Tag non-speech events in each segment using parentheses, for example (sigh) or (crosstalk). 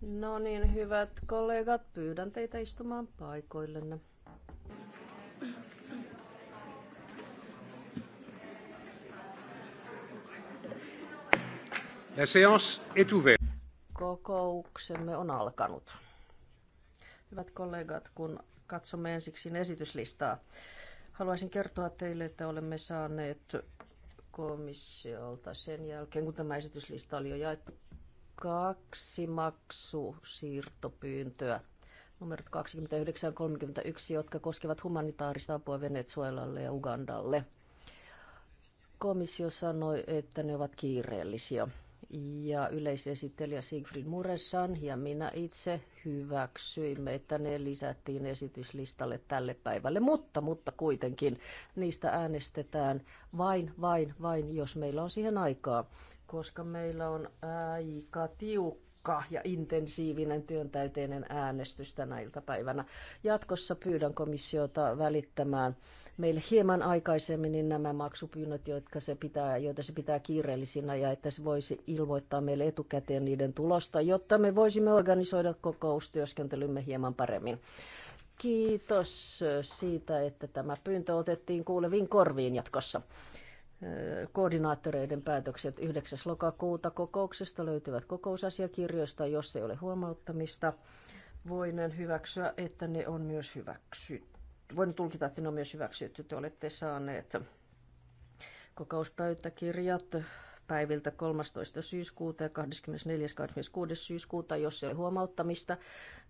No niin, hyvät kollegat, pyydän teitä istumaan paikoillenne. La séance est ouverte. Kokouksemme on alkanut. Hyvät kollegat, kun katsomme ensiksi esityslistaa, haluaisin kertoa teille, että olemme saaneet komissiolta sen jälkeen, kun tämä esityslista oli jo jaettu kaksi maksusiirtopyyntöä numerot 29 ja 31, jotka koskevat humanitaarista apua Venezuelalle ja Ugandalle. Komissio sanoi, että ne ovat kiireellisiä. Ja yleisesittelijä Siegfried Muressan ja minä itse hyväksyimme, että ne lisättiin esityslistalle tälle päivälle. Mutta, mutta kuitenkin niistä äänestetään vain, vain, vain, jos meillä on siihen aikaa koska meillä on aika tiukka ja intensiivinen työntäyteinen äänestys tänä iltapäivänä. Jatkossa pyydän komissiota välittämään meille hieman aikaisemmin niin nämä maksupyynnöt, jotka se pitää, joita se pitää kiireellisinä ja että se voisi ilmoittaa meille etukäteen niiden tulosta, jotta me voisimme organisoida kokoustyöskentelymme hieman paremmin. Kiitos siitä, että tämä pyyntö otettiin kuuleviin korviin jatkossa koordinaattoreiden päätökset 9. lokakuuta kokouksesta löytyvät kokousasiakirjoista, jos ei ole huomauttamista. Voinen hyväksyä, että ne on myös hyväksytty. Voin tulkita, että ne on myös hyväksytty. Te olette saaneet kokouspöytäkirjat päiviltä 13. syyskuuta ja 24. 26. syyskuuta, jos ei ole huomauttamista,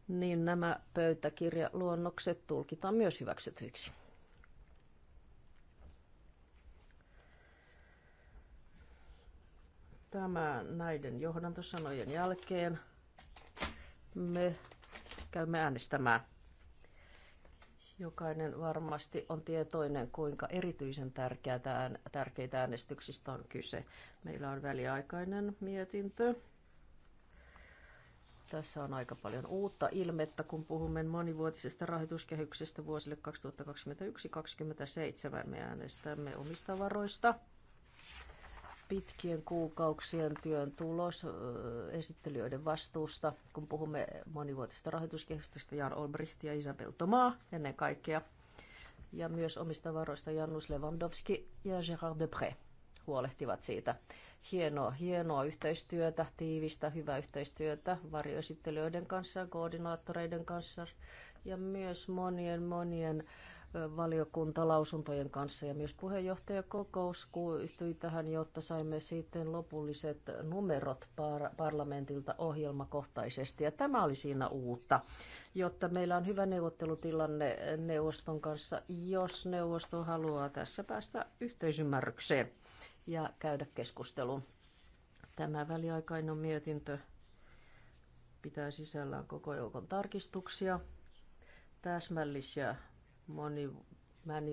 niin nämä pöytäkirjaluonnokset tulkitaan myös hyväksytyiksi. Tämä näiden johdantosanojen jälkeen me käymme äänestämään. Jokainen varmasti on tietoinen, kuinka erityisen tärkeitä äänestyksistä on kyse. Meillä on väliaikainen mietintö. Tässä on aika paljon uutta ilmettä, kun puhumme monivuotisesta rahoituskehyksestä vuosille 2021-2027. Me äänestämme omista varoista pitkien kuukauksien työn tulos esittelijöiden vastuusta, kun puhumme monivuotisesta rahoituskehityksestä Jan Olbricht ja Isabel Tomaa ennen kaikkea. Ja myös omista varoista Janus Lewandowski ja Gérard Depré huolehtivat siitä. Hienoa, hienoa yhteistyötä, tiivistä, hyvää yhteistyötä varjoesittelijöiden kanssa ja koordinaattoreiden kanssa ja myös monien monien äh, valiokuntalausuntojen kanssa ja myös puheenjohtajakokous yhtyi tähän, jotta saimme sitten lopulliset numerot par- parlamentilta ohjelmakohtaisesti. Ja tämä oli siinä uutta, jotta meillä on hyvä neuvottelutilanne neuvoston kanssa, jos neuvosto haluaa tässä päästä yhteisymmärrykseen ja käydä keskustelun. Tämä väliaikainen mietintö pitää sisällään koko joukon tarkistuksia, täsmällisiä moni,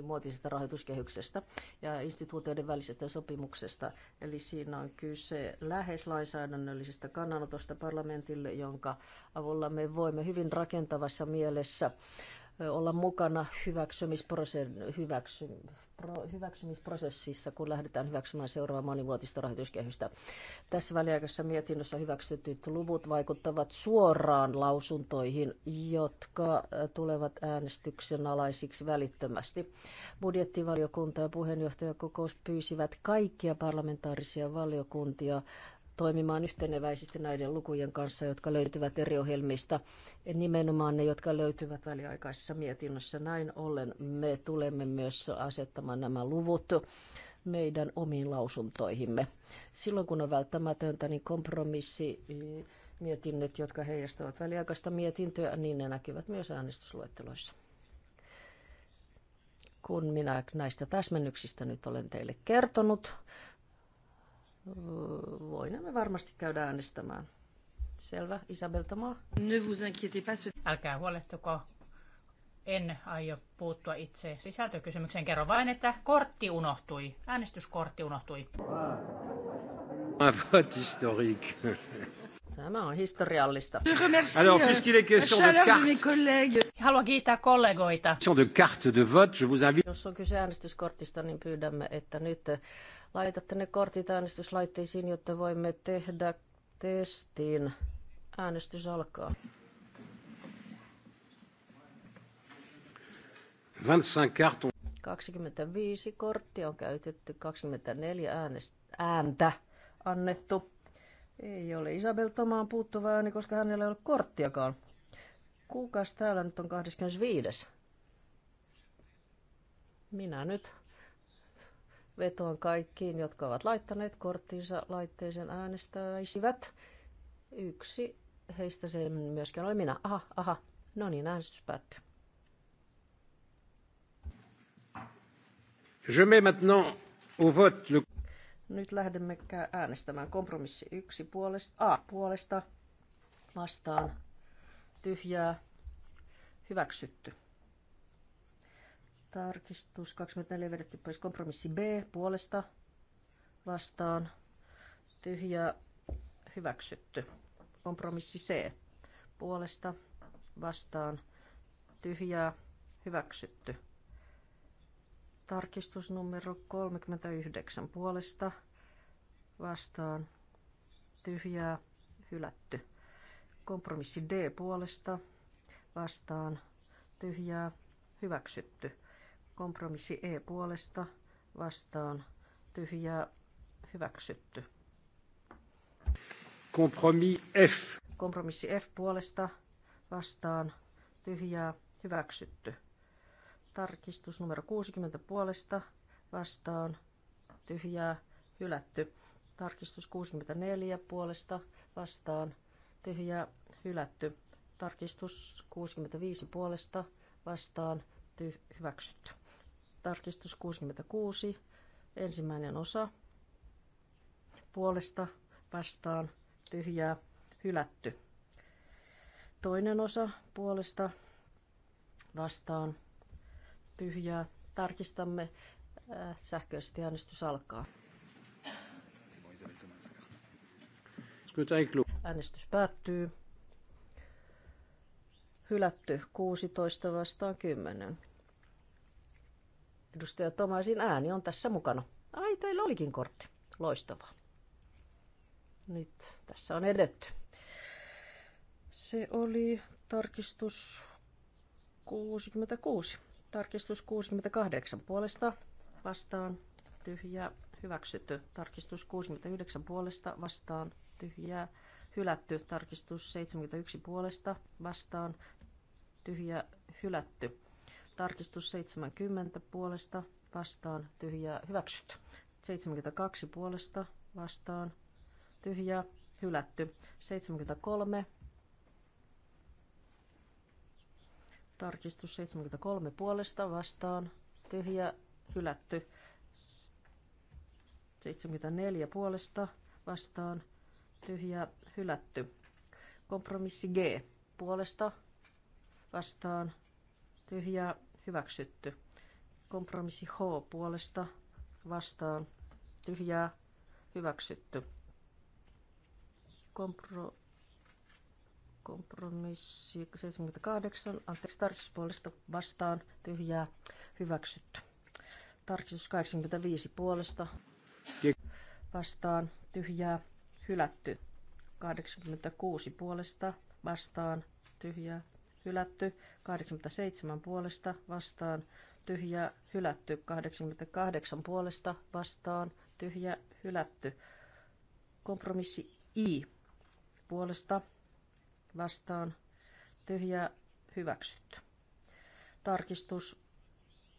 muotisesta rahoituskehyksestä ja instituutioiden välisestä sopimuksesta. Eli siinä on kyse lähes lainsäädännöllisestä kannanotosta parlamentille, jonka avulla me voimme hyvin rakentavassa mielessä olla mukana hyväksymisprosessissa, kun lähdetään hyväksymään seuraavaa monivuotista rahoituskehystä. Tässä väliaikaisessa mietinnössä hyväksytyt luvut vaikuttavat suoraan lausuntoihin, jotka tulevat äänestyksen alaisiksi välittömästi. Budjettivaliokunta ja puheenjohtajakokous pyysivät kaikkia parlamentaarisia valiokuntia toimimaan yhteneväisesti näiden lukujen kanssa, jotka löytyvät eri ohjelmista, nimenomaan ne, jotka löytyvät väliaikaisessa mietinnössä. Näin ollen me tulemme myös asettamaan nämä luvut meidän omiin lausuntoihimme. Silloin kun on välttämätöntä, niin kompromissi eh, mietinnöt, jotka heijastavat väliaikaista mietintöä, niin ne näkyvät myös äänestysluetteloissa. Kun minä näistä täsmennyksistä nyt olen teille kertonut, voimme varmasti käydä äänestämään. Selvä, Isabel Tomo. Ne vous inquiétez pas. Älkää huolehtuko. En aio puuttua itse sisältökysymykseen. Kerro vain, että kortti unohtui. Äänestyskortti unohtui. Un vote historique. Tämä on historiallista. Alors, euh, puisqu'il est question de Haluan kiittää kollegoita. de carte de vote, je vous invite... Jos on kyse äänestyskortista, niin pyydämme, että nyt Laitatte ne kortit äänestyslaitteisiin, jotta voimme tehdä testin. Äänestys alkaa. 25 korttia on käytetty, 24 äänestä, ääntä annettu. Ei ole Isabel Tomaan puuttuva ääni, koska hänellä ei ole korttiakaan. Kuukas täällä nyt on 25? Minä nyt. Vetoan kaikkiin, jotka ovat laittaneet korttinsa laitteisen äänestäisivät. Yksi heistä se myöskään ole minä. Aha, aha. No niin, äänestys päättyy. Je mets maintenant au vote le... Nyt lähdemme äänestämään kompromissi yksi puolesta, A puolesta vastaan tyhjää hyväksytty. Tarkistus 24 vedetty pois. Kompromissi B puolesta vastaan. Tyhjä hyväksytty. Kompromissi C puolesta vastaan. Tyhjää hyväksytty. Tarkistus numero 39 puolesta vastaan. Tyhjää hylätty. Kompromissi D puolesta vastaan. Tyhjää hyväksytty. Kompromissi E puolesta vastaan tyhjää hyväksytty. Kompromissi F. Kompromissi F puolesta vastaan tyhjää hyväksytty. Tarkistus numero 60 puolesta vastaan tyhjää hylätty. Tarkistus 64 puolesta vastaan tyhjää hylätty. Tarkistus 65 puolesta vastaan ty- hyväksytty. Tarkistus 66, ensimmäinen osa. Puolesta vastaan tyhjää hylätty. Toinen osa puolesta vastaan tyhjää. Tarkistamme äh, sähköisesti äänestys alkaa. Äänestys päättyy. Hylätty 16 vastaan 10. Edustaja Tomasin ääni on tässä mukana. Ai, teillä olikin kortti. Loistavaa. Nyt tässä on edetty. Se oli tarkistus 66. Tarkistus 68 puolesta vastaan tyhjä hyväksytty. Tarkistus 69 puolesta vastaan tyhjää hylätty. Tarkistus 71 puolesta vastaan tyhjä hylätty. Tarkistus 70 puolesta vastaan tyhjää hyväksytty. 72 puolesta vastaan tyhjää hylätty. 73 Tarkistus 73 puolesta vastaan tyhjä hylätty. 74 puolesta vastaan tyhjä hylätty. Kompromissi G puolesta vastaan tyhjä Hyväksytty. Kompromissi H puolesta vastaan tyhjää. Hyväksytty. Kompro, kompromissi 78, anteeksi, tarkistuspuolesta vastaan tyhjää. Hyväksytty. Tarkistus 85 puolesta vastaan tyhjää. Hylätty. 86 puolesta vastaan tyhjää hylätty, 87 puolesta vastaan tyhjää hylätty, 88 puolesta vastaan tyhjä hylätty. Kompromissi I puolesta vastaan tyhjää hyväksytty. Tarkistus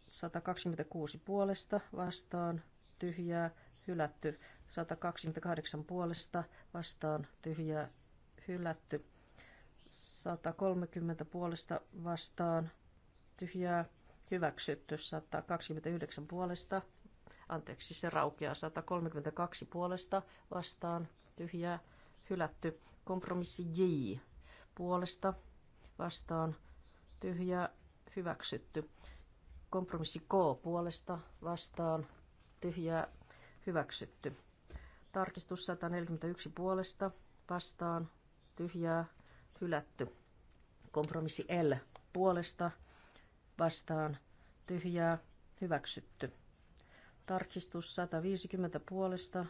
126 puolesta vastaan tyhjää hylätty, 128 puolesta vastaan tyhjää hylätty. 130 puolesta vastaan tyhjää hyväksytty 129 puolesta, anteeksi se raukeaa 132 puolesta vastaan tyhjää hylätty kompromissi J puolesta vastaan tyhjää hyväksytty kompromissi K puolesta vastaan tyhjää hyväksytty tarkistus 141 puolesta vastaan tyhjää hylätty. Kompromissi L puolesta vastaan tyhjää hyväksytty. Tarkistus 150 puolesta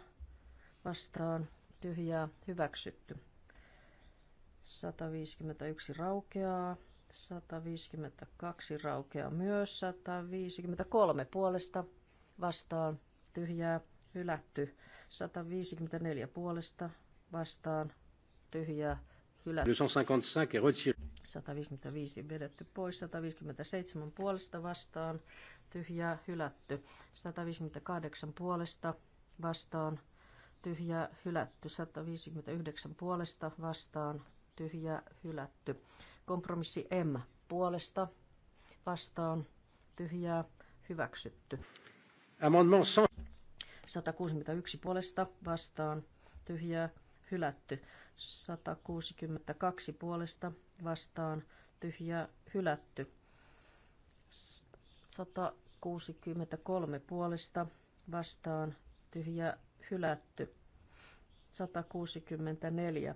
vastaan tyhjää hyväksytty. 151 raukeaa, 152 raukeaa myös, 153 puolesta vastaan tyhjää hylätty, 154 puolesta vastaan tyhjää hylätty. 155 est retiré. 155 vedetty pois, 157 puolesta vastaan, tyhjää hylätty. 158 puolesta vastaan, tyhjää hylätty. 159 puolesta vastaan, tyhjää hylätty. Kompromissi M puolesta vastaan, tyhjää hyväksytty. Amendement 161 puolesta vastaan, tyhjää hylätty. 162 puolesta vastaan tyhjää hylätty. 163 puolesta vastaan tyhjää hylätty. 164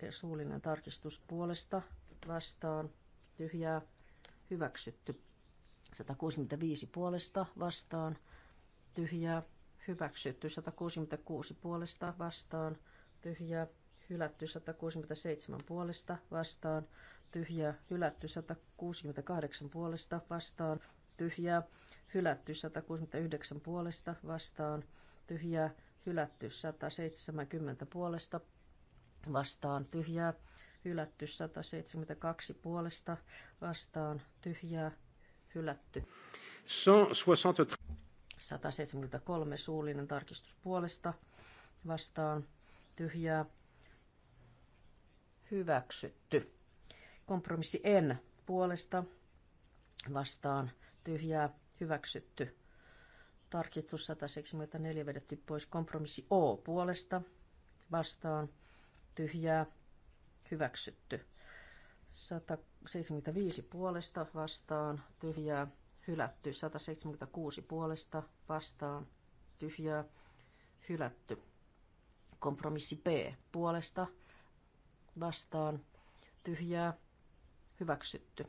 e, suullinen tarkistus puolesta vastaan tyhjää hyväksytty. 165 puolesta vastaan tyhjää hyväksytty 166 puolesta vastaan, tyhjä. hylätty 167 puolesta vastaan, tyhjä hylätty 168 puolesta vastaan, tyhjä hylätty 169 puolesta vastaan, tyhjä hylätty 170 puolesta vastaan, tyhjä hylätty 172 puolesta vastaan, tyhjä hylätty. 163 173 suullinen tarkistus puolesta vastaan tyhjää hyväksytty. Kompromissi N puolesta vastaan tyhjää hyväksytty. Tarkistus 174 vedetty pois. Kompromissi O puolesta vastaan tyhjää hyväksytty. 175 puolesta vastaan tyhjää hylätty. 176 puolesta vastaan tyhjää hylätty. Kompromissi B puolesta vastaan tyhjää hyväksytty.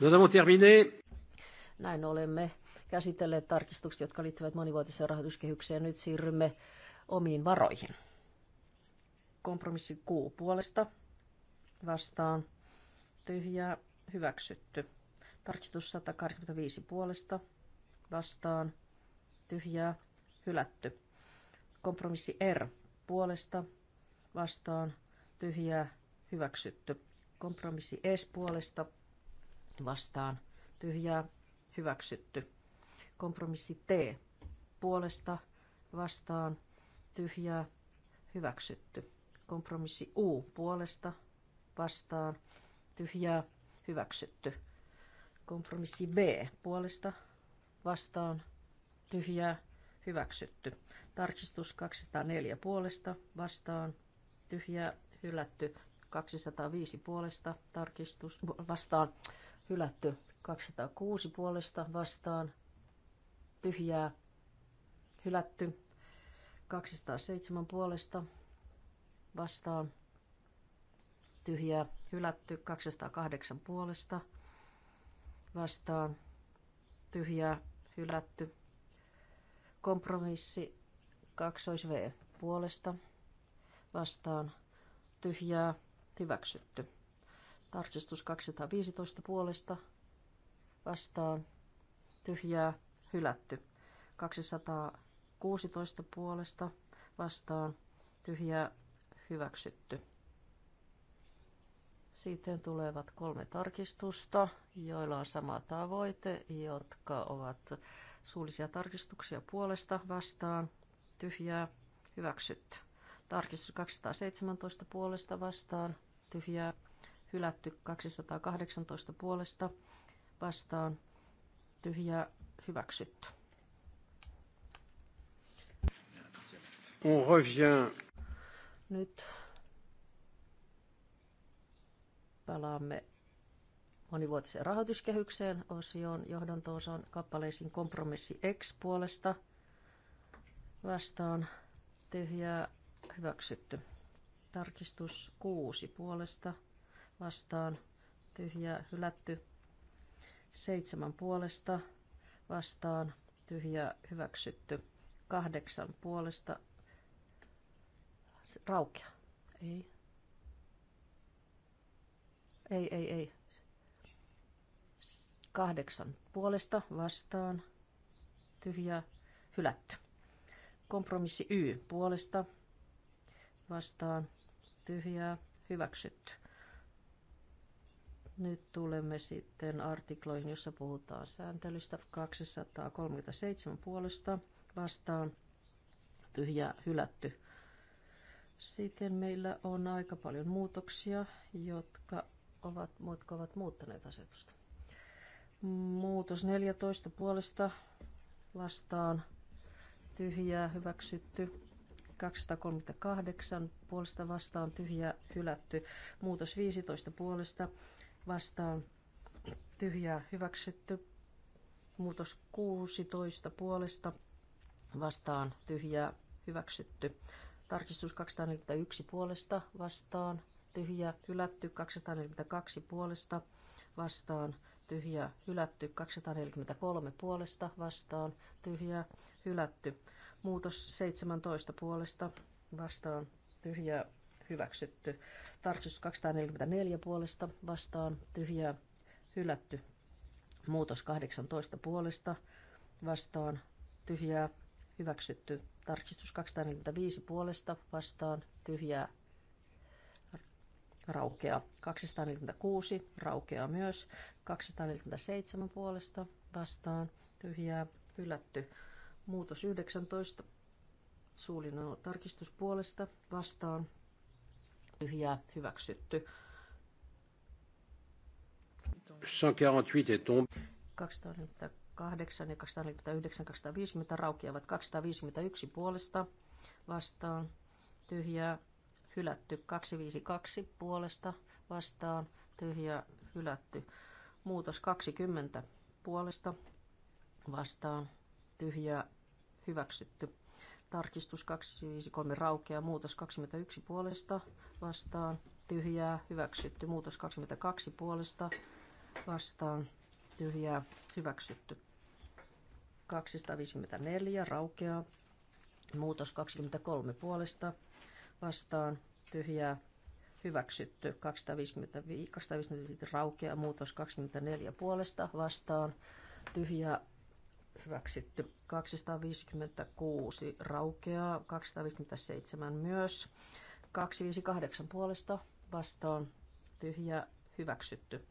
Nous avons terminé. Näin olemme käsitelleet tarkistukset, jotka liittyvät monivuotiseen rahoituskehykseen. Nyt siirrymme omiin varoihin. Kompromissi Q puolesta vastaan tyhjää hyväksytty. Tarkistus 185 puolesta vastaan tyhjää hylätty. Kompromissi R puolesta vastaan tyhjää hyväksytty. Kompromissi S puolesta vastaan tyhjää hyväksytty. Kompromissi T puolesta vastaan tyhjää hyväksytty. Kompromissi U puolesta vastaan tyhjää hyväksytty. Kompromissi B puolesta vastaan tyhjää hyväksytty. Tarkistus 204 puolesta vastaan tyhjää hylätty. 205 puolesta tarkistus vastaan hylätty. 206 puolesta vastaan tyhjää hylätty. 207 puolesta vastaan tyhjää hylätty 208 puolesta vastaan tyhjää hylätty kompromissi 2V puolesta vastaan tyhjää hyväksytty tarkistus 215 puolesta vastaan tyhjää hylätty 216 puolesta vastaan tyhjää hyväksytty sitten tulevat kolme tarkistusta, joilla on sama tavoite, jotka ovat suullisia tarkistuksia puolesta vastaan, tyhjää, hyväksytty. Tarkistus 217 puolesta vastaan, tyhjää, hylätty 218 puolesta vastaan, tyhjää, hyväksytty. On revient. Nyt palaamme monivuotiseen rahoituskehykseen osioon johdanto-osan kappaleisiin kompromissi X puolesta vastaan tyhjää hyväksytty. Tarkistus 6 puolesta vastaan tyhjää hylätty. 7 puolesta vastaan tyhjää hyväksytty. 8 puolesta raukea. Ei. Ei, ei, ei. Kahdeksan puolesta vastaan. Tyhjää. Hylätty. Kompromissi Y puolesta vastaan. Tyhjää. Hyväksytty. Nyt tulemme sitten artikloihin, jossa puhutaan sääntelystä 237 puolesta vastaan tyhjä hylätty. Sitten meillä on aika paljon muutoksia, jotka ovat, jotka ovat muuttaneet asetusta. Muutos 14 puolesta vastaan tyhjää hyväksytty. 238 puolesta vastaan tyhjää hylätty. Muutos 15 puolesta vastaan tyhjää hyväksytty. Muutos 16 puolesta vastaan tyhjää hyväksytty. Tarkistus 241 puolesta vastaan tyhjä hylätty 242 puolesta vastaan, tyhjä hylätty 243 puolesta vastaan, tyhjä, hylätty. Muutos 17 puolesta vastaan, tyhjä, hyväksytty. Tarkistus 244 puolesta vastaan, tyhjä, hylätty. Muutos 18 puolesta vastaan, tyhjää, hyväksytty. Tarkistus 245 puolesta vastaan, tyhjää, raukea. 246 raukea myös. 247 puolesta vastaan tyhjää hylätty. Muutos 19 suullinen tarkistus puolesta vastaan tyhjää hyväksytty. 248 ja 249, 250 raukeavat 251 puolesta vastaan. Tyhjää hylätty. 252 puolesta vastaan tyhjä hylätty. Muutos 20 puolesta vastaan tyhjä hyväksytty. Tarkistus 253 raukea, Muutos 21 puolesta vastaan tyhjää hyväksytty. Muutos 22 puolesta vastaan tyhjää hyväksytty. 254 raukeaa. Muutos 23 puolesta vastaan tyhjää hyväksytty 255, 255 raukea muutos 24 puolesta vastaan tyhjää hyväksytty 256 raukeaa 257 myös 258 puolesta vastaan tyhjää hyväksytty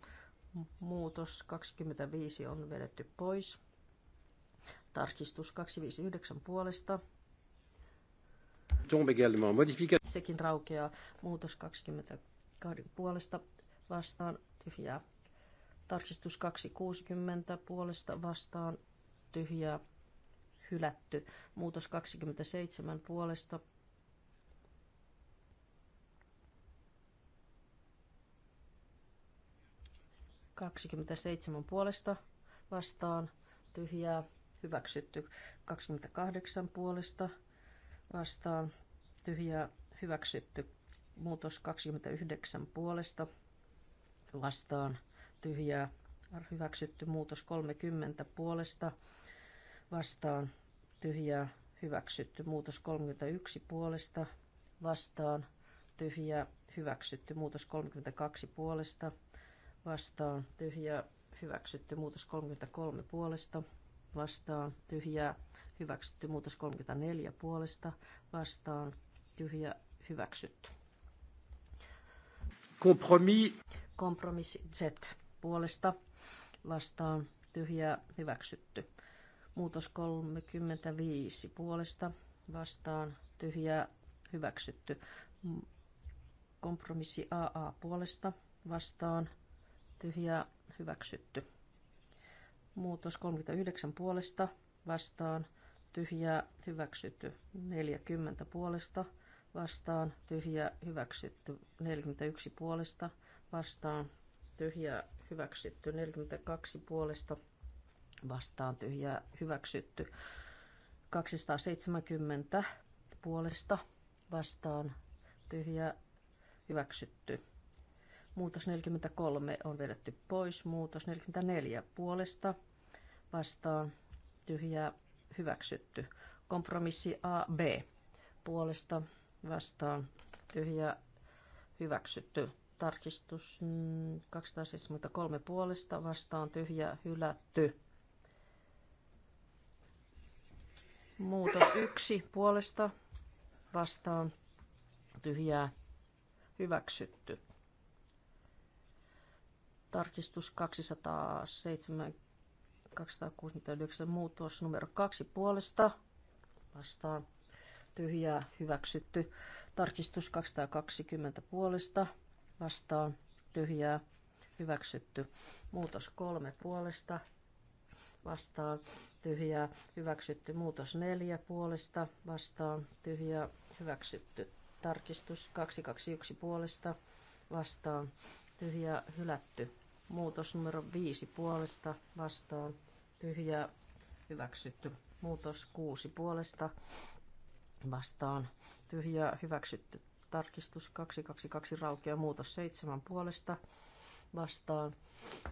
muutos 25 on vedetty pois tarkistus 259 puolesta Sekin raukeaa. Muutos 22 puolesta vastaan tyhjää. Tarkistus 260 puolesta vastaan tyhjää hylätty. Muutos 27 puolesta Kaksikymmentäseitsemän puolesta vastaan tyhjää hyväksytty. 28 puolesta vastaan tyhjää hyväksytty. Muutos 29 puolesta vastaan tyhjää hyväksytty. Muutos 30 puolesta vastaan tyhjää hyväksytty. Muutos 31 puolesta vastaan tyhjää hyväksytty. Muutos 32 puolesta vastaan tyhjää hyväksytty. Muutos 33 puolesta vastaan tyhjää Hyväksytty muutos 34 puolesta vastaan. Tyhjä hyväksytty. Kompromi. Kompromissi Z puolesta vastaan. Tyhjä hyväksytty. Muutos 35 puolesta vastaan. Tyhjä hyväksytty. Kompromissi AA puolesta vastaan. Tyhjä hyväksytty. Muutos 39 puolesta vastaan tyhjää hyväksytty 40 puolesta vastaan, tyhjää hyväksytty 41 puolesta vastaan, tyhjää hyväksytty 42 puolesta vastaan, tyhjää hyväksytty 270 puolesta vastaan, tyhjää hyväksytty. Muutos 43 on vedetty pois, muutos 44 puolesta vastaan, tyhjää hyväksytty. Kompromissi AB puolesta vastaan tyhjä hyväksytty. Tarkistus 273 puolesta vastaan tyhjä hylätty. Muutos yksi puolesta vastaan tyhjää hyväksytty. Tarkistus 270 269 muutos numero 2 puolesta vastaan tyhjää hyväksytty. Tarkistus 220 puolesta vastaan tyhjää hyväksytty. Muutos 3 puolesta vastaan tyhjää hyväksytty. Muutos 4 puolesta vastaan tyhjää hyväksytty. Tarkistus 221 puolesta vastaan tyhjää hylätty. Muutos numero 5 puolesta vastaan tyhjä hyväksytty. Muutos 6 puolesta vastaan tyhjä hyväksytty. Tarkistus 222 raukea muutos 7 puolesta vastaan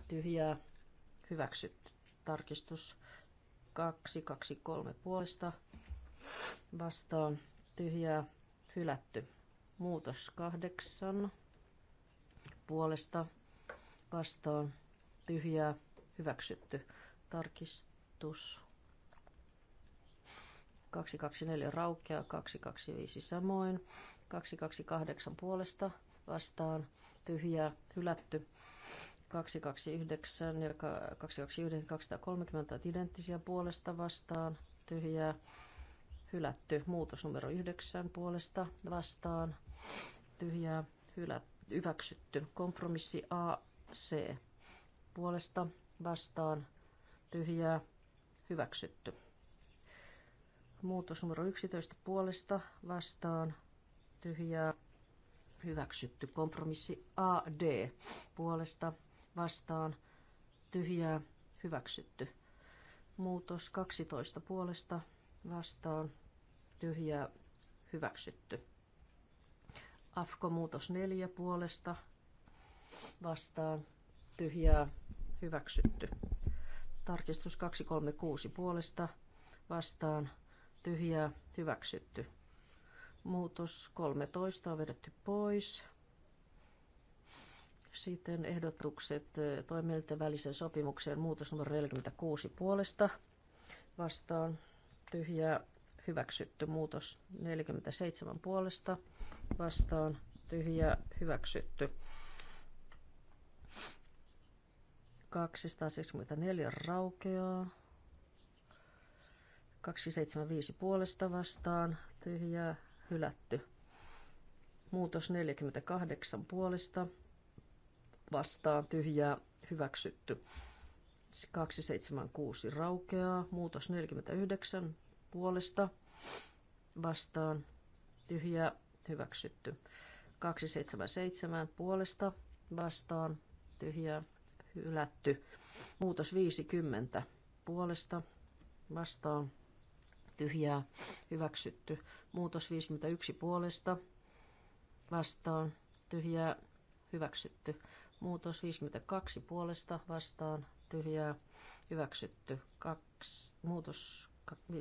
tyhjä hyväksytty. Tarkistus 223 puolesta vastaan tyhjä hylätty. Muutos 8 puolesta vastaan tyhjää hyväksytty. Tarkistus 224 raukea, 225 samoin, 228 puolesta vastaan tyhjää hylätty. 229 ja 229 230 identtisiä puolesta vastaan tyhjää hylätty. Muutos numero 9 puolesta vastaan tyhjää hylätty hyväksytty. Kompromissi A C puolesta vastaan tyhjää hyväksytty. Muutos numero 11 puolesta vastaan tyhjää hyväksytty. Kompromissi A D puolesta vastaan tyhjää hyväksytty. Muutos 12 puolesta vastaan tyhjää hyväksytty. AFKO muutos 4 puolesta vastaan tyhjää hyväksytty. Tarkistus 236 puolesta vastaan tyhjää hyväksytty. Muutos 13 on vedetty pois. Sitten ehdotukset toimijoiden välisen sopimukseen muutos numero 46 puolesta vastaan tyhjää hyväksytty muutos 47 puolesta vastaan tyhjää hyväksytty 274 raukeaa. 275 puolesta vastaan, tyhjää, hylätty. Muutos 48 puolesta vastaan, tyhjää, hyväksytty. 276 raukeaa, muutos 49 puolesta vastaan, tyhjää, hyväksytty. 277 puolesta vastaan, tyhjää, hylätty. Muutos 50 puolesta vastaan tyhjää hyväksytty. Muutos 51 puolesta vastaan tyhjää hyväksytty. Muutos 52 puolesta vastaan tyhjää hyväksytty. Kaksi, muutos,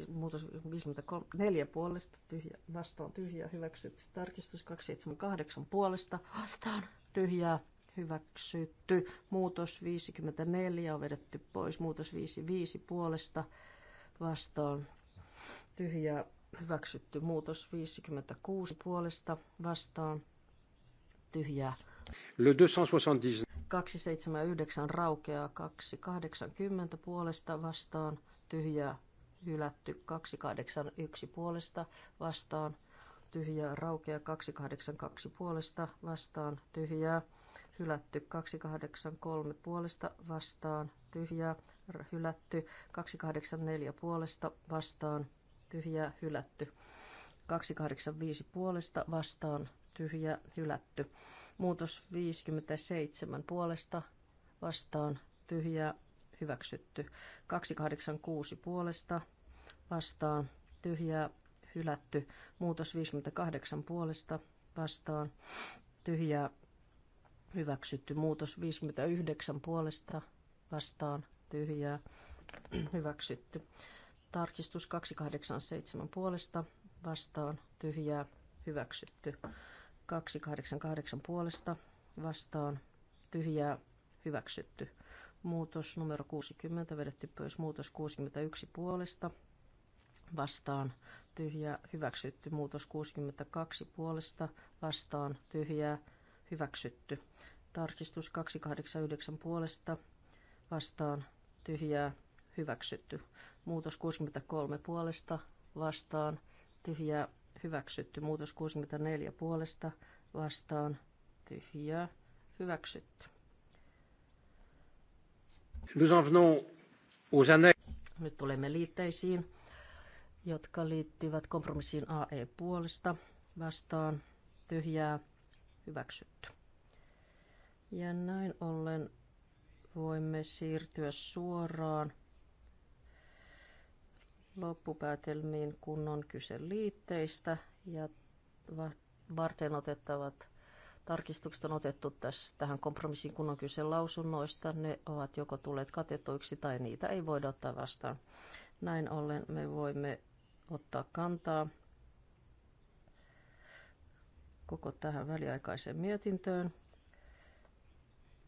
muutos 54 puolesta tyhjää, vastaan tyhjää hyväksytty. Tarkistus 278 puolesta vastaan tyhjää hyväksytty. Muutos 54 on vedetty pois. Muutos 55 puolesta vastaan tyhjää hyväksytty. Muutos 56 puolesta vastaan tyhjää. Le 279. 279 raukeaa 280 puolesta vastaan tyhjää hylätty 281 puolesta vastaan tyhjää raukea 282 puolesta vastaan tyhjää hylätty 283 puolesta vastaan tyhjää, hylätty 284 puolesta vastaan tyhjää, hylätty 285 puolesta vastaan tyhjää, hylätty. Muutos 57 puolesta vastaan tyhjää, hyväksytty. 286 puolesta vastaan tyhjää, hylätty. Muutos 58 puolesta vastaan tyhjää, Hyväksytty muutos 59 (clears throat) puolesta vastaan tyhjää. Hyväksytty. Tarkistus 287 puolesta vastaan tyhjää. Hyväksytty. 288 puolesta vastaan tyhjää. Hyväksytty. Muutos numero 60 vedetty pois. Muutos 61 puolesta vastaan tyhjää. Hyväksytty. Muutos 62 puolesta vastaan tyhjää Hyväksytty. Tarkistus 289 puolesta vastaan tyhjää hyväksytty. Muutos 63 puolesta vastaan tyhjää hyväksytty. Muutos 64 puolesta vastaan tyhjää hyväksytty. Nous en aux Nyt tulemme liitteisiin, jotka liittyvät kompromissiin AE puolesta vastaan tyhjää hyväksytty. Ja näin ollen voimme siirtyä suoraan loppupäätelmiin, kunnon kyse liitteistä ja varten otettavat tarkistukset on otettu tässä, tähän kompromissin kunnon kyse lausunnoista. Ne ovat joko tulleet katetuiksi tai niitä ei voida ottaa vastaan. Näin ollen me voimme ottaa kantaa koko tähän väliaikaiseen mietintöön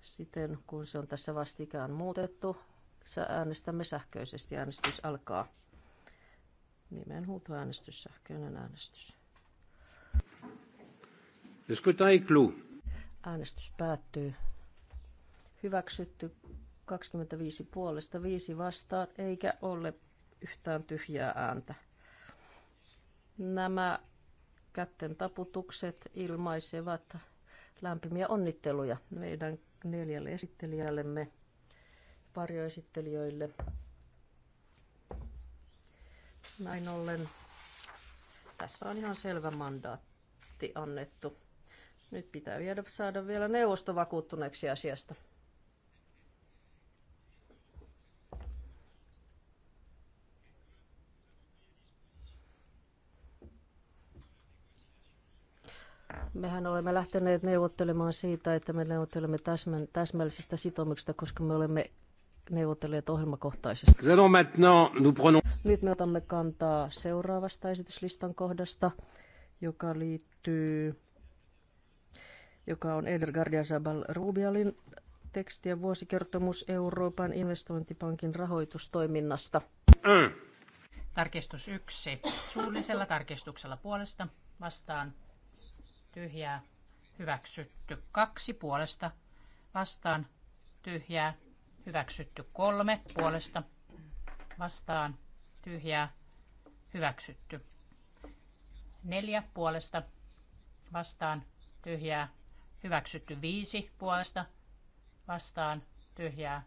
siten, kun se on tässä vastikään muutettu. Äänestämme sähköisesti. Äänestys alkaa. Nimenhuutoäänestys, sähköinen äänestys. Le äänestys. Äänestys päättyy. Hyväksytty 25 puolesta, 5 vastaan, eikä ole yhtään tyhjää ääntä. Nämä kätten taputukset ilmaisevat lämpimiä onnitteluja meidän neljälle esittelijällemme, varjoesittelijöille. Näin ollen tässä on ihan selvä mandaatti annettu. Nyt pitää vielä saada vielä neuvosto vakuuttuneeksi asiasta. mehän olemme lähteneet neuvottelemaan siitä, että me neuvottelemme täsmän, täsmällisistä sitoumuksista, koska me olemme neuvottelijat ohjelmakohtaisesti. Nyt me otamme kantaa seuraavasta esityslistan kohdasta, joka liittyy, joka on Edgar Zabal Rubialin teksti ja vuosikertomus Euroopan investointipankin rahoitustoiminnasta. Tarkistus yksi. Suullisella tarkistuksella puolesta vastaan tyhjää, hyväksytty. Kaksi puolesta vastaan, tyhjää, hyväksytty. Kolme puolesta vastaan, tyhjää, hyväksytty. Neljä puolesta vastaan, tyhjää, hyväksytty. Viisi puolesta vastaan, tyhjää,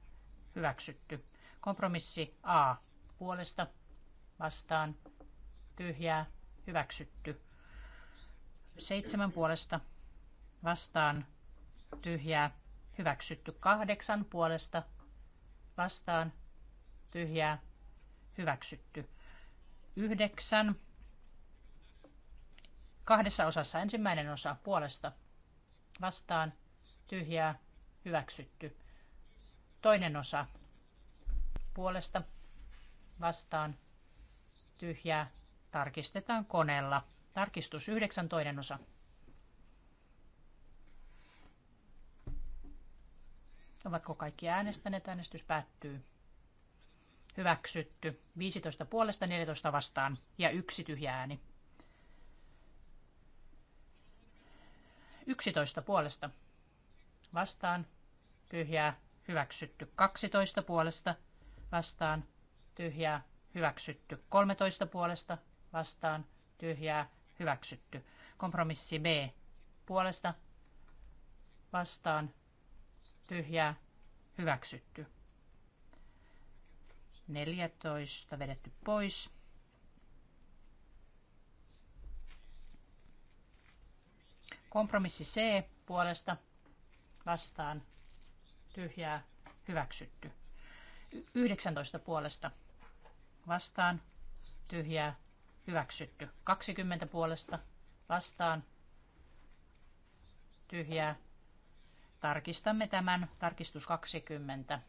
hyväksytty. Kompromissi A puolesta vastaan, tyhjää, hyväksytty. Seitsemän puolesta vastaan tyhjää hyväksytty. Kahdeksan puolesta vastaan tyhjää hyväksytty. Yhdeksän kahdessa osassa ensimmäinen osa puolesta vastaan tyhjää hyväksytty. Toinen osa puolesta vastaan tyhjää tarkistetaan koneella. Tarkistus 9 toinen osa. Ovatko kaikki äänestäneet? Äänestys päättyy. Hyväksytty. 15 puolesta 14 vastaan ja yksi tyhjä ääni. 11 puolesta vastaan tyhjää hyväksytty. 12 puolesta vastaan tyhjää hyväksytty. 13 puolesta vastaan tyhjää hyväksytty. Kompromissi B puolesta vastaan tyhjää hyväksytty. 14 vedetty pois. Kompromissi C puolesta vastaan tyhjää hyväksytty. 19 puolesta vastaan tyhjää Hyväksytty. 20 puolesta vastaan. Tyhjää. Tarkistamme tämän. Tarkistus 20.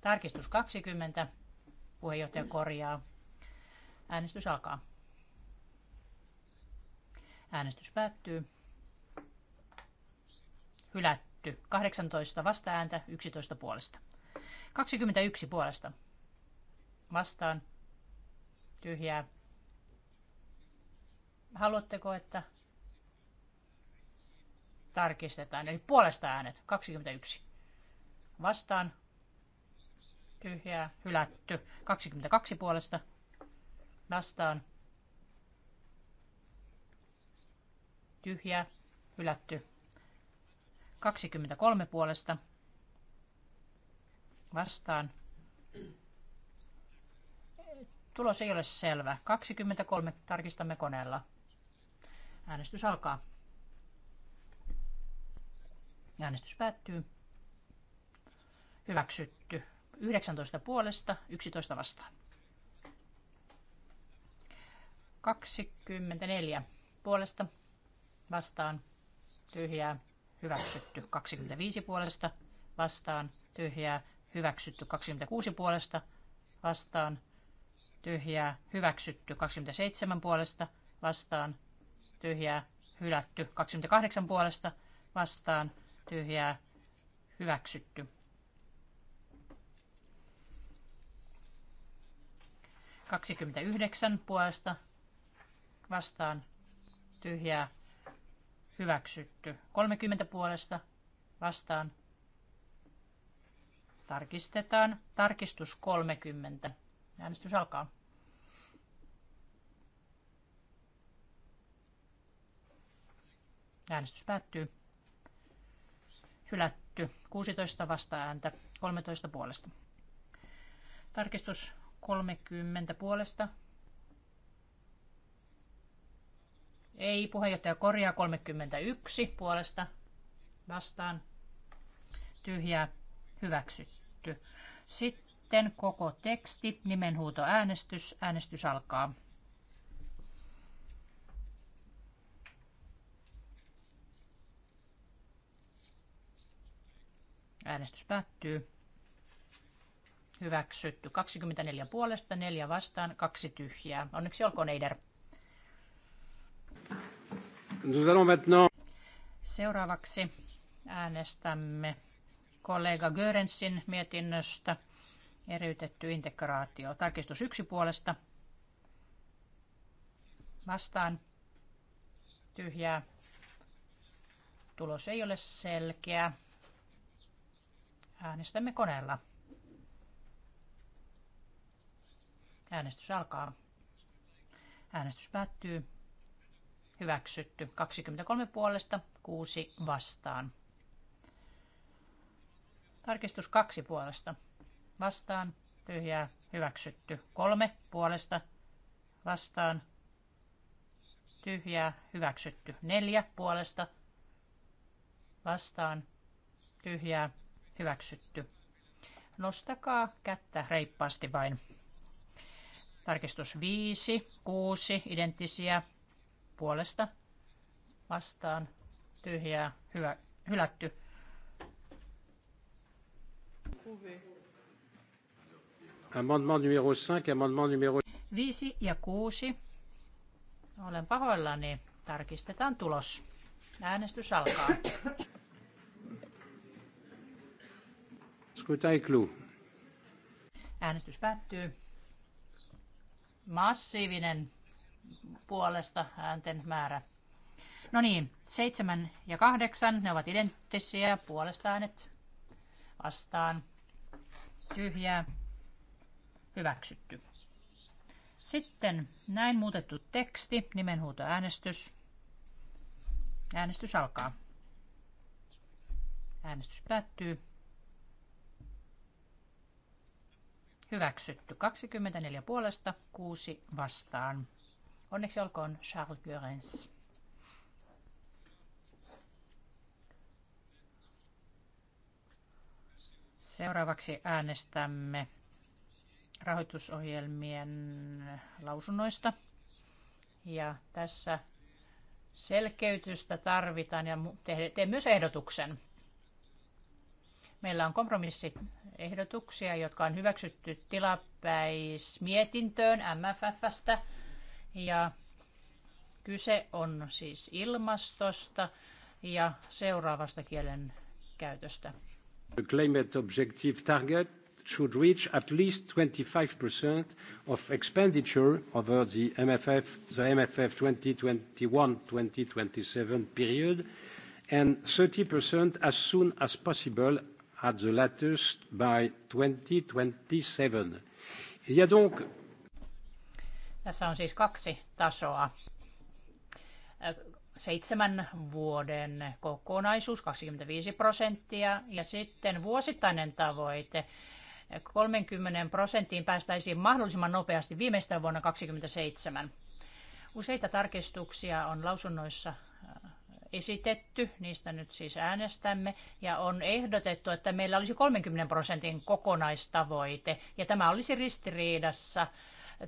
Tarkistus 20. Puheenjohtaja korjaa. Äänestys alkaa. Äänestys päättyy. Hylätty. 18 vastaääntä, 11 puolesta. 21 puolesta vastaan tyhjää. Haluatteko, että tarkistetaan? Eli puolesta äänet 21. Vastaan tyhjää, hylätty 22 puolesta. Vastaan tyhjää, hylätty 23 puolesta. Vastaan Tulos ei ole selvä. 23 tarkistamme koneella. Äänestys alkaa. Äänestys päättyy. Hyväksytty. 19 puolesta, 11 vastaan. 24 puolesta vastaan tyhjää hyväksytty 25 puolesta vastaan tyhjää hyväksytty 26 puolesta vastaan tyhjää, hyväksytty 27 puolesta, vastaan, tyhjää, hylätty 28 puolesta, vastaan, tyhjää, hyväksytty. yhdeksän puolesta, vastaan, tyhjää, hyväksytty. kolmekymmentä puolesta, vastaan, tarkistetaan, tarkistus kolmekymmentä. Äänestys alkaa. Äänestys päättyy. Hylätty. 16 vasta ääntä, 13 puolesta. Tarkistus 30 puolesta. Ei, puheenjohtaja korjaa 31 puolesta vastaan. Tyhjää hyväksytty. Sitten koko teksti, äänestys Äänestys alkaa. Äänestys päättyy. Hyväksytty. 24 puolesta, 4 vastaan, 2 tyhjää. Onneksi olkoon Eider. Seuraavaksi äänestämme kollega Görensin mietinnöstä eriytetty integraatio. Tarkistus yksi puolesta. Vastaan. Tyhjää. Tulos ei ole selkeä. Äänestämme koneella. Äänestys alkaa. Äänestys päättyy. Hyväksytty. 23 puolesta, 6 vastaan. Tarkistus 2 puolesta. Vastaan. Tyhjää. Hyväksytty. 3 puolesta. Vastaan. Tyhjää. Hyväksytty. 4 puolesta. Vastaan. Tyhjää. Hyväksytty. Nostakaa kättä reippaasti vain. Tarkistus 5, 6, identtisiä puolesta vastaan tyhjää hyvä, hylätty. Amendement numero 5, amendement numero 5 ja 6. Olen pahoillani. Tarkistetaan tulos. Äänestys alkaa. Scrutin est clos. Äänestys päättyy. Massiivinen puolesta äänten määrä. No niin, seitsemän ja kahdeksan, ne ovat identtisiä, puolesta äänet vastaan, tyhjää, hyväksytty. Sitten näin muutettu teksti, nimenhuutoäänestys. Äänestys alkaa. Äänestys päättyy. Hyväksytty 24 puolesta, 6 vastaan. Onneksi olkoon Charles Görens. Seuraavaksi äänestämme rahoitusohjelmien lausunnoista. Ja tässä selkeytystä tarvitaan ja teen myös ehdotuksen. Meillä on kompromissiehdotuksia, jotka on hyväksytty tilapäismietintöön MFFstä. Ja kyse on siis ilmastosta ja seuraavasta kielen käytöstä. The climate objective target should reach at least 25% of expenditure over the MFF, the MFF 2021-2027 period, and 30% as soon as possible at the latest by 2027. donc... Tässä on siis kaksi tasoa. Seitsemän vuoden kokonaisuus 25 prosenttia ja sitten vuosittainen tavoite 30 prosenttiin päästäisiin mahdollisimman nopeasti viimeistään vuonna 2027. Useita tarkistuksia on lausunnoissa esitetty, niistä nyt siis äänestämme, ja on ehdotettu, että meillä olisi 30 prosentin kokonaistavoite, ja tämä olisi ristiriidassa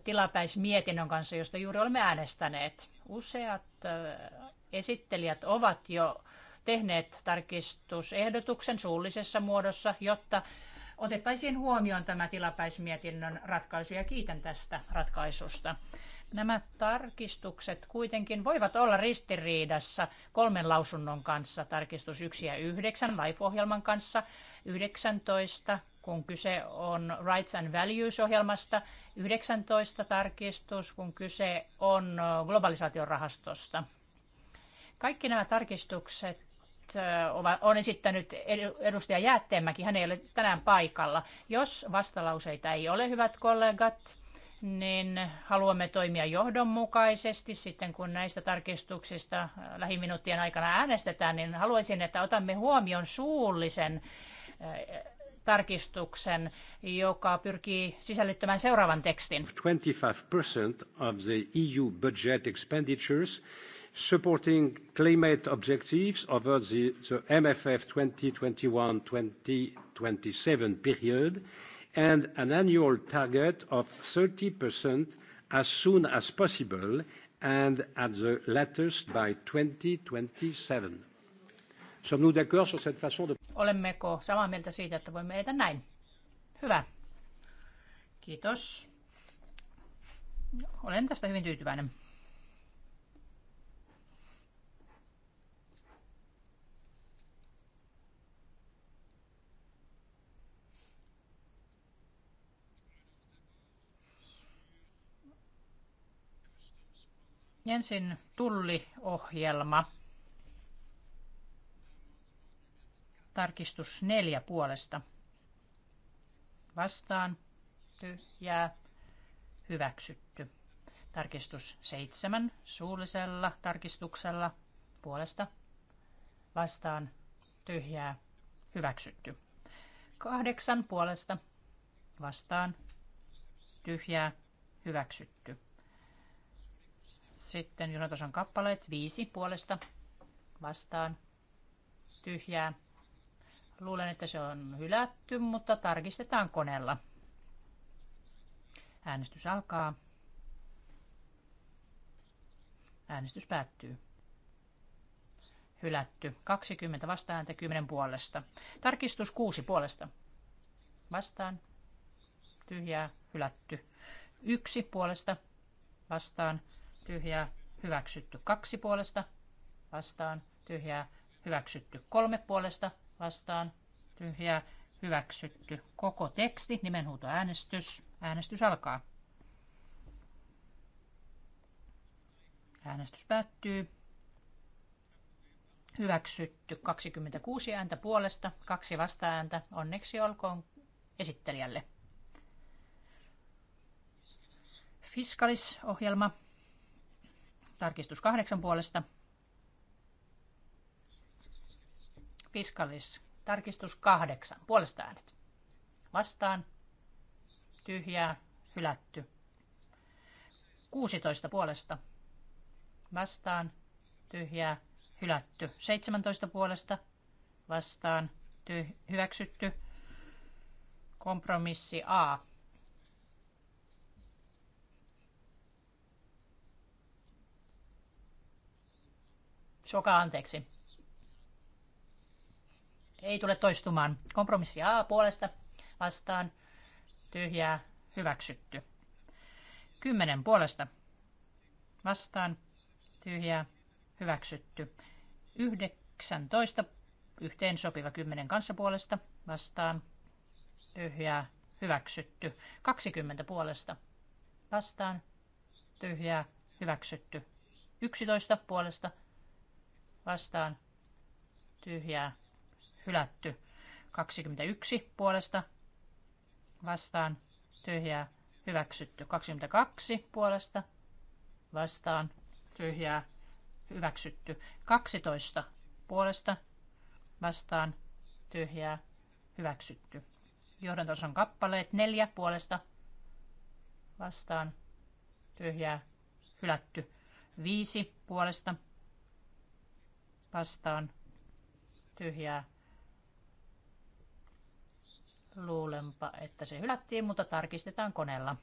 tilapäismietinnön kanssa, josta juuri olemme äänestäneet. Useat esittelijät ovat jo tehneet tarkistusehdotuksen suullisessa muodossa, jotta otettaisiin huomioon tämä tilapäismietinnön ratkaisu ja kiitän tästä ratkaisusta. Nämä tarkistukset kuitenkin voivat olla ristiriidassa kolmen lausunnon kanssa, tarkistus 1 ja 9 LIFE-ohjelman kanssa, 19 kun kyse on Rights and Values-ohjelmasta, 19 tarkistus kun kyse on globalisaation rahastosta. Kaikki nämä tarkistukset on esittänyt edustaja Jäätteenmäki, hän ei ole tänään paikalla. Jos vastalauseita ei ole, hyvät kollegat, niin haluamme toimia johdonmukaisesti. Sitten kun näistä tarkistuksista äh, lähiminuuttien aikana äänestetään, niin haluaisin, että otamme huomioon suullisen äh, tarkistuksen, joka pyrkii sisällyttämään seuraavan tekstin. 25% of the EU budget expenditures supporting climate objectives over the, the MFF 2021-2027 period and an annual target of 30% as soon as possible, and at the latest by 2027. Sommes-nous d'accord sur cette façon de... Olemmeko samaa mieltä siitä, että voimme edetä näin? Hyvä. Kiitos. Olen tästä hyvin tyytyväinen. Jensin tulliohjelma. Tarkistus neljä puolesta. Vastaan. Tyhjää. Hyväksytty. Tarkistus seitsemän suullisella tarkistuksella puolesta. Vastaan. Tyhjää. Hyväksytty. Kahdeksan puolesta. Vastaan. Tyhjää. Hyväksytty. Sitten jonotason kappaleet, viisi puolesta vastaan, tyhjää. Luulen, että se on hylätty, mutta tarkistetaan koneella. Äänestys alkaa. Äänestys päättyy. Hylätty. 20 vastaääntä 10 puolesta. Tarkistus 6 puolesta. Vastaan. Tyhjää. Hylätty. 1 puolesta. Vastaan tyhjää, hyväksytty kaksi puolesta, vastaan, tyhjää, hyväksytty kolme puolesta, vastaan, tyhjää, hyväksytty koko teksti, nimenhuutoäänestys, äänestys alkaa. Äänestys päättyy. Hyväksytty 26 ääntä puolesta, kaksi ääntä. Onneksi olkoon esittelijälle. Fiskalisohjelma. ohjelma Tarkistus kahdeksan puolesta. Fiskalis. Tarkistus kahdeksan. Puolesta äänet. Vastaan. Tyhjää. Hylätty. 16 puolesta. Vastaan. Tyhjää. Hylätty. 17 puolesta. Vastaan. tyh- hyväksytty. Kompromissi A Soka anteeksi. Ei tule toistumaan. Kompromissi A puolesta vastaan. Tyhjää hyväksytty. 10 puolesta vastaan. Tyhjää hyväksytty. 19 yhteen sopiva 10 kanssa puolesta vastaan. Tyhjää hyväksytty. 20 puolesta vastaan. Tyhjää hyväksytty. 11 puolesta vastaan tyhjää hylätty. 21 puolesta vastaan tyhjää hyväksytty. 22 puolesta vastaan tyhjää hyväksytty. 12 puolesta vastaan tyhjää hyväksytty. Johdantos on kappaleet 4 puolesta vastaan tyhjää hylätty. 5 puolesta vastaan tyhjää. Luulenpa, että se hylättiin, mutta tarkistetaan koneella.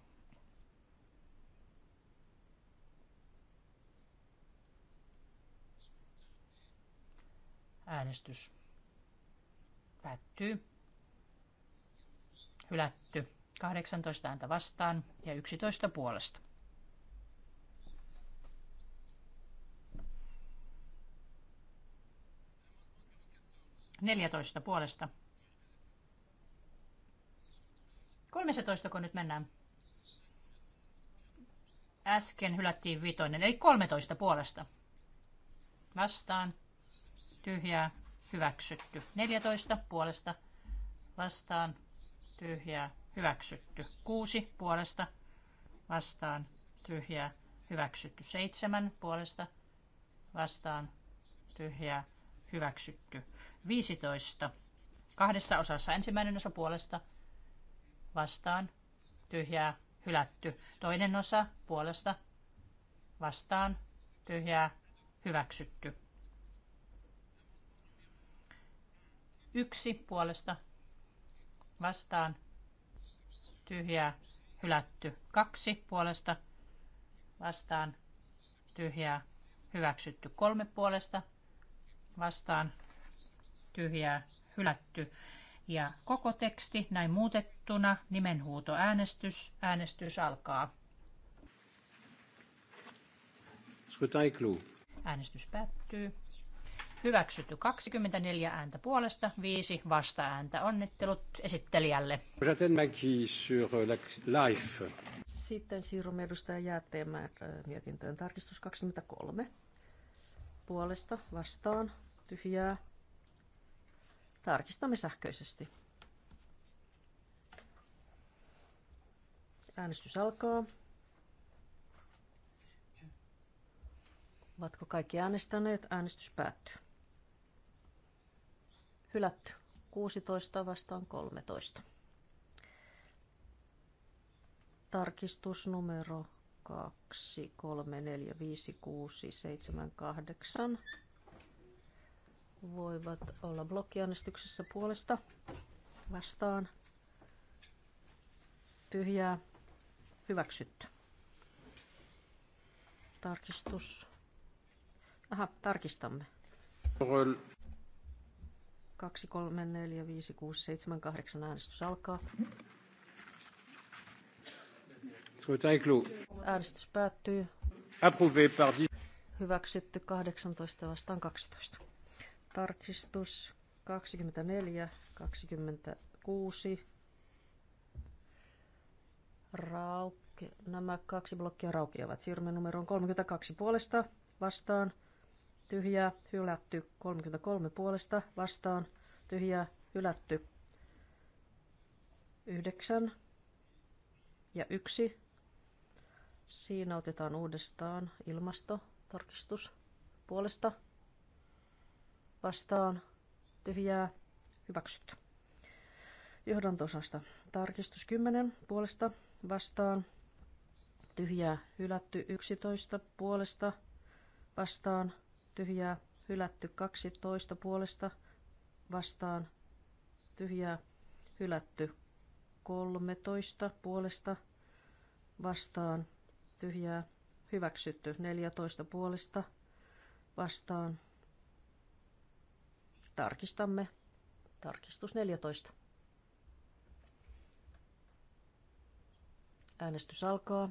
Äänestys päättyy. Hylätty. 18 ääntä vastaan ja 11 puolesta. 14 puolesta. 13 kun nyt mennään. Äsken hylättiin vitoinen, eli 13 puolesta. Vastaan. Tyhjää. Hyväksytty. 14 puolesta. Vastaan. Tyhjää. Hyväksytty. 6 puolesta. Vastaan. Tyhjää. Hyväksytty. 7 puolesta. Vastaan. Tyhjää. Hyväksytty. 15. Kahdessa osassa ensimmäinen osa puolesta vastaan tyhjää hylätty. Toinen osa puolesta vastaan tyhjää hyväksytty. Yksi puolesta vastaan tyhjää hylätty. Kaksi puolesta vastaan tyhjää hyväksytty. Kolme puolesta vastaan tyhjää hylätty. Ja koko teksti näin muutettuna, nimenhuuto äänestys, äänestys alkaa. Äänestys päättyy. Hyväksytty 24 ääntä puolesta, 5 vasta-ääntä. Onnittelut esittelijälle. Euh, Sitten siirrymme edustaja Jäätteenmäen äh, mietintöön. Tarkistus 23. Puolesta vastaan tyhjää Tarkistamme sähköisesti. Äänestys alkaa. Ovatko kaikki äänestäneet? Äänestys päättyy. Hylätty. 16 vastaan 13. Tarkistus numero 2, 3, 4, 5, 6, 7, 8 voivat olla blokkiäänestyksessä puolesta vastaan. Tyhjää hyväksytty. Tarkistus. Aha, tarkistamme. 2, 3, 4, 5, 6, 7, 8 äänestys alkaa. Äänestys päättyy. Hyväksytty 18 vastaan 12. Tarkistus 24, 26. Rauke, nämä kaksi blokkia raukeavat. Siirrymme numeroon 32 puolesta vastaan. Tyhjää, hylätty. 33 puolesta vastaan. Tyhjää, hylätty. 9 ja 1. Siinä otetaan uudestaan ilmastotarkistus puolesta vastaan tyhjää hyväksytty. Johdantosasta tarkistus 10 puolesta vastaan tyhjää hylätty 11 puolesta vastaan tyhjää hylätty 12 puolesta vastaan tyhjää hylätty 13 puolesta vastaan tyhjää hyväksytty 14 puolesta vastaan Tarkistamme. Tarkistus 14. Äänestys alkaa.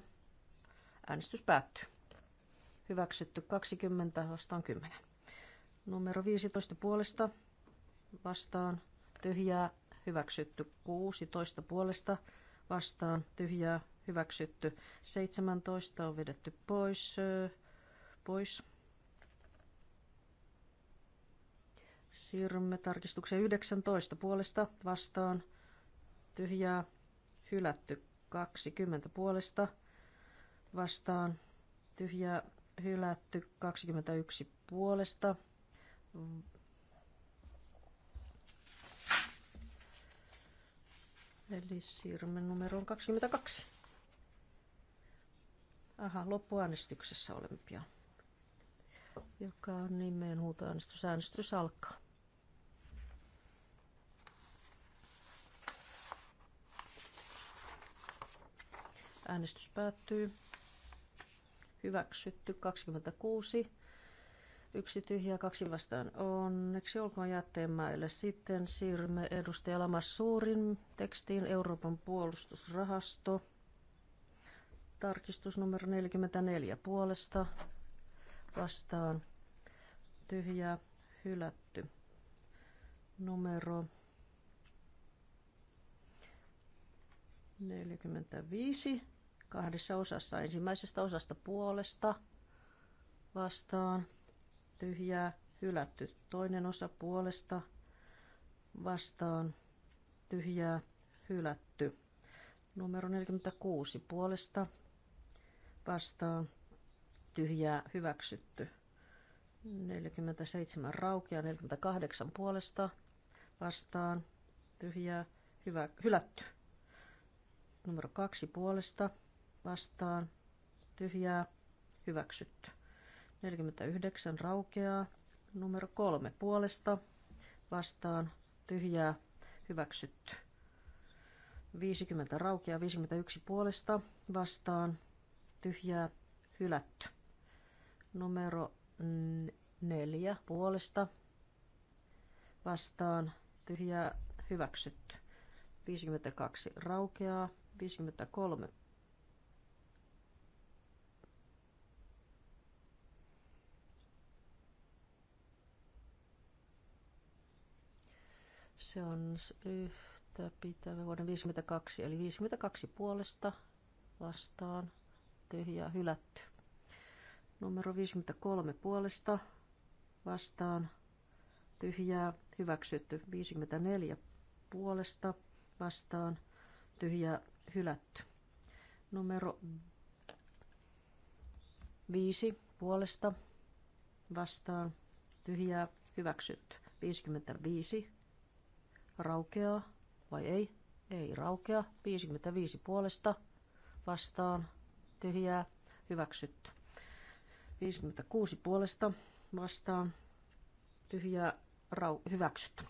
Äänestys päättyy. Hyväksytty 20 vastaan 10. Numero 15 puolesta vastaan tyhjää hyväksytty 16 puolesta vastaan tyhjää hyväksytty 17 on vedetty pois pois Siirrymme tarkistukseen 19 puolesta vastaan. Tyhjää hylätty 20 puolesta vastaan. Tyhjää hylätty 21 puolesta. Eli siirrymme numeroon 22. Aha, loppuäänestyksessä olemme pian. Joka on nimeen huutoäänestys. Äänestys alkaa. Äänestys päättyy. Hyväksytty 26. Yksi tyhjä, kaksi vastaan. Onneksi olkoon jätteenmäelle. Sitten siirrymme edustaja Lamas suurin tekstiin Euroopan puolustusrahasto. Tarkistus numero 44 puolesta vastaan. Tyhjä, hylätty. Numero 45 kahdessa osassa. Ensimmäisestä osasta puolesta vastaan tyhjää hylätty. Toinen osa puolesta vastaan tyhjää hylätty. Numero 46 puolesta vastaan tyhjää hyväksytty. 47 raukea, 48 puolesta vastaan tyhjää hyvä, hylätty. Numero 2 puolesta vastaan tyhjää hyväksytty. 49 raukeaa. Numero kolme puolesta vastaan tyhjää hyväksytty. 50 raukeaa, 51 puolesta vastaan tyhjää hylätty. Numero neljä puolesta vastaan tyhjää hyväksytty. 52 raukeaa, 53 Se on yhtä pitävä vuoden 52, eli 52 puolesta vastaan, tyhjää hylätty. Numero 53 puolesta vastaan, tyhjää hyväksytty. 54 puolesta vastaan, tyhjää hylätty. Numero 5 puolesta vastaan, tyhjää hyväksytty. 55 raukeaa vai ei? Ei raukea. 55 puolesta vastaan tyhjää hyväksytty. 56 puolesta vastaan tyhjää rau- hyväksytty.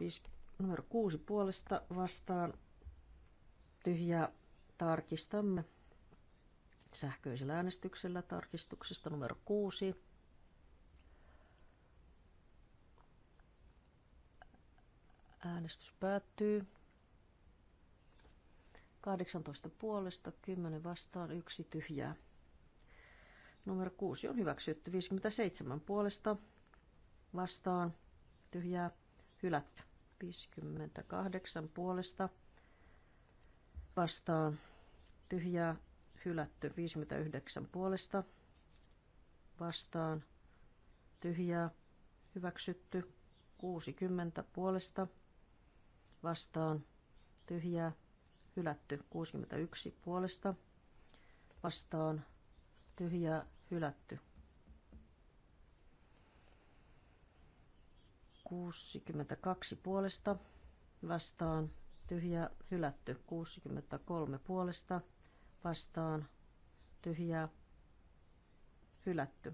Viis numero 6 puolesta vastaan tyhjää tarkistamme sähköisellä äänestyksellä tarkistuksesta numero 6. Äänestys päättyy. 18 puolesta, 10 vastaan, 1 tyhjää. Numero 6 on hyväksytty. 57 puolesta vastaan, tyhjää, hylätty. 58 puolesta vastaan, tyhjää, hylätty. 59 puolesta vastaan, tyhjää, hyväksytty. 60 puolesta vastaan vastaan tyhjää hylätty 61 puolesta vastaan tyhjää hylätty 62 puolesta vastaan tyhjää hylätty 63 puolesta vastaan tyhjää hylätty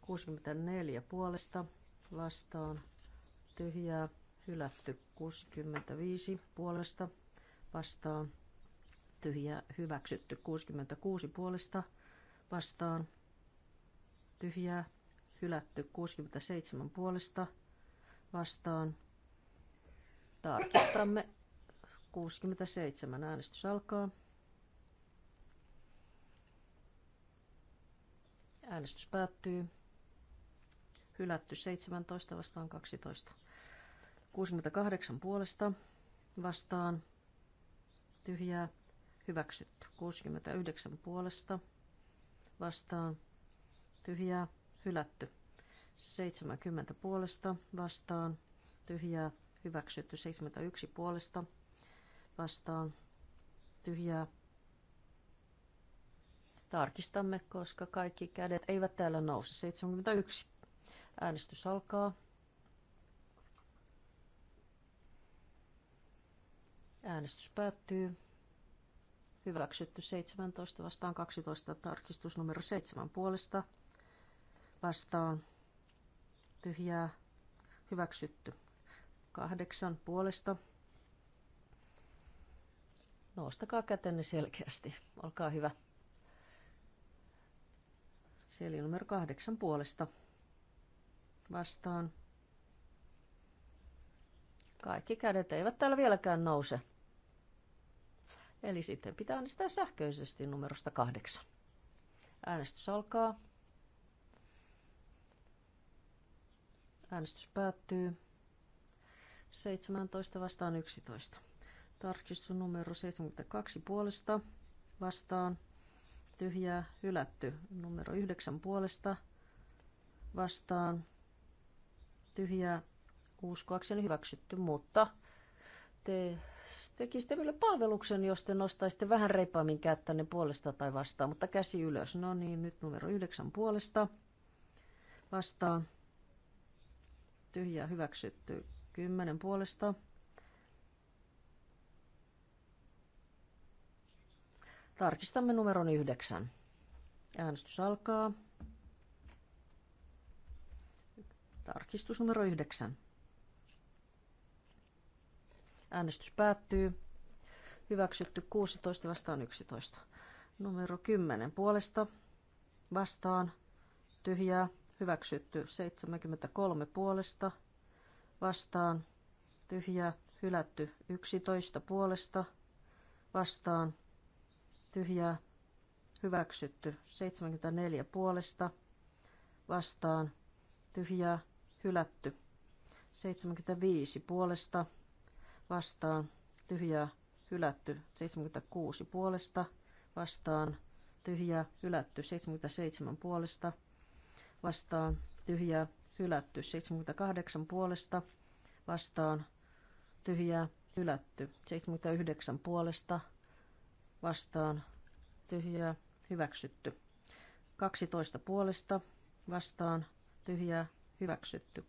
64 puolesta vastaan tyhjää hylätty. 65 puolesta vastaan tyhjä. hyväksytty. 66 puolesta vastaan tyhjää hylätty. 67 puolesta vastaan tarkistamme. 67 äänestys alkaa. Äänestys päättyy. Hylätty 17 vastaan 12. 68 puolesta vastaan tyhjää hyväksytty. 69 puolesta vastaan tyhjää hylätty. 70 puolesta vastaan tyhjää hyväksytty. 71 puolesta vastaan tyhjää tarkistamme, koska kaikki kädet eivät täällä nouse. 71. Äänestys alkaa. Äänestys päättyy. Hyväksytty 17 vastaan 12 tarkistus numero 7 puolesta vastaan tyhjää hyväksytty 8 puolesta. Nostakaa kätenne selkeästi. Olkaa hyvä. Seli numero 8 puolesta vastaan. Kaikki kädet eivät täällä vieläkään nouse. Eli sitten pitää äänestää sähköisesti numerosta kahdeksan. Äänestys alkaa. Äänestys päättyy. 17 vastaan 11. Tarkistus numero 72 puolesta vastaan. Tyhjää hylätty. Numero 9 puolesta vastaan. Tyhjää uskoakseni hyväksytty, mutta te tekisitte vielä palveluksen, jos te nostaisitte vähän reippaammin kättänne puolesta tai vastaan, mutta käsi ylös. No niin, nyt numero yhdeksän puolesta vastaan. Tyhjä hyväksytty. Kymmenen puolesta. Tarkistamme numeron yhdeksän. Äänestys alkaa. Tarkistus numero yhdeksän. Äänestys päättyy. Hyväksytty 16 vastaan 11. Numero 10 puolesta vastaan tyhjää. Hyväksytty 73 puolesta vastaan tyhjää. Hylätty 11 puolesta vastaan tyhjää. Hyväksytty 74 puolesta vastaan tyhjää. Hylätty 75 puolesta vastaan tyhjää hylätty 76 puolesta vastaan tyhjää hylätty 77 puolesta vastaan tyhjää hylätty 78 puolesta vastaan tyhjää hylätty 79 puolesta vastaan tyhjää hyväksytty 12 puolesta vastaan tyhjää hyväksytty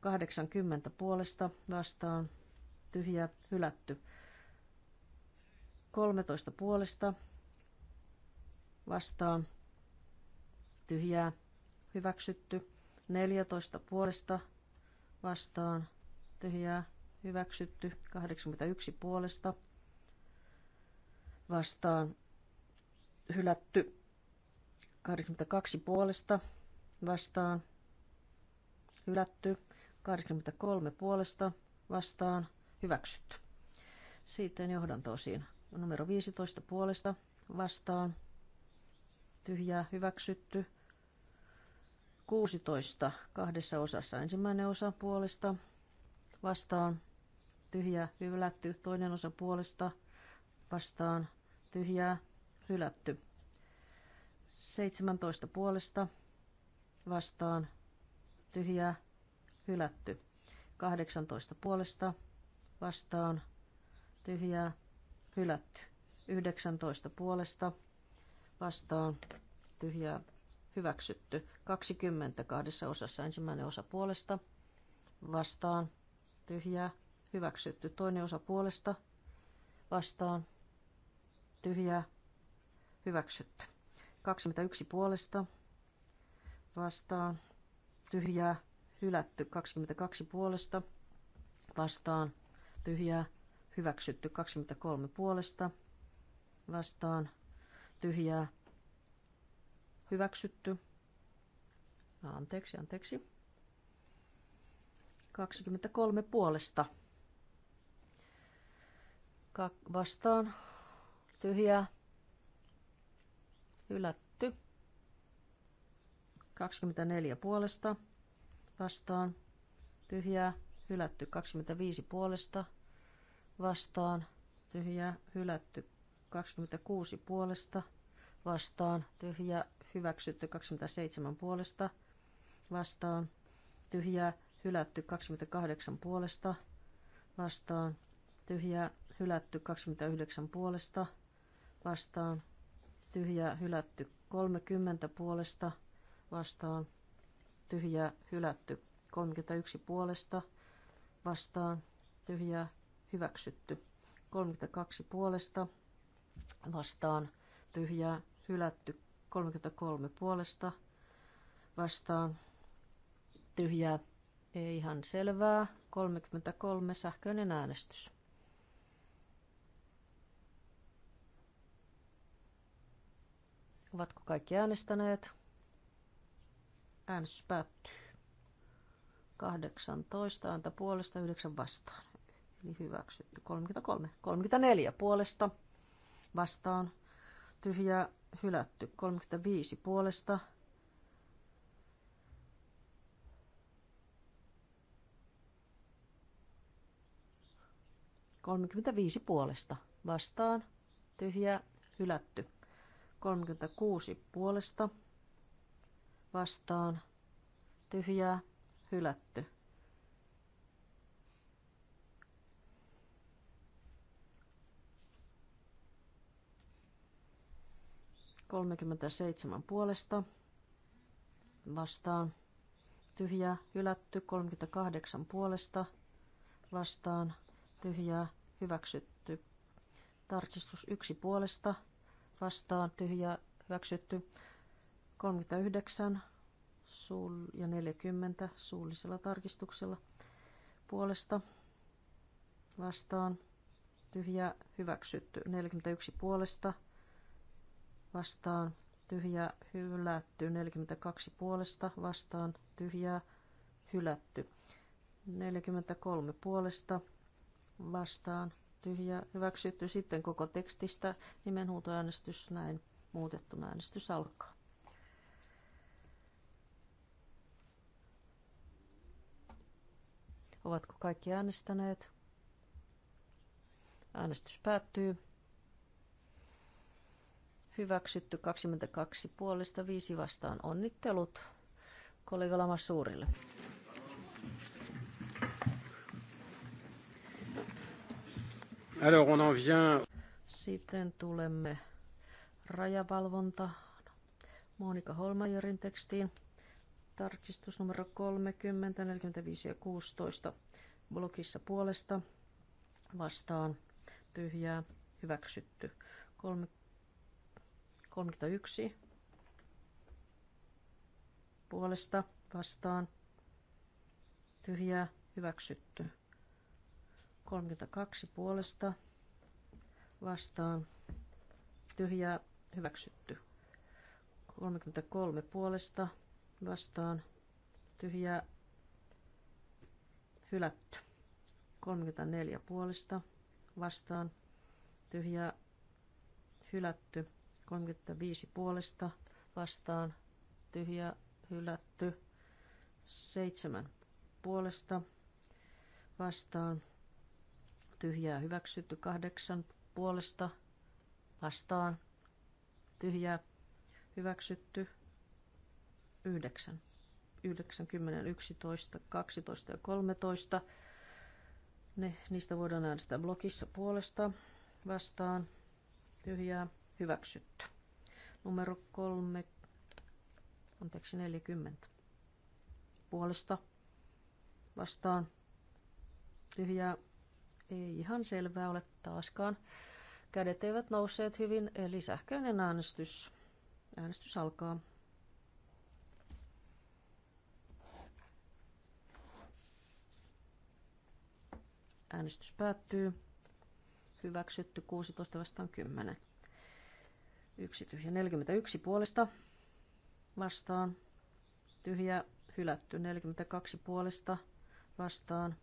80 puolesta vastaan tyhjä, hylätty. 13 puolesta vastaan tyhjää hyväksytty. 14 puolesta vastaan tyhjää hyväksytty. 81 puolesta vastaan hylätty. 82 puolesta vastaan hylätty. 83 puolesta vastaan Hyväksytty. Sitten johdantoosiin. Numero 15 puolesta vastaan. Tyhjää hyväksytty. 16 kahdessa osassa. Ensimmäinen osa puolesta vastaan. Tyhjää hylätty. Toinen osa puolesta vastaan. Tyhjää hylätty. 17 puolesta vastaan. Tyhjää hylätty. 18 puolesta vastaan tyhjää hylätty. 19 puolesta vastaan tyhjää hyväksytty. 20 kahdessa osassa ensimmäinen osa puolesta vastaan tyhjää hyväksytty. Toinen osa puolesta vastaan tyhjää hyväksytty. 21 puolesta vastaan tyhjää hylätty. 22 puolesta vastaan tyhjää, hyväksytty 23 puolesta, vastaan, tyhjää, hyväksytty, anteeksi, anteeksi, 23 puolesta, Ka- vastaan, tyhjää, hylätty, 24 puolesta, vastaan, tyhjää, hylätty 25 puolesta vastaan, tyhjä hylätty 26 puolesta vastaan, tyhjä hyväksytty 27 puolesta vastaan, tyhjä hylätty 28 puolesta vastaan, tyhjä hylätty 29 puolesta vastaan, tyhjä hylätty 30 puolesta vastaan, tyhjä hylätty 31 puolesta vastaan, vastaan tyhjää hyväksytty. 32 puolesta vastaan tyhjää hylätty. 33 puolesta vastaan tyhjää ei ihan selvää. 33 sähköinen äänestys. Ovatko kaikki äänestäneet? Äänestys päättyy. 18 anta puolesta, 9 vastaan. Eli hyväksytty. 33. 34 puolesta vastaan. Tyhjää hylätty. 35 puolesta. Kolmekymmentäviisi puolesta vastaan, tyhjä, hylätty. 36 puolesta vastaan, tyhjää, hylätty. seitsemän puolesta vastaan tyhjää hylätty. 38 puolesta vastaan tyhjää hyväksytty. Tarkistus yksi puolesta vastaan tyhjää hyväksytty. 39 sul- ja 40 suullisella tarkistuksella puolesta vastaan tyhjä hyväksytty 41 puolesta vastaan tyhjä hylätty 42 puolesta vastaan tyhjä hylätty 43 puolesta vastaan tyhjä hyväksytty sitten koko tekstistä nimenhuutoäänestys näin muutettuna äänestys alkaa. Ovatko kaikki äänestäneet? Äänestys päättyy. Hyväksytty 22 puolesta 5 vastaan. Onnittelut kollega Lamassuurille. Alors on en vient... Sitten tulemme rajavalvonta Monika Holmajerin tekstiin. Tarkistus numero 30, 45 ja 16 blokissa puolesta vastaan tyhjää hyväksytty. 3, 31 puolesta vastaan tyhjää hyväksytty. 32 puolesta vastaan tyhjää hyväksytty. 33 puolesta vastaan tyhjää hylätty. 34 puolesta vastaan tyhjää hylätty. 35 puolesta vastaan tyhjää hylätty. 7 puolesta vastaan tyhjää hyväksytty. 8 puolesta vastaan tyhjää hyväksytty. 9, 9, 10, 11, 12 ja 13. Ne, niistä voidaan äänestää blogissa puolesta vastaan. Tyhjää hyväksytty. Numero 3, anteeksi 40. Puolesta vastaan. Tyhjää ei ihan selvää ole taaskaan. Kädet eivät nousseet hyvin, eli sähköinen äänestys. Äänestys alkaa. Äänestys päättyy. Hyväksytty 16 vastaan 10. 1 tyhjä 41 puolesta vastaan. Tyhjä hylätty 42 puolesta vastaan.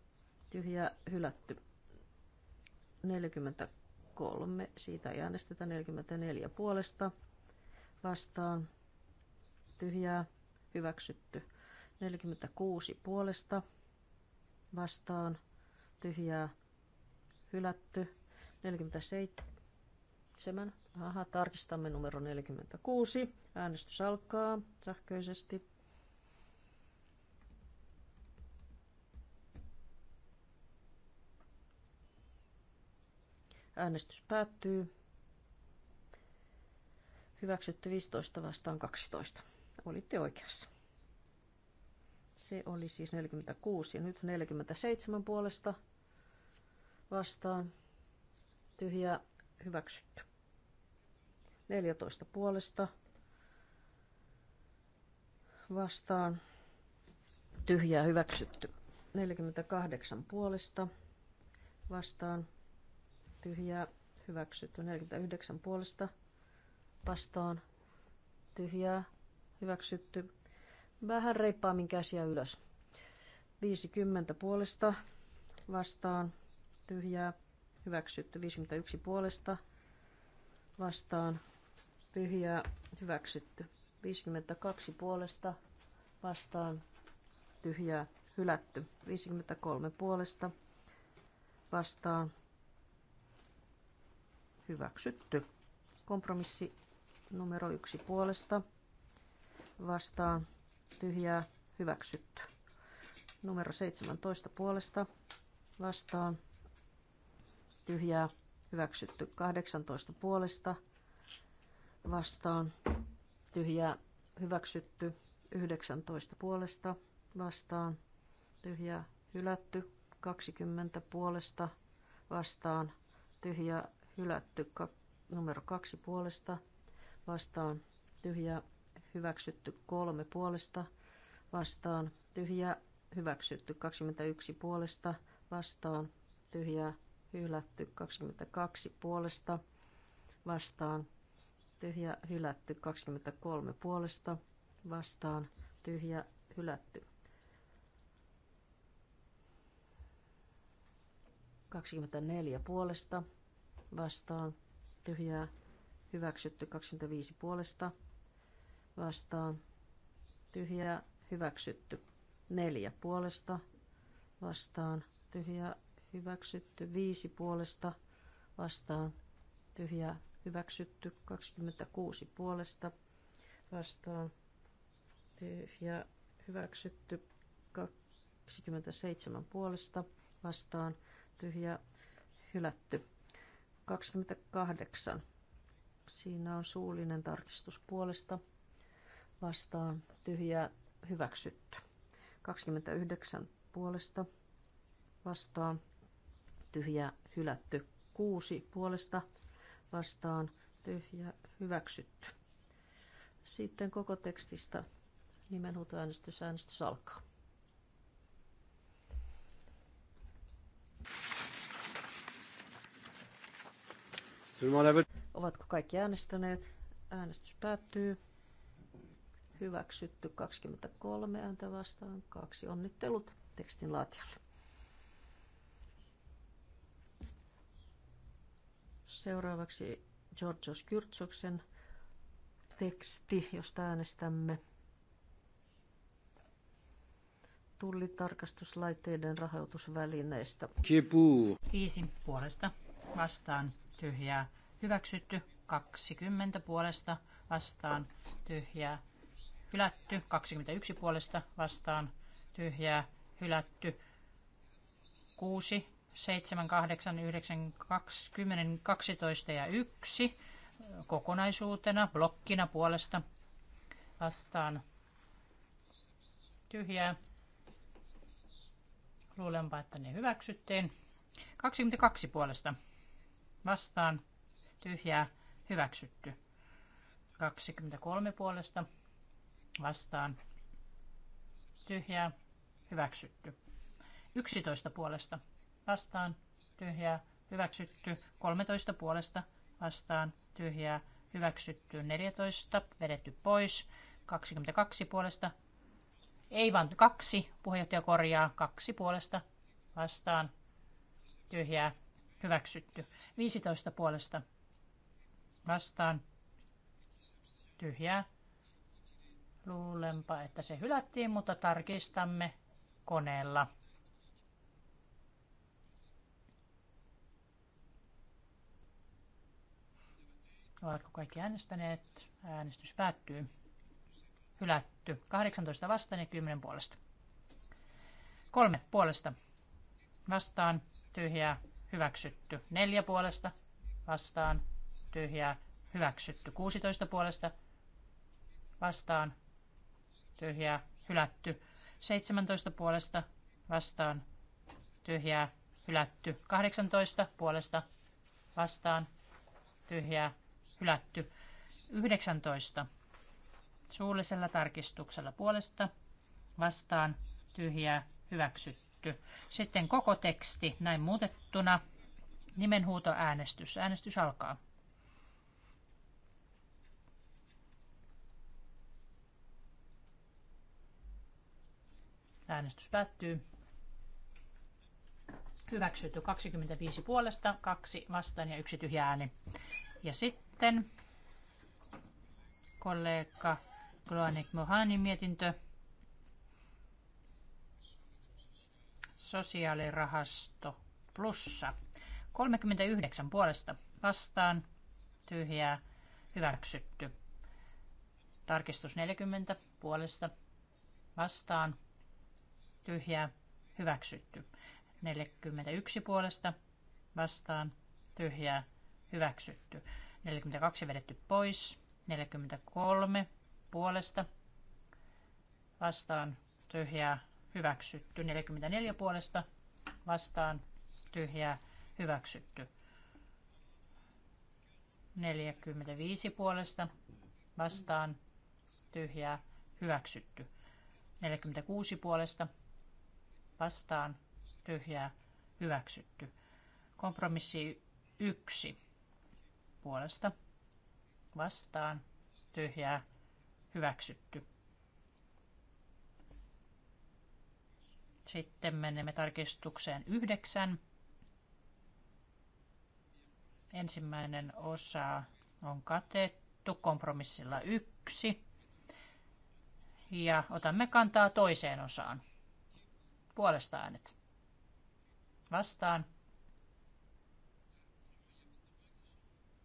Tyhjä hylätty 43. Siitä ei äänestetä 44 puolesta vastaan. Tyhjää hyväksytty 46 puolesta vastaan tyhjää hylätty. 47. Aha, tarkistamme numero 46. Äänestys alkaa sähköisesti. Äänestys päättyy. Hyväksytty 15 vastaan 12. Olitte oikeassa. Se oli siis 46 ja nyt 47 puolesta vastaan tyhjää hyväksytty. 14 puolesta vastaan tyhjää hyväksytty. 48 puolesta vastaan tyhjää hyväksytty. 49 puolesta vastaan tyhjää hyväksytty. Vähän reippaammin käsiä ylös. 50 puolesta vastaan tyhjää, hyväksytty 51 puolesta, vastaan tyhjää, hyväksytty 52 puolesta, vastaan tyhjää, hylätty 53 puolesta, vastaan hyväksytty. Kompromissi numero yksi puolesta, vastaan tyhjää, hyväksytty. Numero 17 puolesta, vastaan tyhjää hyväksytty 18 puolesta vastaan tyhjää hyväksytty 19 puolesta vastaan tyhjää hylätty 20 puolesta vastaan tyhjää hylätty numero 2 puolesta vastaan tyhjää hyväksytty 3 puolesta vastaan tyhjää hyväksytty 21 puolesta vastaan tyhjää hylätty 22 puolesta vastaan, tyhjä hylätty 23 puolesta vastaan, tyhjä hylätty 24 puolesta vastaan, tyhjää hyväksytty 25 puolesta vastaan, tyhjää hyväksytty 4 puolesta vastaan, tyhjää hyväksytty, 5 puolesta vastaan tyhjää hyväksytty, 26 puolesta vastaan tyhjää hyväksytty, 27 puolesta vastaan tyhjää hylätty, 28 Siinä on suullinen tarkistus puolesta vastaan tyhjää hyväksytty. 29 puolesta vastaan tyhjä hylätty. Kuusi puolesta vastaan tyhjä hyväksytty. Sitten koko tekstistä nimenhuutoäänestys. Äänestys alkaa. Ovatko kaikki äänestäneet? Äänestys päättyy. Hyväksytty 23 ääntä vastaan. Kaksi onnittelut tekstin laatijalle. Seuraavaksi Georgios Kyrtsoksen teksti, josta äänestämme. Tullitarkastuslaitteiden rahoitusvälineistä. Kipu. Viisi puolesta vastaan tyhjää. Hyväksytty 20 puolesta vastaan tyhjää. Hylätty 21 puolesta vastaan tyhjää. Hylätty 6 7, 8, 9, 20, 12 ja 1 kokonaisuutena, blokkina puolesta vastaan tyhjää. Luulenpa, että ne hyväksyttiin. 22 puolesta vastaan tyhjää hyväksytty. 23 puolesta vastaan tyhjää hyväksytty. 11 puolesta vastaan tyhjää hyväksytty. 13 puolesta vastaan tyhjää hyväksytty. 14 vedetty pois. 22 puolesta ei vaan kaksi, puheenjohtaja korjaa, kaksi puolesta vastaan, tyhjää, hyväksytty. 15 puolesta vastaan, tyhjää. Luulenpa, että se hylättiin, mutta tarkistamme koneella. Ovatko kaikki äänestäneet? Äänestys päättyy. Hylätty. 18 vastaan ja 10 puolesta. Kolme puolesta. Vastaan. Tyhjää. Hyväksytty. Neljä puolesta. Vastaan. Tyhjää. Hyväksytty. 16 puolesta. Vastaan. Tyhjää. Hylätty. 17 puolesta. Vastaan. Tyhjää. Hylätty. 18 puolesta. Vastaan. Tyhjää hylätty. 19. Suullisella tarkistuksella puolesta vastaan tyhjää hyväksytty. Sitten koko teksti näin muutettuna. äänestys. Äänestys alkaa. Äänestys päättyy. Hyväksytty 25 puolesta, kaksi vastaan ja yksi tyhjä ääni. Ja sitten sitten kollega Gloanik Mohanin mietintö. Sosiaalirahasto plussa. 39 puolesta vastaan. Tyhjää. Hyväksytty. Tarkistus 40 puolesta vastaan. Tyhjää. Hyväksytty. 41 puolesta vastaan. Tyhjää. Hyväksytty. 42 vedetty pois. 43 puolesta vastaan tyhjää hyväksytty. 44 puolesta vastaan tyhjää hyväksytty. 45 puolesta vastaan tyhjää hyväksytty. 46 puolesta vastaan tyhjää hyväksytty. Kompromissi 1 puolesta vastaan tyhjää hyväksytty. Sitten menemme tarkistukseen yhdeksän. Ensimmäinen osa on katettu kompromissilla yksi. Ja otamme kantaa toiseen osaan. Puolesta äänet. Vastaan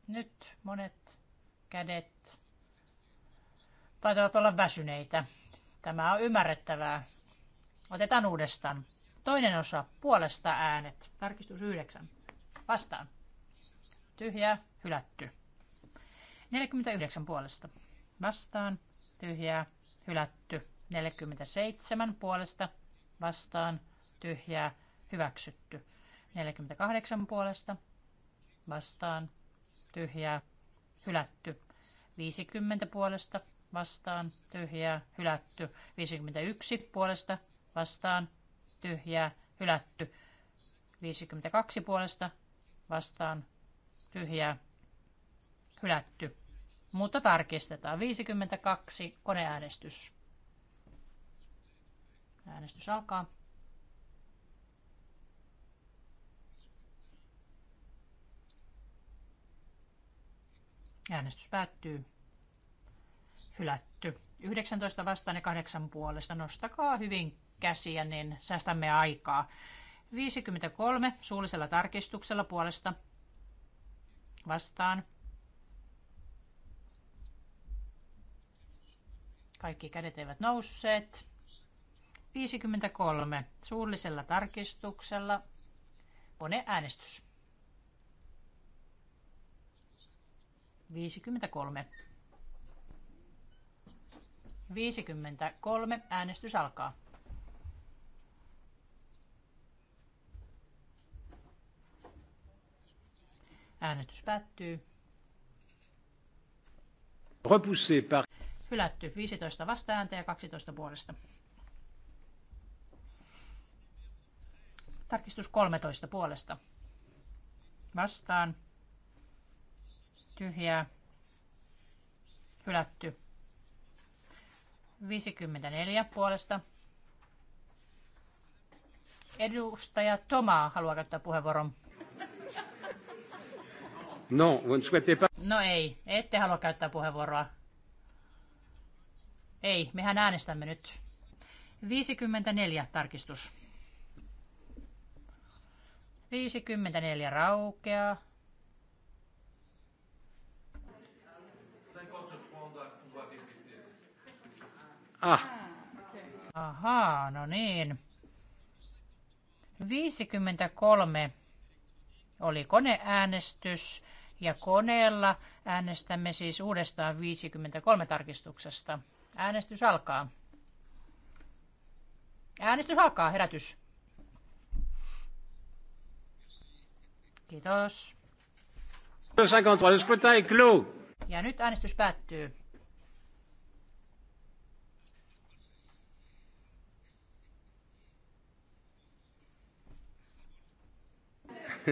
Nyt monet kädet taitavat olla väsyneitä. Tämä on ymmärrettävää. Otetaan uudestaan. Toinen osa, puolesta äänet. Tarkistus 9. Vastaan. Tyhjää, hylätty. 49 puolesta. Vastaan, tyhjää, hylätty. 47 puolesta. Vastaan, tyhjää, hyväksytty. 48 puolesta. Vastaan, tyhjää, hylätty. 50 puolesta vastaan, tyhjää, hylätty. 51 puolesta vastaan, tyhjää, hylätty. 52 puolesta vastaan, tyhjää, hylätty. Mutta tarkistetaan. 52 koneäänestys. Äänestys alkaa. Äänestys päättyy. Hylätty. 19 vastaan ja 8 puolesta. Nostakaa hyvin käsiä, niin säästämme aikaa. 53 suullisella tarkistuksella puolesta vastaan. Kaikki kädet eivät nousseet. 53 suullisella tarkistuksella äänestys. 53. 53. Äänestys alkaa. Äänestys päättyy. Repoussé par... Hylätty 15 vastaääntä ja 12 puolesta. Tarkistus 13 puolesta. Vastaan tyhjää, hylätty. 54 puolesta. Edustaja Tomaa haluaa käyttää puheenvuoron. No, no ei, ette halua käyttää puheenvuoroa. Ei, mehän äänestämme nyt. 54 tarkistus. 54 raukeaa. Ah. Ahaa, no niin. 53 oli koneäänestys ja koneella äänestämme siis uudestaan 53 tarkistuksesta. Äänestys alkaa. Äänestys alkaa, herätys. Kiitos. Ja nyt äänestys päättyy.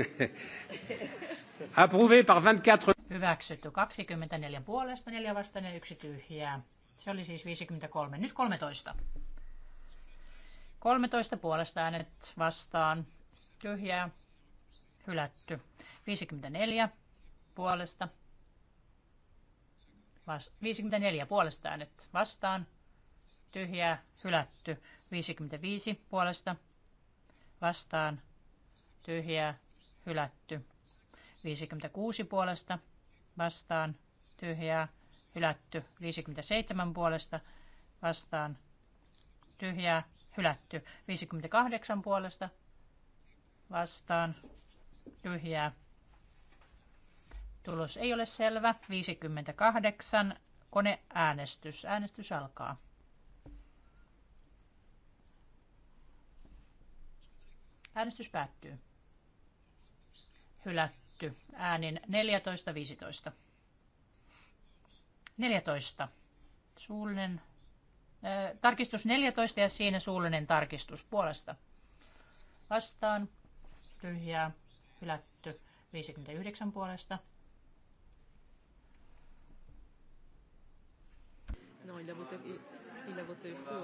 (laughs) Approuvé par 24. Hyväksytty 24 puolesta, 4 vastaan ja 1 tyhjää. Se oli siis 53. Nyt 13. 13 puolesta äänet vastaan. Tyhjää. Hylätty. 54 puolesta. Vas- 54 puolesta äänet vastaan. Tyhjää. Hylätty. 55 puolesta vastaan. Tyhjää hylätty. 56 puolesta vastaan tyhjää hylätty. 57 puolesta vastaan tyhjää hylätty. 58 puolesta vastaan tyhjää. Tulos ei ole selvä. 58 koneäänestys. Äänestys alkaa. Äänestys päättyy hylätty äänin 14.15. 14. Suullinen, äh, tarkistus 14 ja siinä suullinen tarkistus puolesta. Vastaan tyhjää hylätty 59 puolesta. No, il a voté, Il a voté pour. Hein.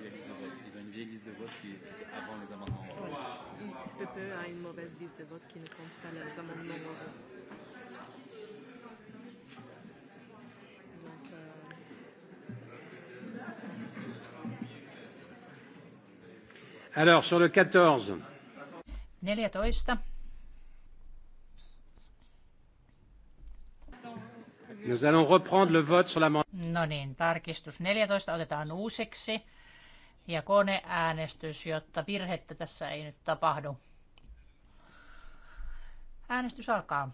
Ils, ont une vieille liste de vote. Ils ont une vieille liste de vote qui est avant les amendements a une mauvaise liste de vote qui ne compte pas les amendements Donc, euh... Alors, sur le 14. 14. Nous allons reprendre le vote sur l'amendement. No niin, tarkistus 14 otetaan uusiksi ja koneäänestys, jotta virhettä tässä ei nyt tapahdu. Äänestys alkaa.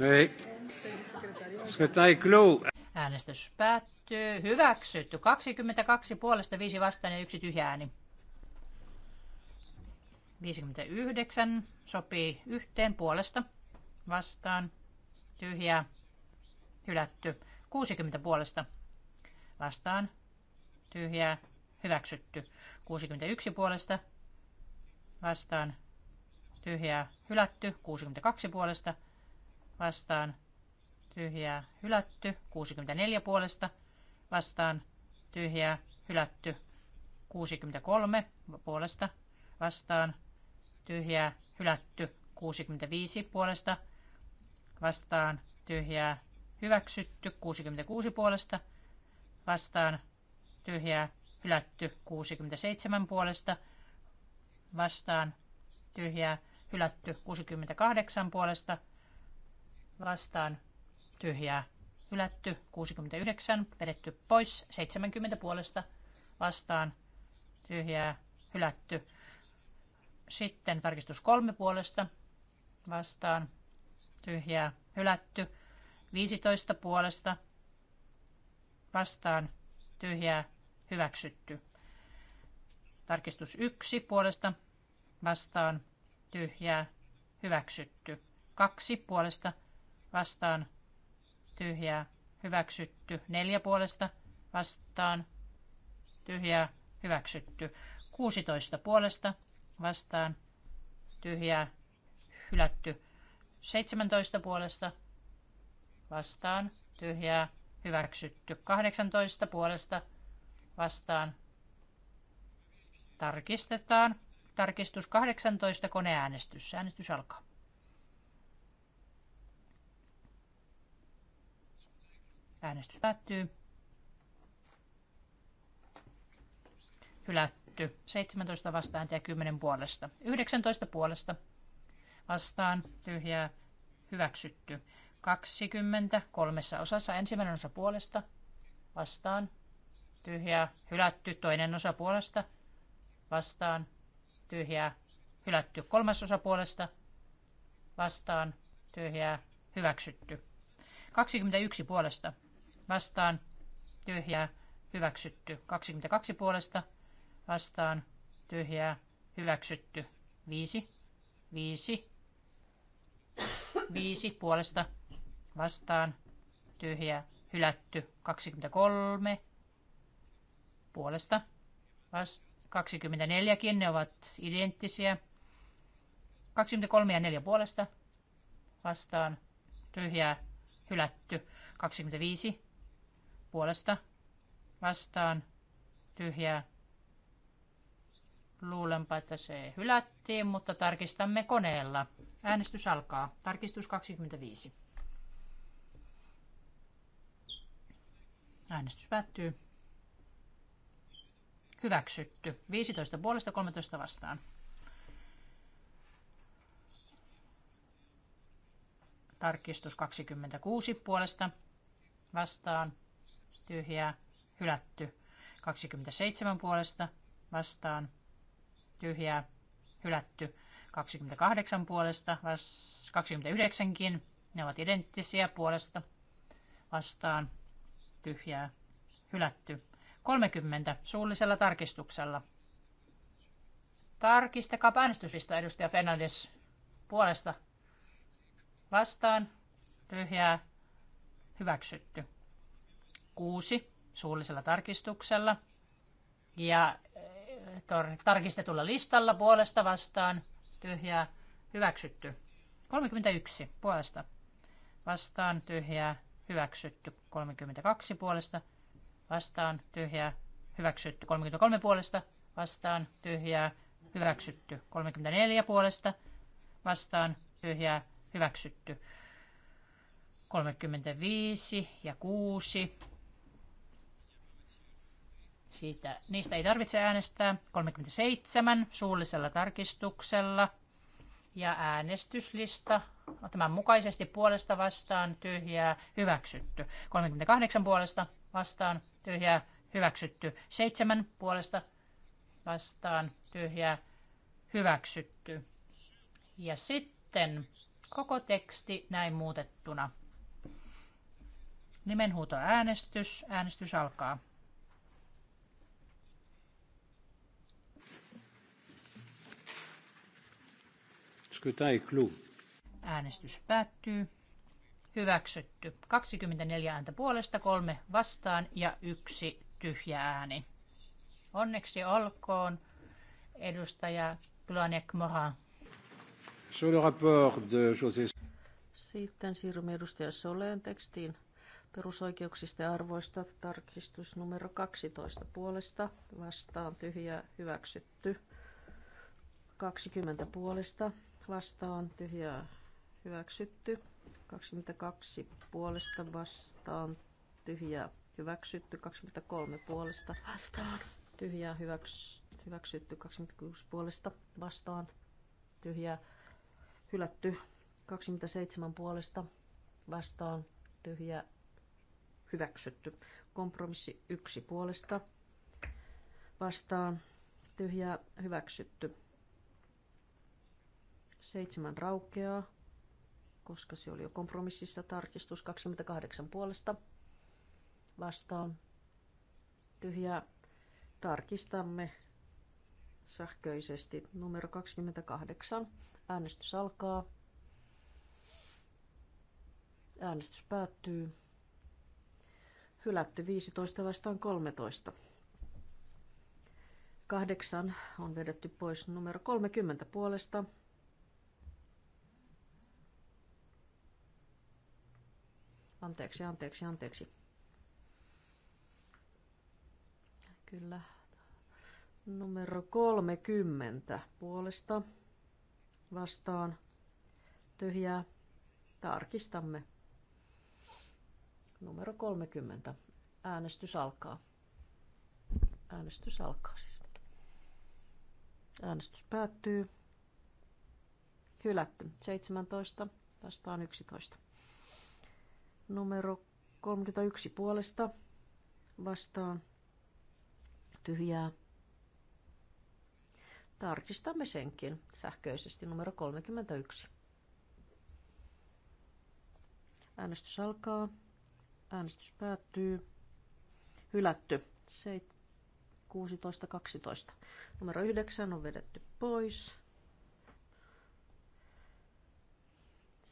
Ei. Äänestys päättyy. Hyväksytty. 22 puolesta 5 vastaan ja yksi tyhjä ääni. 59 sopii yhteen puolesta vastaan. Tyhjää. Hylätty. 60 puolesta vastaan. Tyhjää. Hyväksytty. 61 puolesta vastaan. Tyhjää. Hylätty. 62 puolesta vastaan. Tyhjää. Hylätty. 64 puolesta vastaan. Tyhjää. Hylätty. 63 puolesta vastaan tyhjää, hylätty. 65 puolesta vastaan, tyhjää, hyväksytty. 66 puolesta vastaan, tyhjää, hylätty. 67 puolesta vastaan, tyhjää, hylätty. 68 puolesta vastaan, tyhjää, hylätty. 69 vedetty pois. 70 puolesta vastaan, tyhjää, hylätty. Sitten tarkistus kolme puolesta vastaan tyhjää hylätty. 15 puolesta vastaan tyhjää hyväksytty. Tarkistus 1 puolesta vastaan tyhjää hyväksytty. 2 puolesta vastaan tyhjää hyväksytty. 4 puolesta vastaan tyhjää hyväksytty. 16 puolesta vastaan tyhjää hylätty. 17 puolesta vastaan tyhjää hyväksytty. 18 puolesta vastaan tarkistetaan. Tarkistus 18 koneäänestys. Äänestys alkaa. Äänestys päättyy. Hylätty hylätty. 17 vastaan ja 10 puolesta. 19 puolesta vastaan tyhjää hyväksytty. 20 kolmessa osassa ensimmäinen osa puolesta vastaan tyhjää hylätty. Toinen osa puolesta vastaan tyhjää hylätty. Kolmas osa puolesta vastaan tyhjää hyväksytty. 21 puolesta vastaan tyhjää hyväksytty. 22 puolesta vastaan tyhjää hyväksytty. Viisi. Viisi. Viisi puolesta vastaan tyhjää hylätty. 23 puolesta. Vas 24kin ne ovat identtisiä. 23 ja 4 puolesta vastaan tyhjää hylätty. 25 puolesta vastaan tyhjää Luulenpa, että se hylättiin, mutta tarkistamme koneella. Äänestys alkaa. Tarkistus 25. Äänestys päättyy. Hyväksytty. 15 puolesta 13 vastaan. Tarkistus 26 puolesta vastaan. Tyhjää. Hylätty. 27 puolesta vastaan tyhjää, hylätty. 28 puolesta, 29kin, ne ovat identtisiä puolesta, vastaan, tyhjää, hylätty. 30 suullisella tarkistuksella. Tarkistakaa äänestyslista edustaja Fernandes puolesta. Vastaan, tyhjää, hyväksytty. 6 suullisella tarkistuksella. Ja tarkistetulla listalla puolesta vastaan tyhjää hyväksytty. 31 puolesta vastaan tyhjää hyväksytty. 32 puolesta vastaan tyhjää hyväksytty. 33 puolesta vastaan tyhjää hyväksytty. 34 puolesta vastaan tyhjää hyväksytty. 35 ja 6 siitä, niistä ei tarvitse äänestää. 37 suullisella tarkistuksella. Ja äänestyslista tämän mukaisesti puolesta vastaan tyhjää hyväksytty. 38 puolesta vastaan tyhjää hyväksytty. 7 puolesta vastaan tyhjää hyväksytty. Ja sitten koko teksti näin muutettuna. Nimenhuuto äänestys. Äänestys alkaa. Scrutin est clos. Äänestys päättyy. Hyväksytty. 24 ääntä puolesta, kolme vastaan ja yksi tyhjä ääni. Onneksi olkoon edustaja Glanek Mohan. Sur le rapport de José... Sitten siirrymme edustaja Soleen tekstiin perusoikeuksista ja arvoista tarkistus numero 12 puolesta vastaan tyhjä hyväksytty. 20 puolesta vastaan tyhjää hyväksytty. 22 puolesta vastaan tyhjää hyväksytty. 23 puolesta vastaan tyhjää hyväks, hyväksytty. 26 puolesta vastaan tyhjää hylätty. 27 puolesta vastaan tyhjää hyväksytty. Kompromissi 1 puolesta vastaan tyhjää hyväksytty. Seitsemän raukeaa, koska se oli jo kompromississa. Tarkistus 28 puolesta vastaan. Tyhjää. Tarkistamme sähköisesti numero 28. Äänestys alkaa. Äänestys päättyy. Hylätty 15 vastaan 13. Kahdeksan on vedetty pois numero 30 puolesta Anteeksi, anteeksi, anteeksi. Kyllä. Numero 30 puolesta vastaan tyhjää. Tarkistamme. Numero 30. Äänestys alkaa. Äänestys alkaa siis. Äänestys päättyy. Hylätty. 17 vastaan 11. Numero 31 puolesta vastaan tyhjää. Tarkistamme senkin sähköisesti numero 31. Äänestys alkaa. Äänestys päättyy. Hylätty. 16.12. Numero 9 on vedetty pois.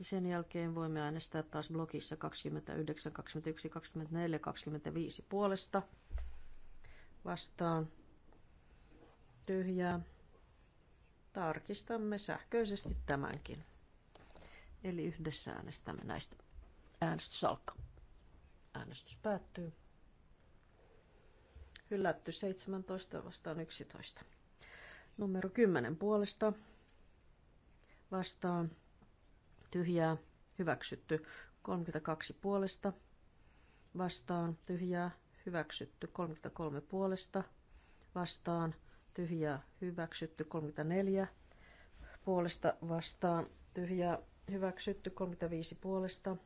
Sen jälkeen voimme äänestää taas blogissa 29, 21, 24, 25 puolesta vastaan tyhjää. Tarkistamme sähköisesti tämänkin. Eli yhdessä äänestämme näistä. Äänestys alkaa. Äänestys päättyy. Hylätty 17 vastaan 11. Numero 10 puolesta vastaan tyhjää, hyväksytty. 32 puolesta vastaan, tyhjää, hyväksytty. 33 puolesta vastaan, tyhjää, hyväksytty. 34 puolesta vastaan, tyhjää, hyväksytty. 35 puolesta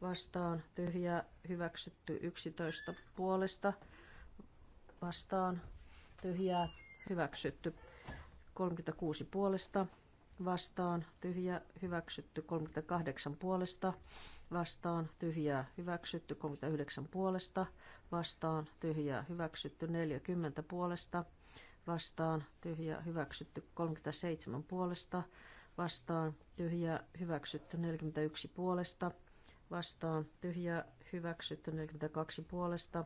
vastaan, tyhjää, hyväksytty. 11 puolesta vastaan, tyhjää, hyväksytty. 36 puolesta vastaan tyhjä hyväksytty 38 puolesta, vastaan tyhjää hyväksytty 39 puolesta, vastaan tyhjää hyväksytty 40 puolesta, vastaan tyhjää hyväksytty 37 puolesta, vastaan tyhjää hyväksytty 41 puolesta, vastaan tyhjää hyväksytty 42 puolesta,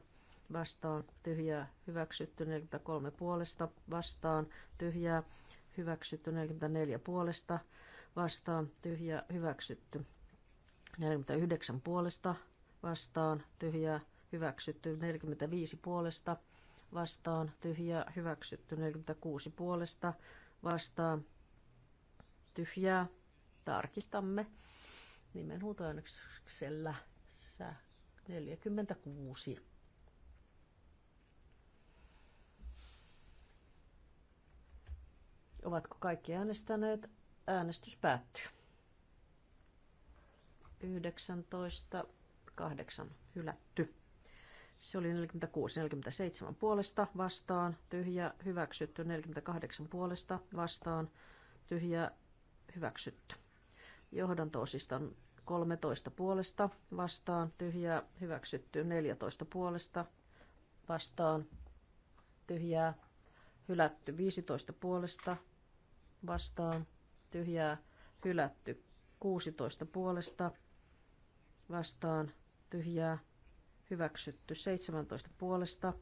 vastaan tyhjää hyväksytty 43 puolesta, vastaan tyhjää hyväksytty 44 puolesta, vastaan tyhjä hyväksytty 49 puolesta, vastaan tyhjä hyväksytty 45 puolesta, vastaan tyhjä hyväksytty 46 puolesta, vastaan tyhjää tarkistamme nimenhuutoäänestyksellä 46. Ovatko kaikki äänestäneet? Äänestys päättyy. 19.8. Hylätty. Se oli 46-47 puolesta vastaan, tyhjä hyväksytty, 48 puolesta vastaan, tyhjä hyväksytty. Johdantoosista on 13 puolesta vastaan, tyhjä hyväksytty, 14 puolesta vastaan, tyhjää hylätty, 15 puolesta vastaan tyhjää hylätty. 16 puolesta vastaan tyhjää hyväksytty. 17 puolesta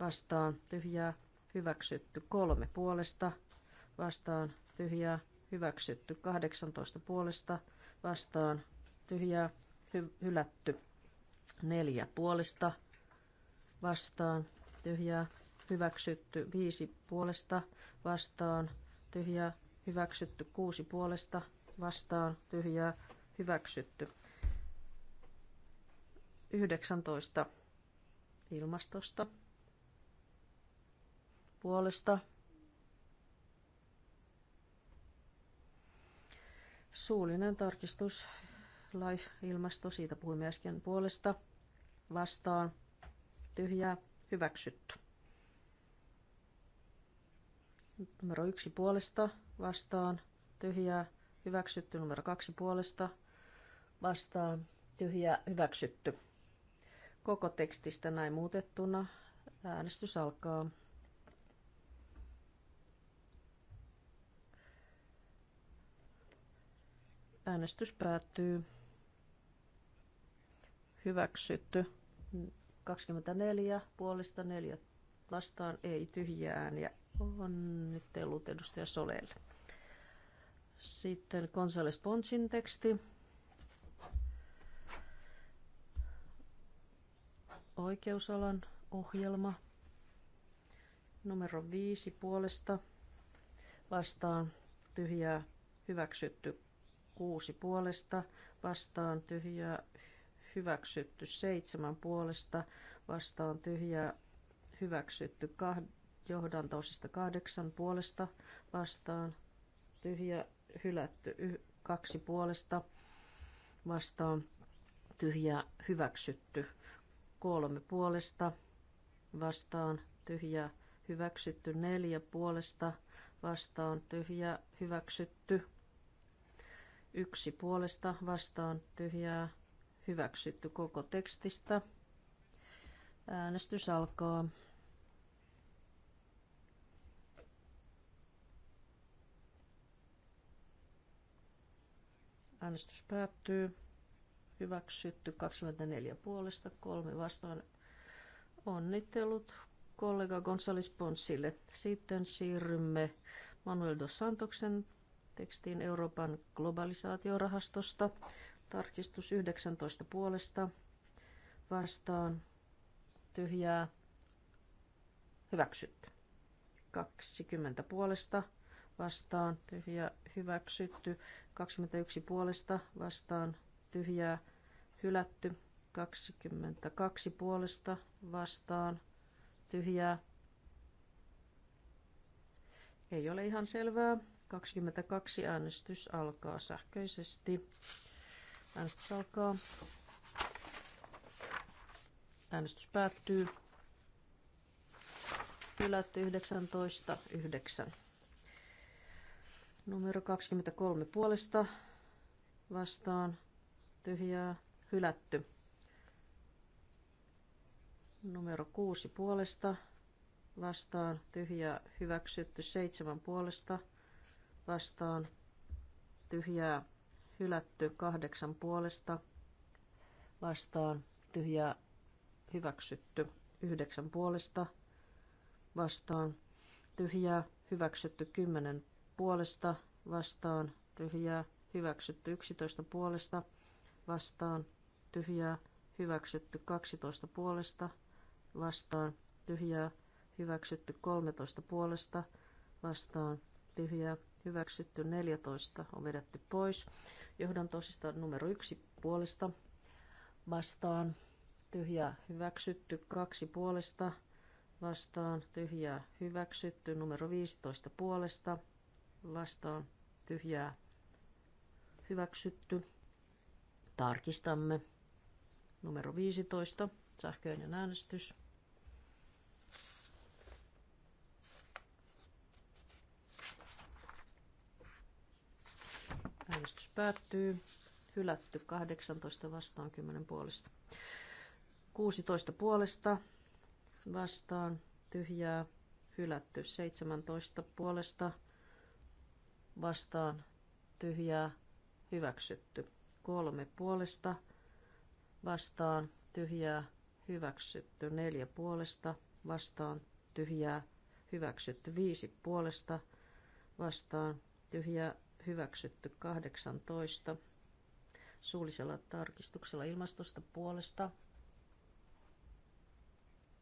vastaan tyhjää hyväksytty. 3 puolesta vastaan tyhjää hyväksytty. 18 puolesta vastaan tyhjää hy- hylätty. 4 puolesta vastaan tyhjää hyväksytty. 5 puolesta vastaan tyhjää, hyväksytty. Kuusi puolesta vastaan, tyhjää, hyväksytty. 19 ilmastosta puolesta. Suullinen tarkistus, live-ilmasto, siitä puhuimme äsken puolesta, vastaan, tyhjää, hyväksytty. Numero yksi puolesta vastaan tyhjää hyväksytty. Numero kaksi puolesta vastaan tyhjää hyväksytty. Koko tekstistä näin muutettuna äänestys alkaa. Äänestys päättyy. Hyväksytty. 24 puolesta 4 vastaan ei tyhjää ääniä Onnittelut edustaja Solelle. Sitten Gonzales Ponsin teksti. Oikeusalan ohjelma numero viisi puolesta vastaan tyhjää hyväksytty kuusi puolesta vastaan tyhjää hyväksytty seitsemän puolesta vastaan tyhjää hyväksytty johdantoosista kahdeksan puolesta vastaan, tyhjä hylätty y- kaksi puolesta vastaan, tyhjä hyväksytty kolme puolesta vastaan, tyhjä hyväksytty neljä puolesta vastaan, tyhjä hyväksytty yksi puolesta vastaan, tyhjää hyväksytty koko tekstistä. Äänestys alkaa. Äänestys päättyy. Hyväksytty 24 puolesta, kolme vastaan. Onnittelut kollega Gonzales Ponsille. Sitten siirrymme Manuel dos Santoksen tekstiin Euroopan globalisaatiorahastosta. Tarkistus 19 puolesta vastaan tyhjää hyväksytty. 20 puolesta vastaan tyhjää hyväksytty. 21 puolesta vastaan tyhjää hylätty. 22 puolesta vastaan tyhjää. Ei ole ihan selvää. 22 äänestys alkaa sähköisesti. Äänestys alkaa. Äänestys päättyy. Hylätty 19.9. Numero 23 puolesta vastaan tyhjää hylätty. Numero 6 puolesta vastaan tyhjää hyväksytty. 7 puolesta vastaan tyhjää hylätty. 8 puolesta vastaan tyhjää hyväksytty. 9 puolesta vastaan tyhjää hyväksytty. 10 puolesta vastaan tyhjää hyväksytty 11 puolesta vastaan tyhjää hyväksytty 12 puolesta vastaan tyhjää hyväksytty 13 puolesta vastaan tyhjää hyväksytty 14 on vedetty pois. tosista numero 1 puolesta vastaan tyhjää hyväksytty 2 puolesta vastaan tyhjää hyväksytty numero 15 puolesta vastaan tyhjää hyväksytty. Tarkistamme. Numero 15, sähköinen äänestys. Äänestys päättyy. Hylätty 18 vastaan 10 puolesta. 16 puolesta vastaan tyhjää. Hylätty 17 puolesta vastaan tyhjää hyväksytty. Kolme puolesta vastaan tyhjää hyväksytty. Neljä puolesta vastaan tyhjää hyväksytty. Viisi puolesta vastaan tyhjää hyväksytty. 18 suullisella tarkistuksella ilmastosta puolesta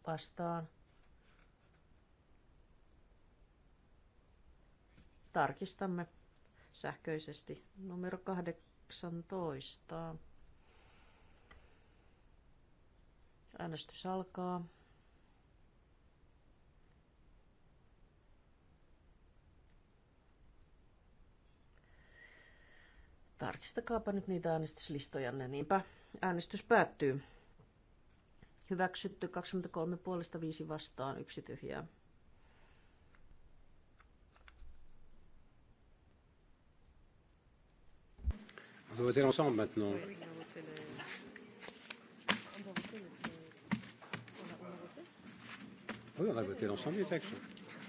vastaan Tarkistamme sähköisesti numero 18. Äänestys alkaa. Tarkistakaapa nyt niitä äänestyslistojanne, niinpä äänestys päättyy. Hyväksytty 23 puolesta 5 vastaan, yksi tyhjää. On peut voter l'ensemble maintenant. Ah oui, on a voté l'ensemble du texte.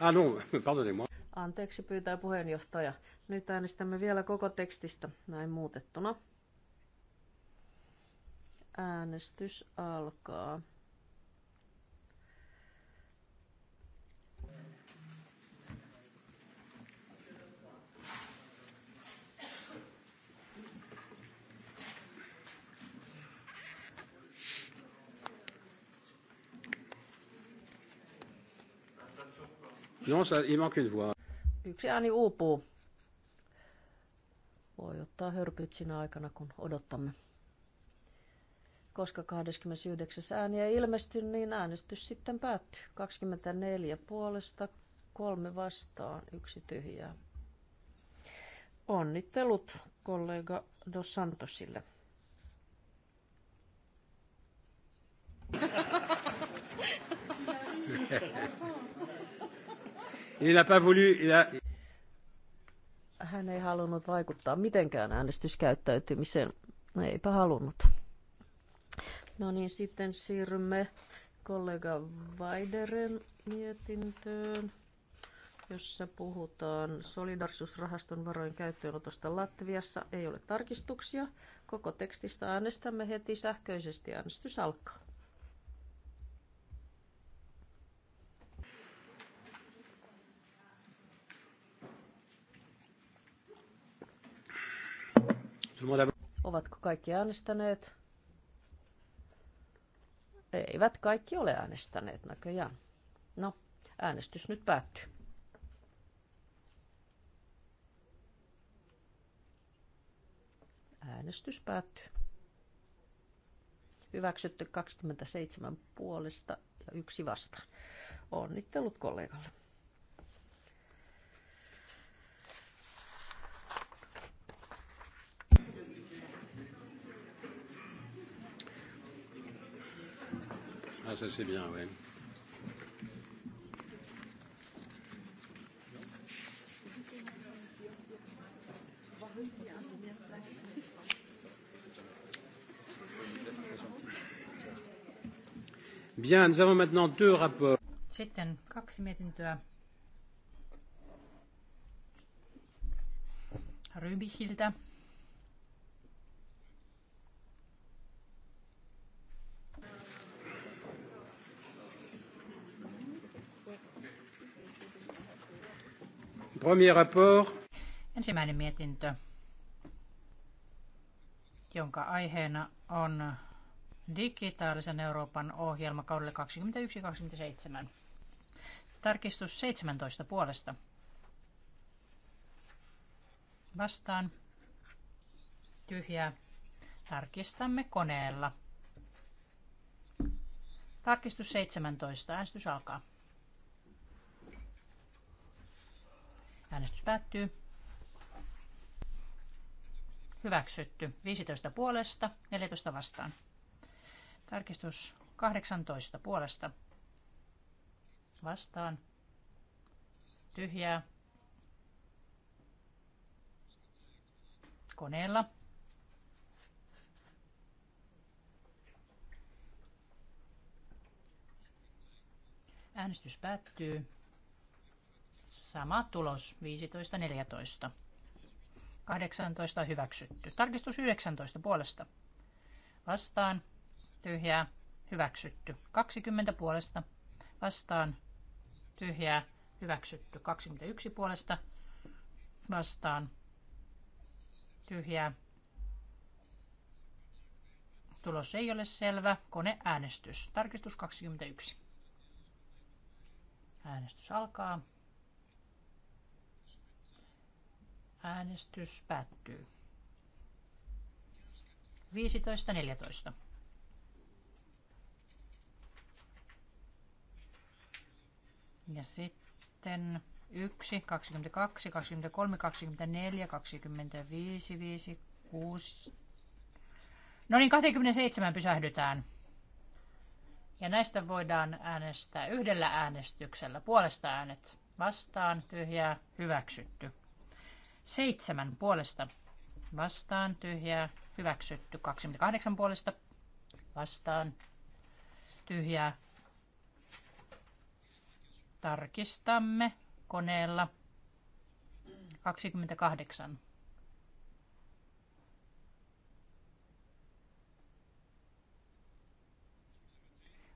Ah non, (laughs) pardonnez-moi. Anteeksi pyytää puheenjohtaja. Nyt äänestämme vielä koko tekstistä näin muutettuna. Äänestys alkaa. Yksi ääni uupuu. Voi ottaa hörpyt sinä aikana, kun odottamme. Koska 29. ääniä ei ilmesty, niin äänestys sitten päättyy. 24 puolesta, kolme vastaan, yksi tyhjää. Onnittelut kollega Dos Santosille. Hän ei halunnut vaikuttaa mitenkään äänestyskäyttäytymiseen. Eipä halunnut. No niin, sitten siirrymme kollega Vaideren mietintöön, jossa puhutaan solidarisuusrahaston varojen käyttöönotosta Latviassa. Ei ole tarkistuksia. Koko tekstistä äänestämme heti sähköisesti. Äänestys alkaa. Ovatko kaikki äänestäneet? Eivät kaikki ole äänestäneet näköjään. No, äänestys nyt päättyy. Äänestys päättyy. Hyväksytty 27 puolesta ja yksi vastaan. Onnittelut kollegalle. ça c'est bien, oui. Bien, nous avons maintenant deux rapports. Sitten kaksi mietintöä Rybihiltä Premier rapport. Ensimmäinen mietintö, jonka aiheena on digitaalisen Euroopan ohjelma kaudelle 21-27. Tarkistus 17 puolesta. Vastaan. Tyhjää. Tarkistamme koneella. Tarkistus 17. Äänestys alkaa. Äänestys päättyy. Hyväksytty. 15 puolesta, 14 vastaan. Tarkistus 18 puolesta. Vastaan. Tyhjää. Koneella. Äänestys päättyy. Sama tulos, 15-14. 18 hyväksytty. Tarkistus 19 puolesta. Vastaan, tyhjää, hyväksytty. 20 puolesta. Vastaan, tyhjää, hyväksytty. 21 puolesta. Vastaan, tyhjää. Tulos ei ole selvä. Koneäänestys. Tarkistus 21. Äänestys alkaa. Äänestys päättyy. 15.14. Ja sitten 1, 22, 23, 24, 25, 5, 6. No niin, 27 pysähdytään. Ja näistä voidaan äänestää yhdellä äänestyksellä. Puolesta äänet vastaan, tyhjää, hyväksytty. 7 puolesta vastaan tyhjää hyväksytty. 28 puolesta vastaan tyhjää. Tarkistamme koneella 28.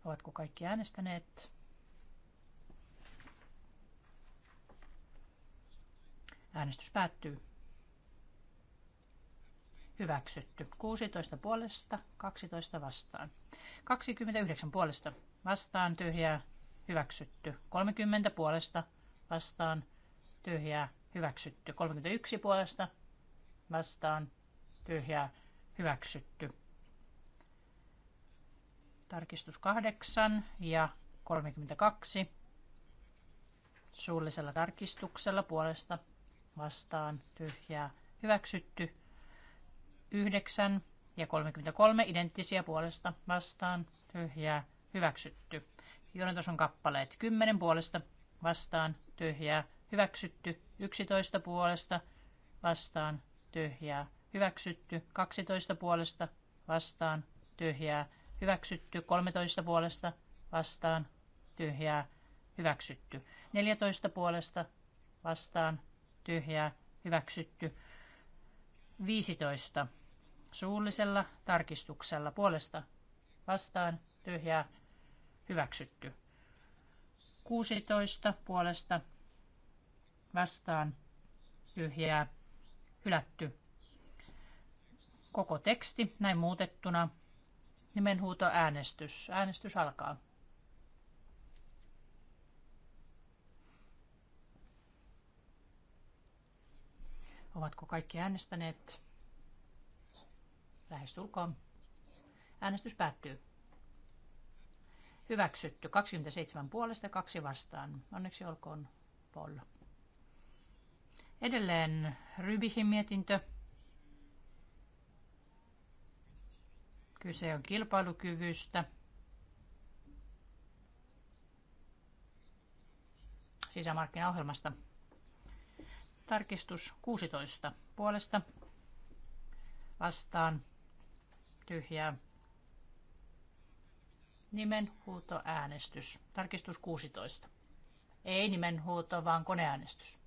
Ovatko kaikki äänestäneet? Äänestys päättyy. Hyväksytty. 16 puolesta, 12 vastaan. 29 puolesta, vastaan tyhjää, hyväksytty. 30 puolesta, vastaan tyhjää, hyväksytty. 31 puolesta, vastaan tyhjää, hyväksytty. Tarkistus 8 ja 32 suullisella tarkistuksella puolesta vastaan tyhjää hyväksytty. 9 ja 33 identtisiä puolesta vastaan tyhjää hyväksytty. Jonatos on kappaleet 10 puolesta vastaan tyhjää hyväksytty. 11 puolesta vastaan tyhjää hyväksytty. 12 puolesta vastaan tyhjää hyväksytty. 13 puolesta vastaan tyhjää hyväksytty. 14 puolesta vastaan ja hyväksytty. 15 suullisella tarkistuksella puolesta vastaan tyhjää hyväksytty. 16 puolesta vastaan tyhjää hylätty. Koko teksti näin muutettuna. Nimenhuuto äänestys. Äänestys alkaa. Ovatko kaikki äänestäneet? Lähestulkoon. Äänestys päättyy. Hyväksytty. 27 puolesta, kaksi vastaan. Onneksi olkoon Paul. Edelleen Rybihin mietintö. Kyse on kilpailukyvystä. Sisämarkkinaohjelmasta. Tarkistus 16 puolesta vastaan tyhjää. Nimen huuto äänestys. Tarkistus 16. Ei nimen huuto, vaan koneäänestys.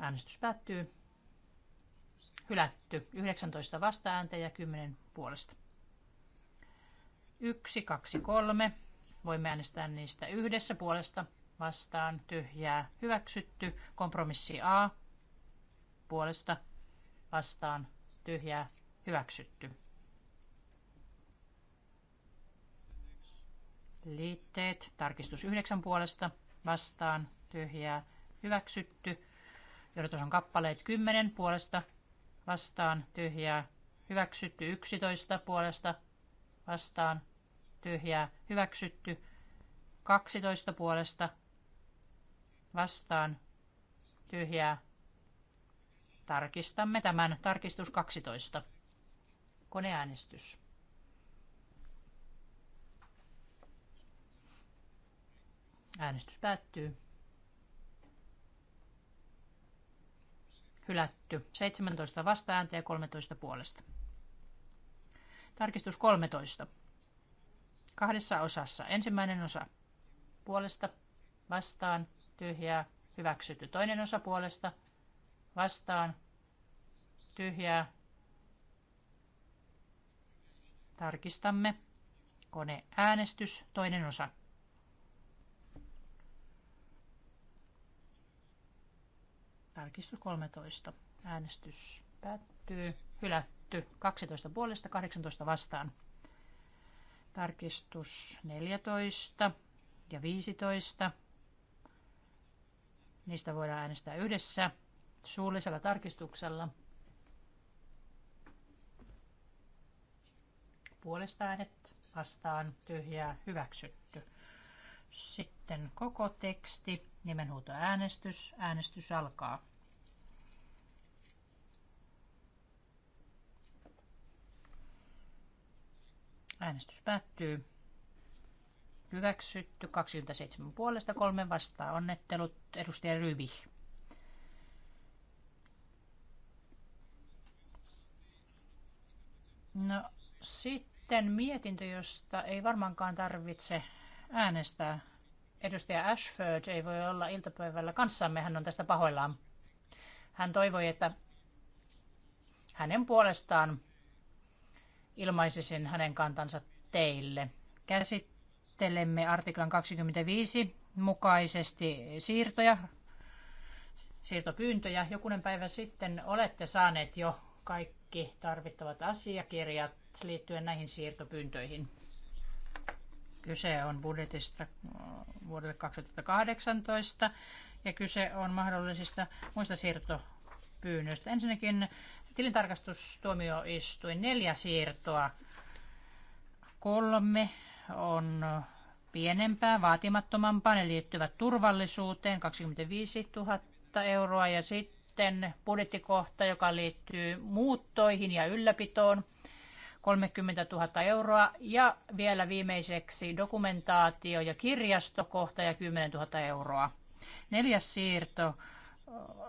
Äänestys päättyy. Hylätty. 19 vastaääntä ja 10 puolesta. 1, 2, 3. Voimme äänestää niistä yhdessä puolesta vastaan tyhjää hyväksytty. Kompromissi A puolesta vastaan tyhjää hyväksytty. Liitteet. Tarkistus 9 puolesta vastaan tyhjää hyväksytty. Jodotus on kappaleet 10 puolesta vastaan tyhjää hyväksytty. 11 puolesta vastaan tyhjää hyväksytty. 12 puolesta vastaan tyhjää. Tarkistamme tämän. Tarkistus 12. Koneäänestys. Äänestys päättyy. Hylätty. 17 vastaääntä ja 13 puolesta. Tarkistus 13. Kahdessa osassa. Ensimmäinen osa. Puolesta, vastaan, tyhjää, hyväksytty. Toinen osa puolesta vastaan, tyhjää. Tarkistamme. Koneäänestys, toinen osa. Tarkistus 13. Äänestys päättyy. Hylätty 12 puolesta 18 vastaan. Tarkistus 14 ja 15 Niistä voidaan äänestää yhdessä suullisella tarkistuksella. Puolesta äänet vastaan tyhjää hyväksytty. Sitten koko teksti, äänestys äänestys alkaa. Äänestys päättyy. Hyväksytty 27 puolesta, kolme vastaa. Onnettelut edustaja Ryvi. No sitten mietintö, josta ei varmaankaan tarvitse äänestää. Edustaja Ashford ei voi olla iltapäivällä kanssamme, hän on tästä pahoillaan. Hän toivoi, että hänen puolestaan ilmaisisin hänen kantansa teille. Käsit käsittelemme artiklan 25 mukaisesti siirtoja, siirtopyyntöjä. Jokunen päivä sitten olette saaneet jo kaikki tarvittavat asiakirjat liittyen näihin siirtopyyntöihin. Kyse on budjetista äh, vuodelle 2018 ja kyse on mahdollisista muista siirtopyynnöistä. Ensinnäkin tilintarkastustuomioistuin neljä siirtoa, kolme on pienempää, vaatimattomampaa. Ne liittyvät turvallisuuteen, 25 000 euroa ja sitten budjettikohta, joka liittyy muuttoihin ja ylläpitoon, 30 000 euroa ja vielä viimeiseksi dokumentaatio- ja kirjastokohta ja 10 000 euroa. Neljäs siirto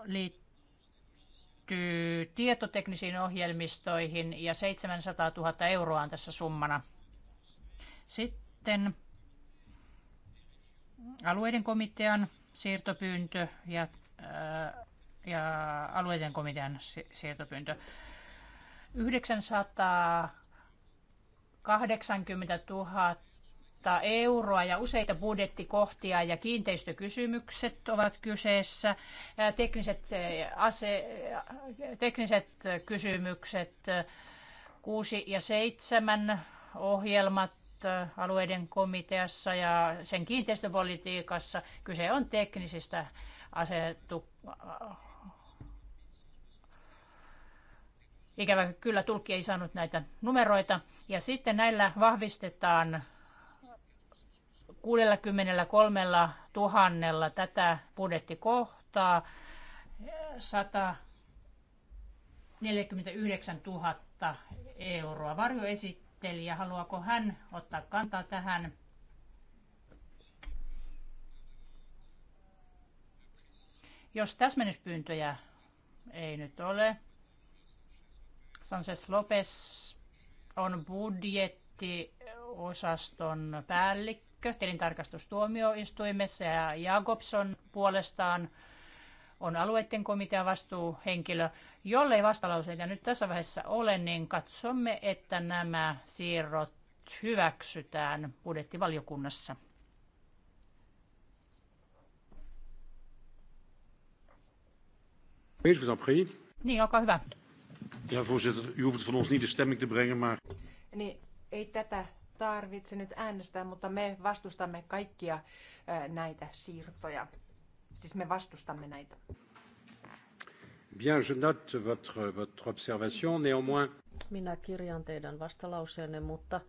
liittyy tietoteknisiin ohjelmistoihin ja 700 000 euroa on tässä summana. Sitten alueiden komitean siirtopyyntö ja, äh, ja alueiden komitean siirtopyyntö. 980 000 euroa ja useita budjettikohtia ja kiinteistökysymykset ovat kyseessä. Äh, tekniset, äh, ase, tekniset kysymykset 6 ja 7 ohjelmat alueiden komiteassa ja sen kiinteistöpolitiikassa. Kyse on teknisistä asetu... Ikävä kyllä tulkki ei saanut näitä numeroita. Ja sitten näillä vahvistetaan 63 000 tätä budjettikohtaa 149 000 euroa. Varjo esittää ja haluaako hän ottaa kantaa tähän? Jos täsmennyspyyntöjä ei nyt ole, Sanchez Lopez on budjettiosaston päällikkö tilintarkastustuomioistuimessa ja Jakobson puolestaan on alueiden komitean vastuuhenkilö. Jollei vastalauseita nyt tässä vaiheessa ole, niin katsomme, että nämä siirrot hyväksytään budjettivaliokunnassa. Niin, olkaa hyvä. Ja voorzitter, u hoeft van ons niet de stemming te brengen, maar... Niin, ei tätä tarvitse nyt äänestää, mutta me vastustamme kaikkia eh, näitä siirtoja. Siis me vastustamme näitä. Bien, je note votre, votre observation. Néanmoins... Minä kirjaan teidän vastalauseenne, mutta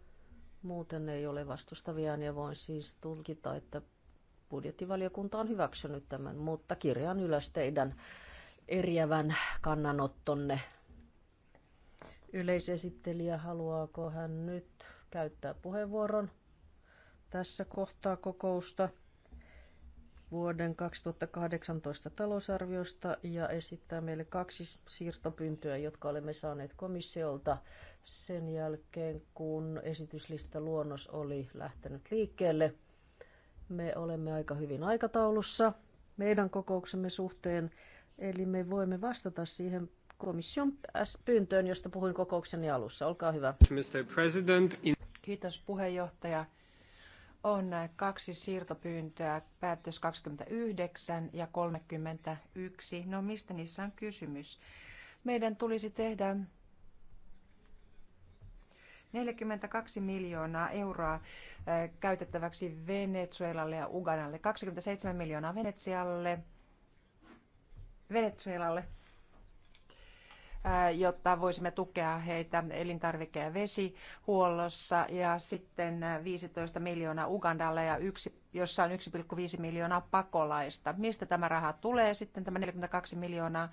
muuten ei ole vastustavia ja voin siis tulkita, että budjettivaliokunta on hyväksynyt tämän, mutta kirjaan ylös teidän eriävän kannanottonne. Yleisesittelijä, haluaako hän nyt käyttää puheenvuoron tässä kohtaa kokousta? vuoden 2018 talousarviosta ja esittää meille kaksi siirtopyyntöä, jotka olemme saaneet komissiolta sen jälkeen, kun esityslista luonnos oli lähtenyt liikkeelle. Me olemme aika hyvin aikataulussa meidän kokouksemme suhteen, eli me voimme vastata siihen komission pyyntöön, josta puhuin kokoukseni alussa. Olkaa hyvä. Mr. President. Kiitos puheenjohtaja on kaksi siirtopyyntöä, päätös 29 ja 31. No mistä niissä on kysymys? Meidän tulisi tehdä 42 miljoonaa euroa äh, käytettäväksi Venezuelalle ja Uganalle, 27 miljoonaa Venetsialle, Venezuelalle jotta voisimme tukea heitä elintarvike- ja vesihuollossa ja sitten 15 miljoonaa Ugandalle ja yksi, jossa on 1,5 miljoonaa pakolaista. Mistä tämä raha tulee sitten tämä 42 miljoonaa?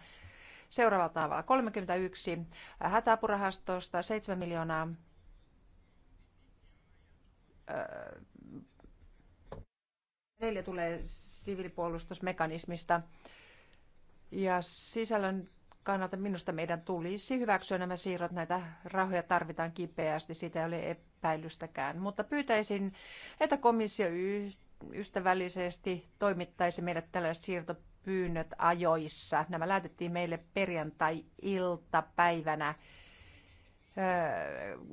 Seuraavalla tavalla 31 hätäapurahastosta, 7 miljoonaa neljä tulee siviilipuolustusmekanismista. Ja sisällön kannalta minusta meidän tulisi hyväksyä nämä siirrot. Näitä rahoja tarvitaan kipeästi, sitä ei ole epäilystäkään. Mutta pyytäisin, että komissio ystävällisesti toimittaisi meille tällaiset siirtopyynnöt ajoissa. Nämä lähetettiin meille perjantai-iltapäivänä öö,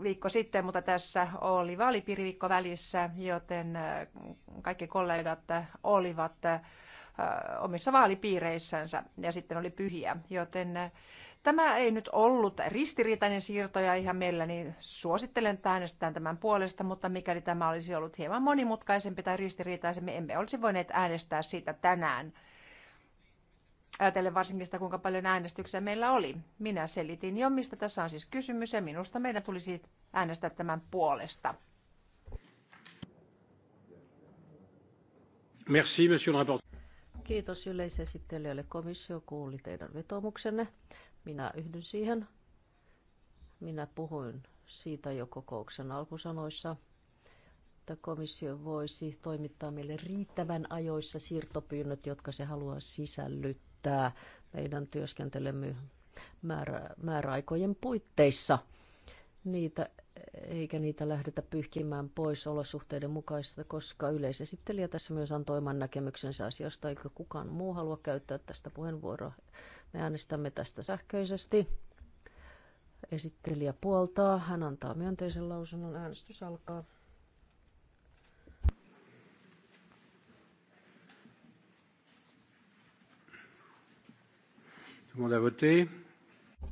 viikko sitten, mutta tässä oli vaalipiiriviikko välissä, joten öö, kaikki kollegat olivat omissa vaalipiireissänsä ja sitten oli pyhiä. Joten tämä ei nyt ollut ristiriitainen siirto ja ihan meillä niin suosittelen, että äänestetään tämän puolesta, mutta mikäli tämä olisi ollut hieman monimutkaisempi tai ristiriitaisempi, emme olisi voineet äänestää siitä tänään. Ajatellen varsinkin sitä, kuinka paljon äänestyksiä meillä oli. Minä selitin jo, mistä tässä on siis kysymys ja minusta meidän tulisi äänestää tämän puolesta. Merci, monsieur le rapporteur. Kiitos yleisesittelijälle. Komissio kuuli teidän vetomuksenne. Minä yhdyn siihen. Minä puhuin siitä jo kokouksen alkusanoissa, että komissio voisi toimittaa meille riittävän ajoissa siirtopyynnöt, jotka se haluaa sisällyttää meidän työskentelymme määrä, määräaikojen puitteissa – niitä, eikä niitä lähdetä pyyhkimään pois olosuhteiden mukaisesta, koska yleisesittelijä tässä myös antoi oman näkemyksensä asiasta, eikä kukaan muu halua käyttää tästä puheenvuoroa. Me äänestämme tästä sähköisesti. Esittelijä puoltaa, hän antaa myönteisen lausunnon, äänestys alkaa.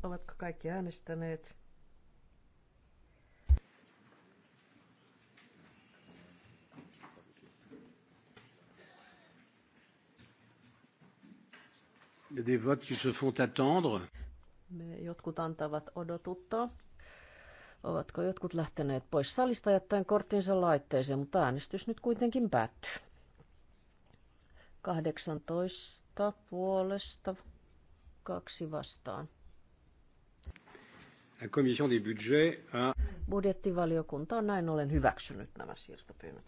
Ovatko kaikki äänestäneet? Jotkut antavat odotutta. Ovatko jotkut lähteneet pois salista jättäen korttinsa laitteeseen, mutta äänestys nyt kuitenkin päättyy. 18 puolesta, kaksi vastaan. La commission des budgets a... Budjettivaliokunta on näin ollen hyväksynyt nämä siirtopyynnöt.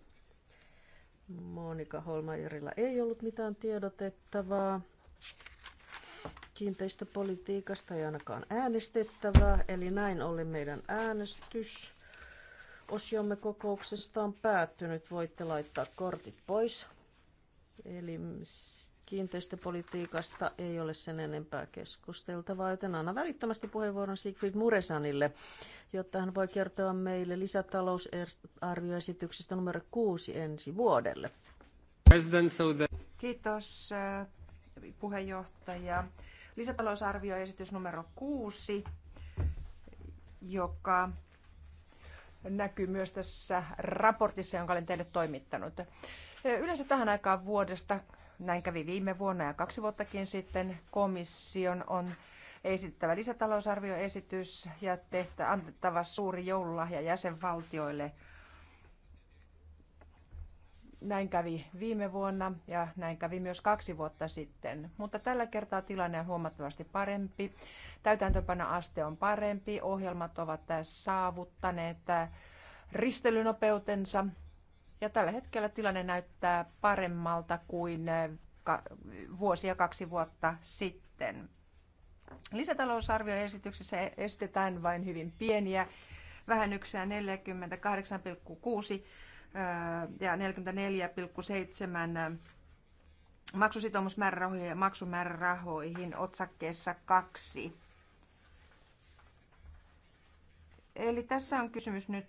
Monika Holmajerilla ei ollut mitään tiedotettavaa kiinteistöpolitiikasta ei ainakaan äänestettävää, eli näin ollen meidän äänestys. Osiomme kokouksesta on päättynyt. Voitte laittaa kortit pois. Eli kiinteistöpolitiikasta ei ole sen enempää keskusteltavaa, joten anna välittömästi puheenvuoron Sigfrid Muresanille, jotta hän voi kertoa meille lisätalousarvioesityksestä numero kuusi ensi vuodelle. Kiitos äh, puheenjohtaja lisätalousarvioesitys numero 6, joka näkyy myös tässä raportissa, jonka olen teille toimittanut. Yleensä tähän aikaan vuodesta, näin kävi viime vuonna ja kaksi vuottakin sitten, komission on esittävä lisätalousarvioesitys ja tehtävä antettava suuri joululahja jäsenvaltioille – näin kävi viime vuonna ja näin kävi myös kaksi vuotta sitten, mutta tällä kertaa tilanne on huomattavasti parempi. Täytäntöpanoaste on parempi, ohjelmat ovat saavuttaneet ristelynopeutensa ja tällä hetkellä tilanne näyttää paremmalta kuin eh, vuosia kaksi vuotta sitten. Lisätalousarvioesityksessä e-, esitetään vain hyvin pieniä vähennyksiä 48,6 ja 44,7 maksusitoumusmäärärahoihin ja maksumäärärahoihin otsakkeessa 2. Eli tässä on kysymys nyt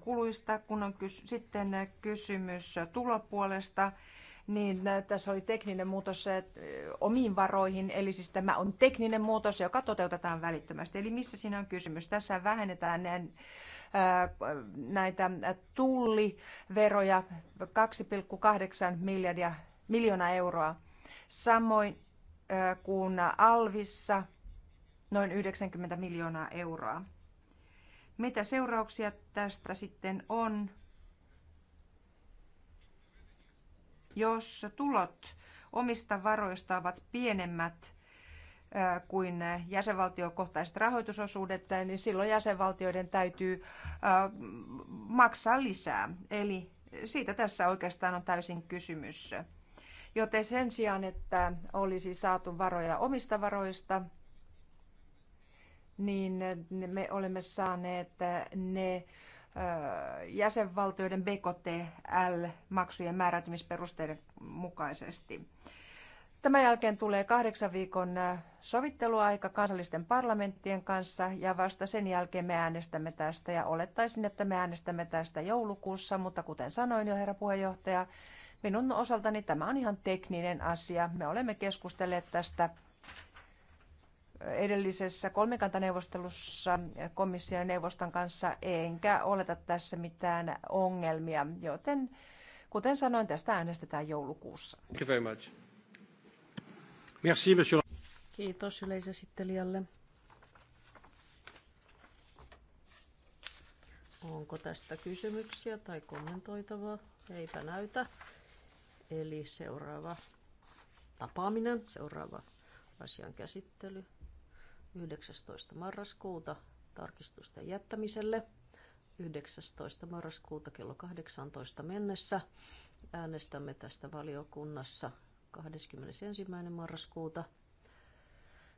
kuluista, kun on kys- sitten kysymys tulopuolesta, niin tässä oli tekninen muutos omiin varoihin, eli siis tämä on tekninen muutos, joka toteutetaan välittömästi. Eli missä siinä on kysymys? Tässä vähennetään Äh, näitä tulliveroja 2,8 miljardia, miljoonaa euroa. Samoin äh, kuin Alvissa noin 90 miljoonaa euroa. Mitä seurauksia tästä sitten on? Jos tulot omista varoista ovat pienemmät kuin jäsenvaltiokohtaiset rahoitusosuudet, niin silloin jäsenvaltioiden täytyy maksaa lisää. Eli siitä tässä oikeastaan on täysin kysymys. Joten sen sijaan, että olisi saatu varoja omista varoista, niin me olemme saaneet ne jäsenvaltioiden BKTL-maksujen määräytymisperusteiden mukaisesti. Tämän jälkeen tulee kahdeksan viikon äh, sovitteluaika kansallisten parlamenttien kanssa ja vasta sen jälkeen me äänestämme tästä ja olettaisin, että me äänestämme tästä joulukuussa, mutta kuten sanoin jo herra puheenjohtaja, minun osaltani tämä on ihan tekninen asia. Me olemme keskustelleet tästä äh, edellisessä kolmikantaneuvostelussa äh, komission ja neuvoston kanssa, enkä oleta tässä mitään ongelmia, joten kuten sanoin, tästä äänestetään joulukuussa. Thank you very much. Merci, monsieur. Kiitos yleisesittelijälle. Onko tästä kysymyksiä tai kommentoitavaa? Eipä näytä. Eli seuraava tapaaminen, seuraava asian käsittely 19. marraskuuta tarkistusten jättämiselle. 19. marraskuuta kello 18 mennessä äänestämme tästä valiokunnassa 21. marraskuuta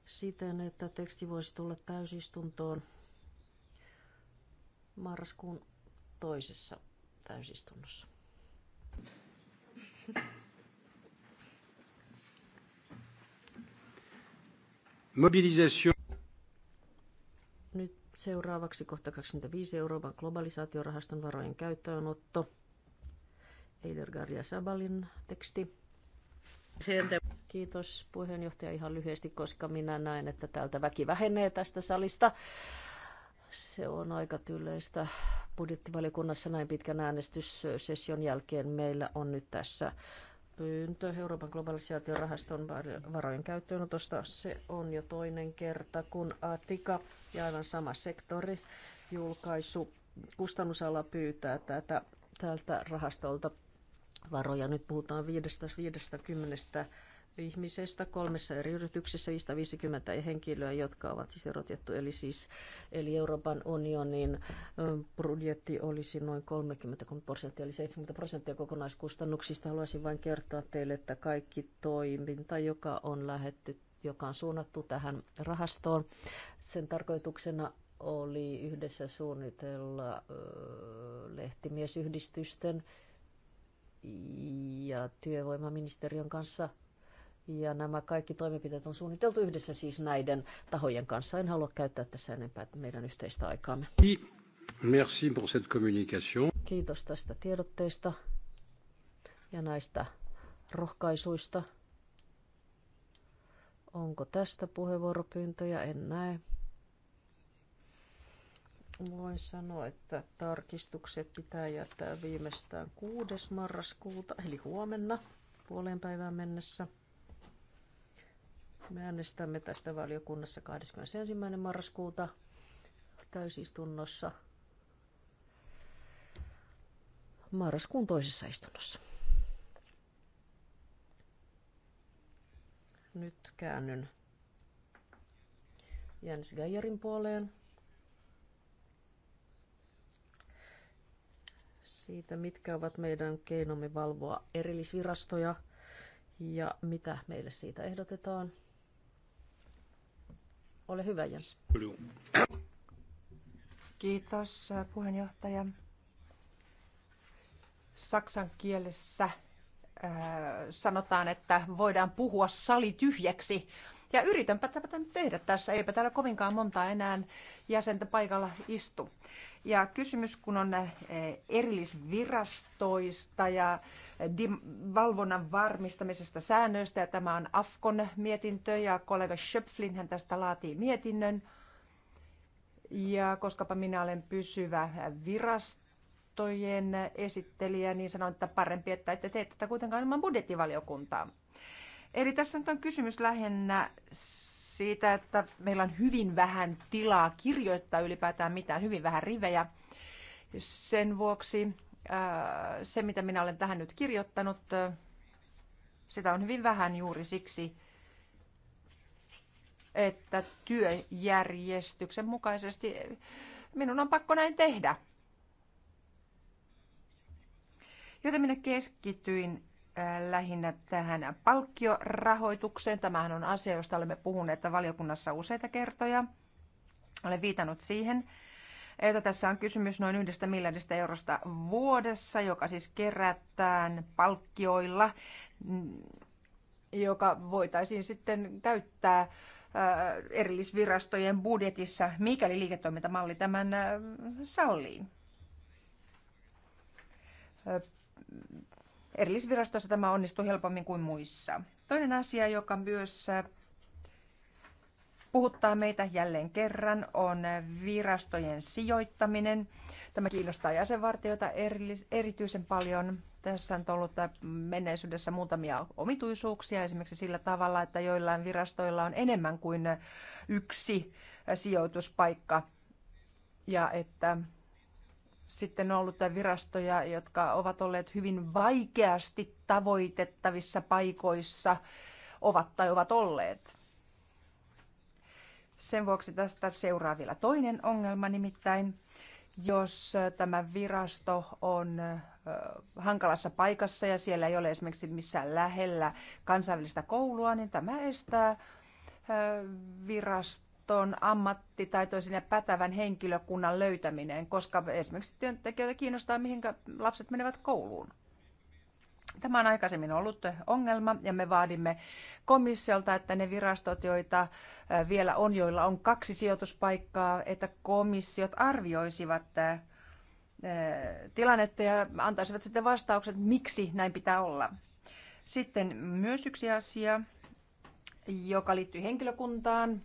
siten, että teksti voisi tulla täysistuntoon marraskuun toisessa täysistunnossa. Mobilisation. Nyt seuraavaksi kohta 25 Euroopan globalisaatiorahaston varojen käyttöönotto. Eider Garja Sabalin teksti. Kiitos puheenjohtaja ihan lyhyesti, koska minä näen, että täältä väki vähenee tästä salista. Se on aika tylleistä. Budjettivaliokunnassa näin pitkän äänestyssession jälkeen meillä on nyt tässä pyyntö Euroopan rahaston varojen käyttöönotosta. Se on jo toinen kerta, kun Atika ja aivan sama sektori julkaisu kustannusala pyytää tätä tältä rahastolta varoja. Nyt puhutaan 550 ihmisestä kolmessa eri yrityksessä 550 henkilöä, jotka ovat siis erotettu. Eli, siis, eli Euroopan unionin budjetti olisi noin 30 prosenttia, eli 70 prosenttia kokonaiskustannuksista. Haluaisin vain kertoa teille, että kaikki toiminta, joka on lähetty, joka on suunnattu tähän rahastoon, sen tarkoituksena oli yhdessä suunnitella lehtimiesyhdistysten ja työvoimaministeriön kanssa. Ja nämä kaikki toimenpiteet on suunniteltu yhdessä siis näiden tahojen kanssa. En halua käyttää tässä enempää meidän yhteistä aikaamme. Merci pour cette communication. Kiitos tästä tiedotteesta ja näistä rohkaisuista. Onko tästä puheenvuoropyyntöjä? En näe. Voin sanoa, että tarkistukset pitää jättää viimeistään 6. marraskuuta, eli huomenna puoleen päivään mennessä. Me äänestämme tästä valiokunnassa 21. marraskuuta täysistunnossa marraskuun toisessa istunnossa. Nyt käännyn Jens Geijerin puoleen. siitä, mitkä ovat meidän keinomme valvoa erillisvirastoja ja mitä meille siitä ehdotetaan. Ole hyvä, Jens. Kiitos, puheenjohtaja. Saksan kielessä äh, sanotaan, että voidaan puhua sali tyhjäksi. Ja yritänpä tätä nyt tehdä tässä, eipä täällä kovinkaan monta enää jäsentä paikalla istu. Ja kysymys kun on eh, erillisvirastoista ja eh, valvonnan varmistamisesta säännöistä, ja tämä on Afkon mietintö, ja kollega Schöpflin hän tästä laatii mietinnön. Ja koskapa minä olen pysyvä eh, virastojen esittelijä, niin sanon, että parempi, että ette tee tätä kuitenkaan ilman budjettivaliokuntaa. Eli tässä nyt on kysymys lähinnä siitä, että meillä on hyvin vähän tilaa kirjoittaa ylipäätään mitään, hyvin vähän rivejä. Sen vuoksi äh, se, mitä minä olen tähän nyt kirjoittanut, äh, sitä on hyvin vähän juuri siksi, että työjärjestyksen mukaisesti minun on pakko näin tehdä. Joten minä keskityin lähinnä tähän palkkiorahoitukseen. Tämähän on asia, josta olemme puhuneet että valiokunnassa useita kertoja. Olen viitannut siihen, että tässä on kysymys noin yhdestä miljardista eurosta vuodessa, joka siis kerätään palkkioilla, joka voitaisiin sitten käyttää äh, erillisvirastojen budjetissa, mikäli liiketoimintamalli tämän äh, sallii Erillisvirastoissa tämä onnistuu helpommin kuin muissa. Toinen asia, joka myös puhuttaa meitä jälleen kerran, on virastojen sijoittaminen. Tämä kiinnostaa jäsenvartijoita erityisen paljon. Tässä on ollut äh, menneisyydessä muutamia omituisuuksia, esimerkiksi sillä tavalla, että joillain virastoilla on enemmän kuin yksi äh, sijoituspaikka ja että sitten ollut virastoja, jotka ovat olleet hyvin vaikeasti tavoitettavissa paikoissa, ovat tai ovat olleet. Sen vuoksi tästä seuraa vielä toinen ongelma, nimittäin jos tämä virasto on hankalassa paikassa ja siellä ei ole esimerkiksi missään lähellä kansainvälistä koulua, niin tämä estää virasto on ammattitaitoisen ja pätävän henkilökunnan löytäminen, koska esimerkiksi työntekijöitä kiinnostaa, mihin lapset menevät kouluun. Tämä on aikaisemmin ollut ongelma ja me vaadimme komissiolta, että ne virastot, joita vielä on, joilla on kaksi sijoituspaikkaa, että komissiot arvioisivat tilannetta ja antaisivat sitten vastaukset, miksi näin pitää olla. Sitten myös yksi asia, joka liittyy henkilökuntaan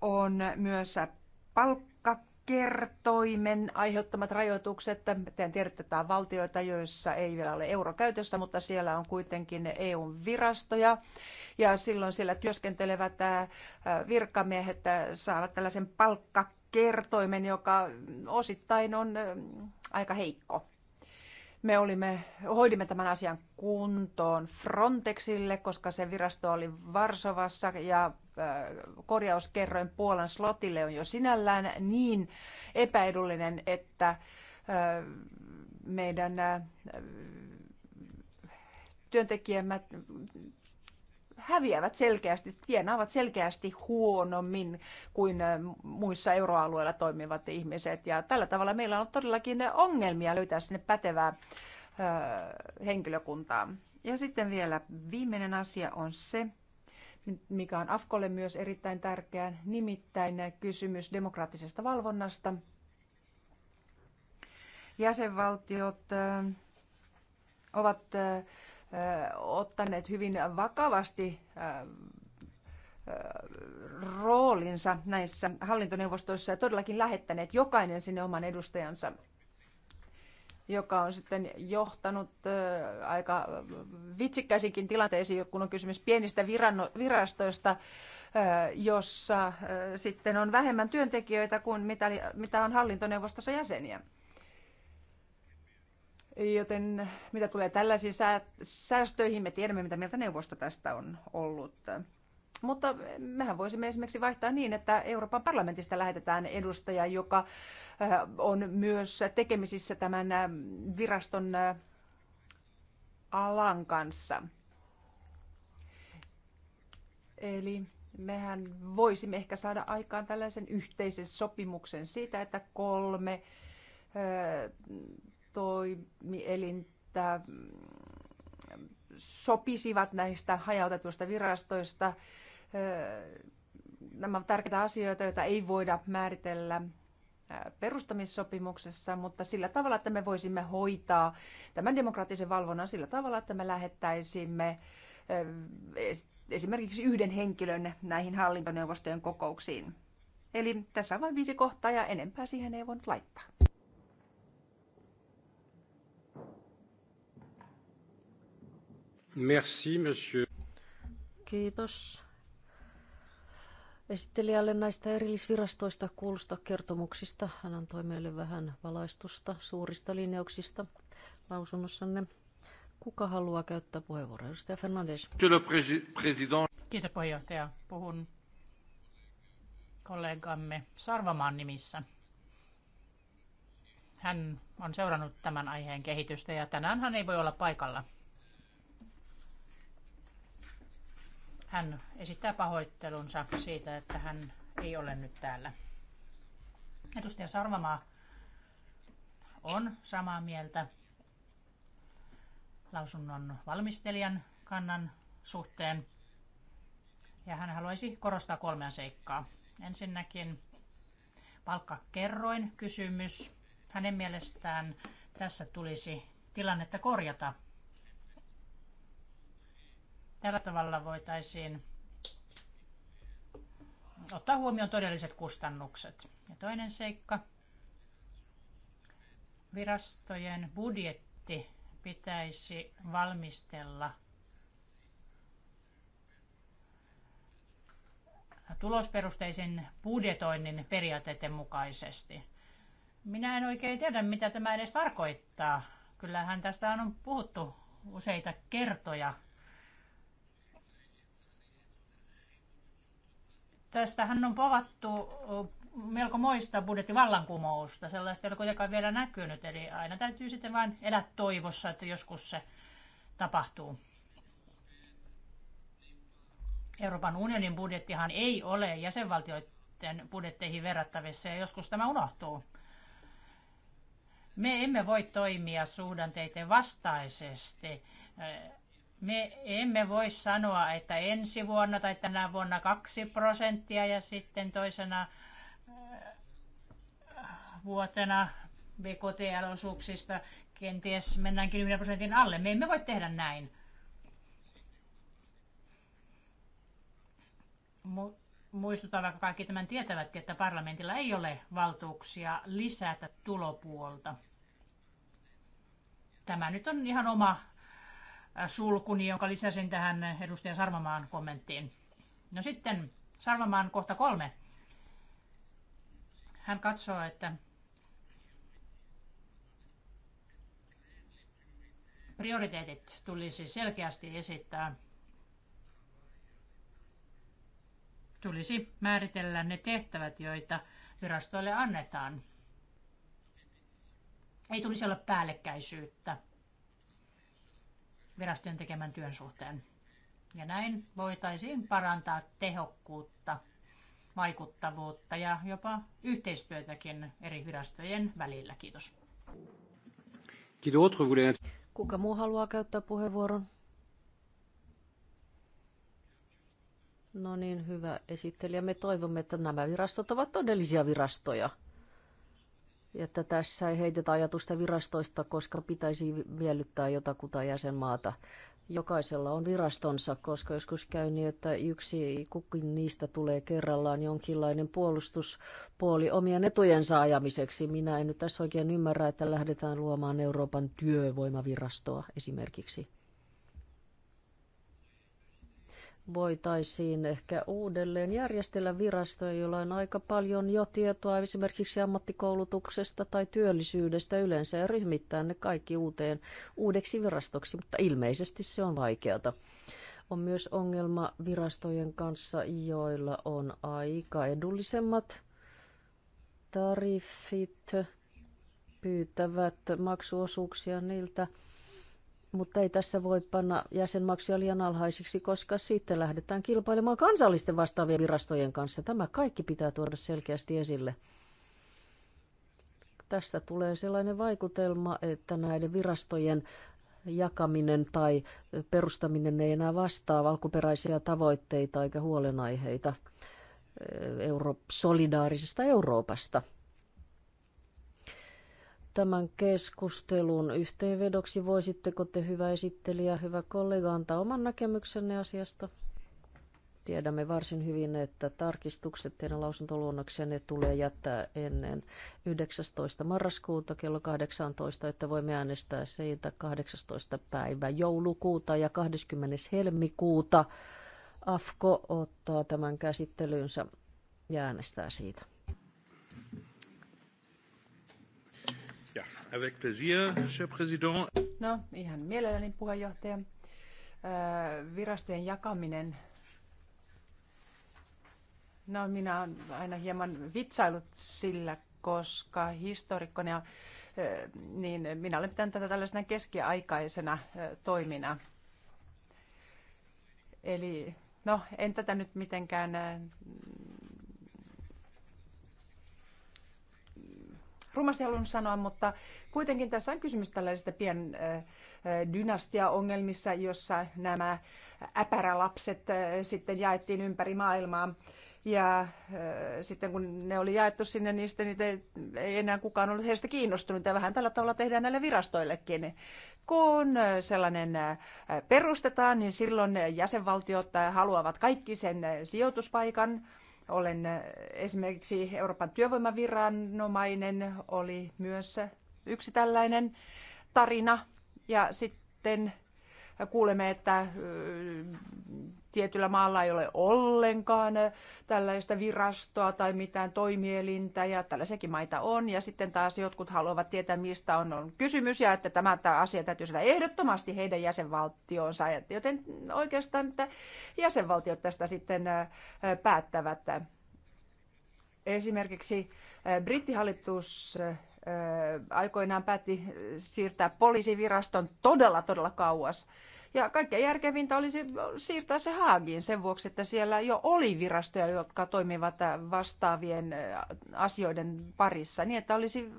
on myös palkkakertoimen aiheuttamat rajoitukset. Tehän tiedätte, että on valtioita, joissa ei vielä ole euro käytössä, mutta siellä on kuitenkin EUn virastoja. Ja silloin siellä työskentelevät virkamiehet saavat tällaisen palkkakertoimen, joka osittain on aika heikko. Me olimme, hoidimme tämän asian kuntoon Frontexille, koska se virasto oli Varsovassa ja Äh, korjauskerroin Puolan slotille on jo sinällään niin epäedullinen, että äh, meidän äh, työntekijämme häviävät selkeästi, tienaavat selkeästi huonommin kuin muissa euroalueilla toimivat ihmiset. Ja tällä tavalla meillä on todellakin ongelmia löytää sinne pätevää henkilökuntaa. Ja sitten vielä viimeinen asia on se, mikä on Afkolle myös erittäin tärkeää, nimittäin kysymys demokraattisesta valvonnasta. Jäsenvaltiot ovat ottaneet hyvin vakavasti roolinsa näissä hallintoneuvostoissa ja todellakin lähettäneet jokainen sinne oman edustajansa joka on sitten johtanut aika vitsikkäisiinkin tilanteisiin, kun on kysymys pienistä virastoista, jossa sitten on vähemmän työntekijöitä kuin mitä, mitä on hallintoneuvostossa jäseniä. Joten mitä tulee tällaisiin säästöihin, me tiedämme, mitä mieltä neuvosto tästä on ollut. Mutta mehän voisimme esimerkiksi vaihtaa niin, että Euroopan parlamentista lähetetään edustaja, joka äh, on myös tekemisissä tämän äh, viraston äh, alan kanssa. Eli mehän voisimme ehkä saada aikaan tällaisen yhteisen sopimuksen siitä, että kolme toimielintä mm, sopisivat näistä hajautetuista virastoista nämä ovat tärkeitä asioita, joita ei voida määritellä perustamissopimuksessa, mutta sillä tavalla, että me voisimme hoitaa tämän demokraattisen valvonnan sillä tavalla, että me lähettäisimme esimerkiksi yhden henkilön näihin hallintoneuvostojen kokouksiin. Eli tässä on vain viisi kohtaa ja enempää siihen ei voinut laittaa. Merci, monsieur. Kiitos esittelijälle näistä erillisvirastoista kuulusta kertomuksista. Hän antoi meille vähän valaistusta suurista linjauksista lausunnossanne. Kuka haluaa käyttää puheenvuoron? Edustaja Fernandes. Kiitos puheenjohtaja. Puhun kollegamme Sarvamaan nimissä. Hän on seurannut tämän aiheen kehitystä ja tänään hän ei voi olla paikalla. Hän esittää pahoittelunsa siitä, että hän ei ole nyt täällä. Edustaja Sarvamaa on samaa mieltä lausunnon valmistelijan kannan suhteen. Ja hän haluaisi korostaa kolmea seikkaa. Ensinnäkin palkkakerroin kysymys. Hänen mielestään tässä tulisi tilannetta korjata Tällä tavalla voitaisiin ottaa huomioon todelliset kustannukset. Ja toinen seikka. Virastojen budjetti pitäisi valmistella tulosperusteisen budjetoinnin periaatteiden mukaisesti. Minä en oikein tiedä, mitä tämä edes tarkoittaa. Kyllähän tästä on puhuttu useita kertoja Tästähän on povattu melko moista budjettivallankumousta. Sellaista ei kuitenkaan vielä näkynyt, eli aina täytyy sitten vain elää toivossa, että joskus se tapahtuu. Euroopan unionin budjettihan ei ole jäsenvaltioiden budjetteihin verrattavissa ja joskus tämä unohtuu. Me emme voi toimia suhdanteiden vastaisesti me emme voi sanoa, että ensi vuonna tai tänä vuonna 2 prosenttia ja sitten toisena äh, vuotena bkt osuuksista kenties mennäänkin 10 prosentin alle. Me emme voi tehdä näin. Muistutan, vaikka kaikki tämän tietävätkin, että parlamentilla ei ole valtuuksia lisätä tulopuolta. Tämä nyt on ihan oma Äh, sulkuni, jonka lisäsin tähän edustaja Sarvamaan kommenttiin. No sitten Sarvamaan kohta kolme. Hän katsoo, että prioriteetit tulisi selkeästi esittää. Tulisi määritellä ne tehtävät, joita virastoille annetaan. Ei tulisi olla päällekkäisyyttä virastojen tekemän työn suhteen. Ja näin voitaisiin parantaa tehokkuutta, vaikuttavuutta ja jopa yhteistyötäkin eri virastojen välillä. Kiitos. Kuka muu haluaa käyttää puheenvuoron? No niin, hyvä esittelijä. Me toivomme, että nämä virastot ovat todellisia virastoja että tässä ei heitetä ajatusta virastoista, koska pitäisi miellyttää jotakuta jäsenmaata. Jokaisella on virastonsa, koska joskus käy niin, että yksi kukin niistä tulee kerrallaan jonkinlainen puolustuspuoli omien etujensa ajamiseksi. Minä en nyt tässä oikein ymmärrä, että lähdetään luomaan Euroopan työvoimavirastoa esimerkiksi. voitaisiin ehkä uudelleen järjestellä virastoja, joilla on aika paljon jo tietoa esimerkiksi ammattikoulutuksesta tai työllisyydestä yleensä ja ryhmittää ne kaikki uuteen, uudeksi virastoksi, mutta ilmeisesti se on vaikeata. On myös ongelma virastojen kanssa, joilla on aika edullisemmat tariffit, pyytävät maksuosuuksia niiltä mutta ei tässä voi panna jäsenmaksuja liian alhaisiksi, koska sitten lähdetään kilpailemaan kansallisten vastaavien virastojen kanssa. Tämä kaikki pitää tuoda selkeästi esille. Tästä tulee sellainen vaikutelma, että näiden virastojen jakaminen tai perustaminen ei enää vastaa alkuperäisiä tavoitteita eikä huolenaiheita eh, euro- solidaarisesta Euroopasta – tämän keskustelun yhteenvedoksi. Voisitteko te, hyvä esittelijä, hyvä kollega, antaa oman näkemyksenne asiasta? Tiedämme varsin hyvin, että tarkistukset teidän lausuntoluonnoksenne tulee jättää ennen 19. marraskuuta kello 18, että voimme äänestää siitä 18. päivä joulukuuta ja 20. helmikuuta. AFKO ottaa tämän käsittelyynsä ja äänestää siitä. Avec plaisir, monsieur président. No, ihan mielelläni puheenjohtaja. Äh, virastojen jakaminen. No, minä olen aina hieman vitsailut sillä, koska historikkona, äh, niin minä olen pitänyt tätä tällaisena keskiaikaisena äh, toimina. Eli no, en tätä nyt mitenkään rumasti halunnut sanoa, mutta kuitenkin tässä on kysymys tällaisista pien eh, eh, dynastiaongelmissa, jossa nämä äpärälapset eh, sitten jaettiin ympäri maailmaa. Ja sitten kun ne oli jaettu sinne, niin sitten niitä ei, ei enää kukaan ollut heistä kiinnostunut. Ja vähän tällä tavalla tehdään näille virastoillekin. Kun sellainen perustetaan, niin silloin jäsenvaltiot haluavat kaikki sen sijoituspaikan – olen äh, esimerkiksi Euroopan työvoimaviranomainen oli myös yksi tällainen tarina. Ja sitten Kuulemme, että tietyllä maalla ei ole ollenkaan tällaista virastoa tai mitään toimielintä ja tällaisiakin maita on. Ja sitten taas jotkut haluavat tietää, mistä on, on kysymys ja että tämä, tämä asia täytyy saada ehdottomasti heidän jäsenvaltionsa. Joten oikeastaan että jäsenvaltiot tästä sitten päättävät. Esimerkiksi brittihallitus aikoinaan päätti siirtää poliisiviraston todella, todella kauas. Ja kaikkein järkevintä olisi siirtää se Haagiin sen vuoksi, että siellä jo oli virastoja, jotka toimivat vastaavien asioiden parissa, niin että olisi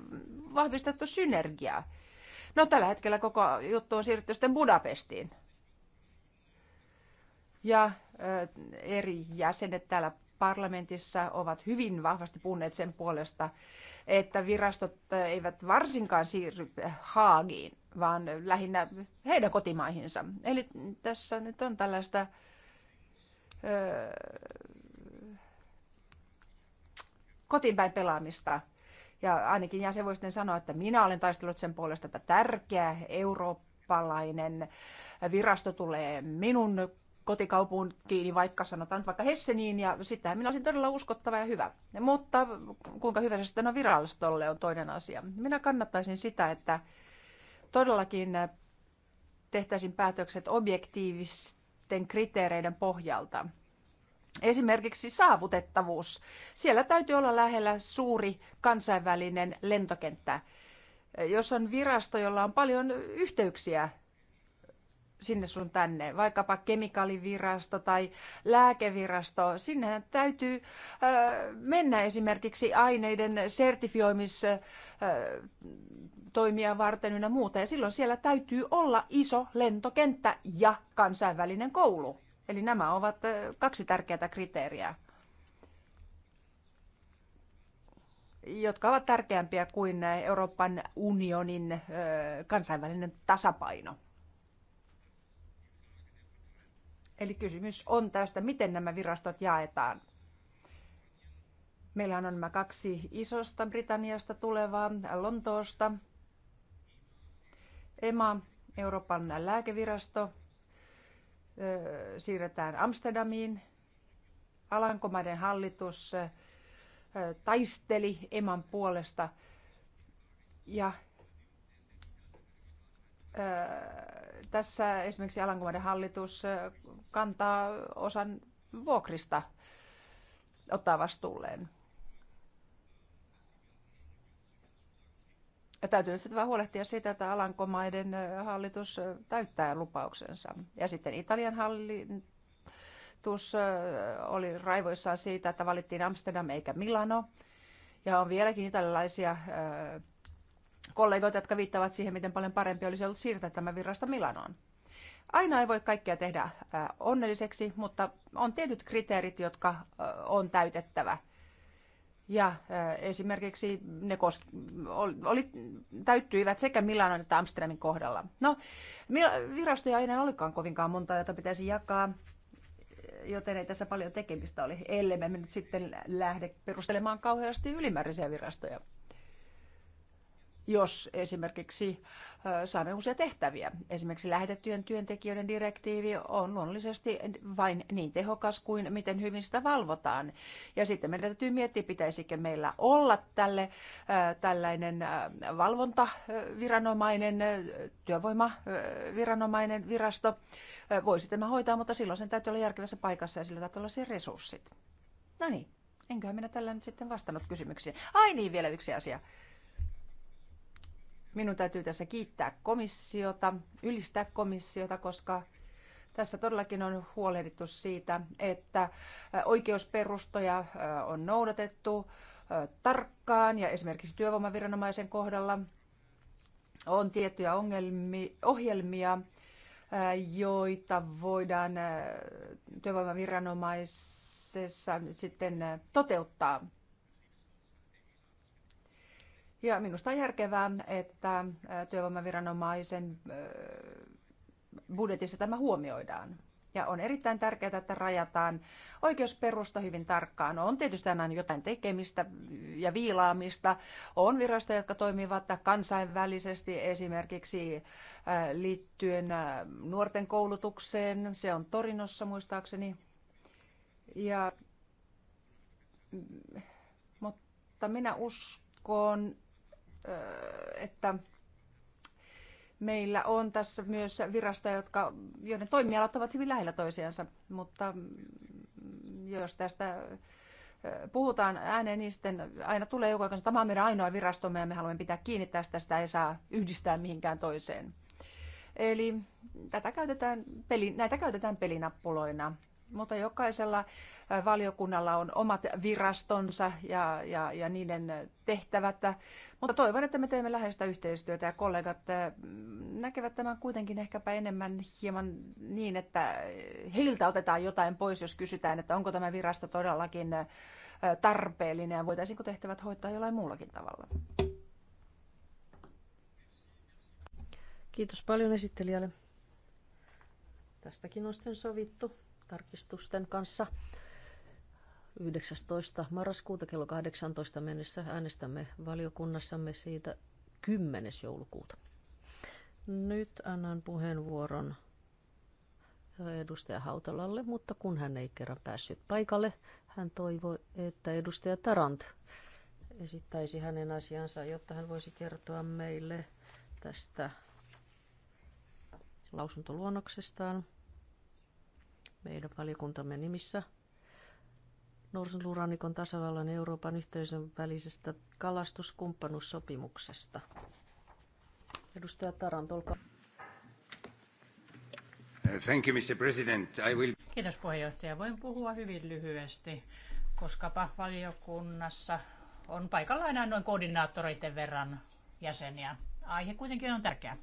vahvistettu synergiaa. No tällä hetkellä koko juttu on siirretty sitten Budapestiin. Ja eri jäsenet täällä parlamentissa ovat hyvin vahvasti puhuneet sen puolesta, että virastot eivät varsinkaan siirry Haagiin, vaan lähinnä heidän kotimaihinsa. Eli tässä nyt on tällaista öö, kotiinpäin pelaamista. Ja ainakin ja se voi sitten sanoa, että minä olen taistellut sen puolesta, että tärkeä Eurooppa virasto tulee minun Kotikaupunkiin, vaikka sanotaan nyt vaikka Hesseniin, ja sitä minä olisin todella uskottava ja hyvä. Mutta kuinka hyvä se sitten on virallistolle on toinen asia. Minä kannattaisin sitä, että todellakin tehtäisiin päätökset objektiivisten kriteereiden pohjalta. Esimerkiksi saavutettavuus. Siellä täytyy olla lähellä suuri kansainvälinen lentokenttä. Jos on virasto, jolla on paljon yhteyksiä sinne sun tänne, vaikkapa kemikaalivirasto tai lääkevirasto. Sinne täytyy mennä esimerkiksi aineiden sertifioimistoimia varten ynnä muuta. Ja silloin siellä täytyy olla iso lentokenttä ja kansainvälinen koulu. Eli nämä ovat kaksi tärkeää kriteeriä, jotka ovat tärkeämpiä kuin Euroopan unionin kansainvälinen tasapaino. Eli kysymys on tästä, miten nämä virastot jaetaan. Meillä on nämä kaksi isosta Britanniasta tulevaa, Lontoosta. EMA, Euroopan lääkevirasto, siirretään Amsterdamiin. Alankomaiden hallitus taisteli EMAn puolesta ja tässä esimerkiksi Alankomaiden hallitus kantaa osan vuokrista ottaa vastuulleen. Ja täytyy nyt sitten vaan huolehtia siitä, että Alankomaiden hallitus täyttää lupauksensa. Ja sitten Italian hallitus oli raivoissaan siitä, että valittiin Amsterdam eikä Milano. Ja on vieläkin italialaisia kollegoita, jotka viittavat siihen, miten paljon parempi olisi ollut siirtää tämä virrasta Milanoon. Aina ei voi kaikkea tehdä onnelliseksi, mutta on tietyt kriteerit, jotka on täytettävä. Ja esimerkiksi ne kos- oli, täyttyivät sekä Milanon että Amsterdamin kohdalla. No, virastoja ei enää olikaan kovinkaan monta, jota pitäisi jakaa, joten ei tässä paljon tekemistä oli ellei me nyt sitten lähde perustelemaan kauheasti ylimääräisiä virastoja jos esimerkiksi saamme uusia tehtäviä. Esimerkiksi lähetettyjen työntekijöiden direktiivi on luonnollisesti vain niin tehokas kuin miten hyvin sitä valvotaan. Ja sitten meidän täytyy miettiä, pitäisikö meillä olla tälle tällainen valvontaviranomainen, työvoimaviranomainen virasto. Voisi tämä hoitaa, mutta silloin sen täytyy olla järkevässä paikassa ja sillä täytyy olla se resurssit. No niin, enköhän minä tällä nyt sitten vastannut kysymyksiin. Ai niin, vielä yksi asia. Minun täytyy tässä kiittää komissiota, ylistää komissiota, koska tässä todellakin on huolehdittu siitä, että oikeusperustoja on noudatettu tarkkaan ja esimerkiksi työvoimaviranomaisen kohdalla on tiettyjä ohjelmia, joita voidaan työvoimaviranomaisessa sitten toteuttaa ja minusta on järkevää, että työvoimaviranomaisen budjetissa tämä huomioidaan. Ja on erittäin tärkeää, että rajataan oikeusperusta hyvin tarkkaan. On tietysti aina jotain tekemistä ja viilaamista. On virastoja, jotka toimivat kansainvälisesti esimerkiksi liittyen nuorten koulutukseen. Se on Torinossa muistaakseni. Ja, mutta minä uskon, että meillä on tässä myös virastoja, jotka, joiden toimialat ovat hyvin lähellä toisiansa, mutta jos tästä puhutaan ääneen, niin sitten aina tulee joku, että tämä on meidän ainoa virastomme ja me haluamme pitää kiinni tästä, sitä ei saa yhdistää mihinkään toiseen. Eli tätä käytetään peli, näitä käytetään pelinappuloina mutta jokaisella valiokunnalla on omat virastonsa ja, ja, ja niiden tehtävät. Mutta toivon, että me teemme läheistä yhteistyötä ja kollegat näkevät tämän kuitenkin ehkäpä enemmän hieman niin, että heiltä otetaan jotain pois, jos kysytään, että onko tämä virasto todellakin tarpeellinen ja voitaisiinko tehtävät hoitaa jollain muullakin tavalla. Kiitos paljon esittelijälle. Tästäkin on sitten sovittu tarkistusten kanssa. 19. marraskuuta kello 18 mennessä äänestämme valiokunnassamme siitä 10. joulukuuta. Nyt annan puheenvuoron edustaja Hautalalle, mutta kun hän ei kerran päässyt paikalle, hän toivoi, että edustaja Tarant esittäisi hänen asiansa, jotta hän voisi kertoa meille tästä lausuntoluonnoksestaan meidän valiokuntamme nimissä Norsenluurannikon tasavallan Euroopan yhteisön välisestä kalastuskumppanuussopimuksesta. Edustaja Tarant, olkaa Thank you, Mr. President. I will... Kiitos puheenjohtaja. Voin puhua hyvin lyhyesti, koska valiokunnassa on paikalla enää noin koordinaattoreiden verran jäseniä. Aihe kuitenkin on tärkeä.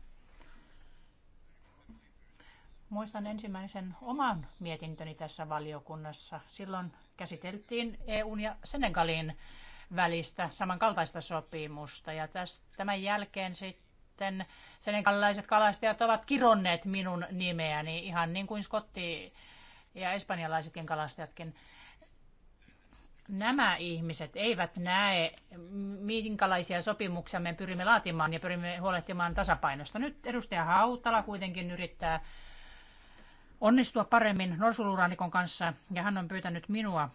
Muistan ensimmäisen oman mietintöni tässä valiokunnassa. Silloin käsiteltiin EUn ja Senegalin välistä samankaltaista sopimusta. Ja tästä, tämän jälkeen sitten senegalilaiset kalastajat ovat kironneet minun nimeäni, ihan niin kuin skotti ja espanjalaisetkin kalastajatkin. Nämä ihmiset eivät näe, minkälaisia sopimuksia me pyrimme laatimaan ja pyrimme huolehtimaan tasapainosta. Nyt edustaja Hautala kuitenkin yrittää onnistua paremmin norsuluranikon kanssa ja hän on pyytänyt minua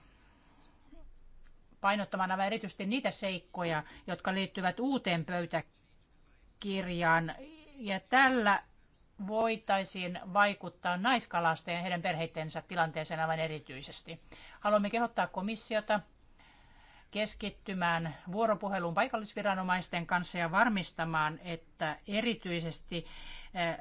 painottamaan aivan erityisesti niitä seikkoja, jotka liittyvät uuteen pöytäkirjaan. Ja tällä voitaisiin vaikuttaa naiskalastajien ja heidän perheittensä tilanteeseen aivan erityisesti. Haluamme kehottaa komissiota keskittymään vuoropuheluun paikallisviranomaisten kanssa ja varmistamaan, että erityisesti eh,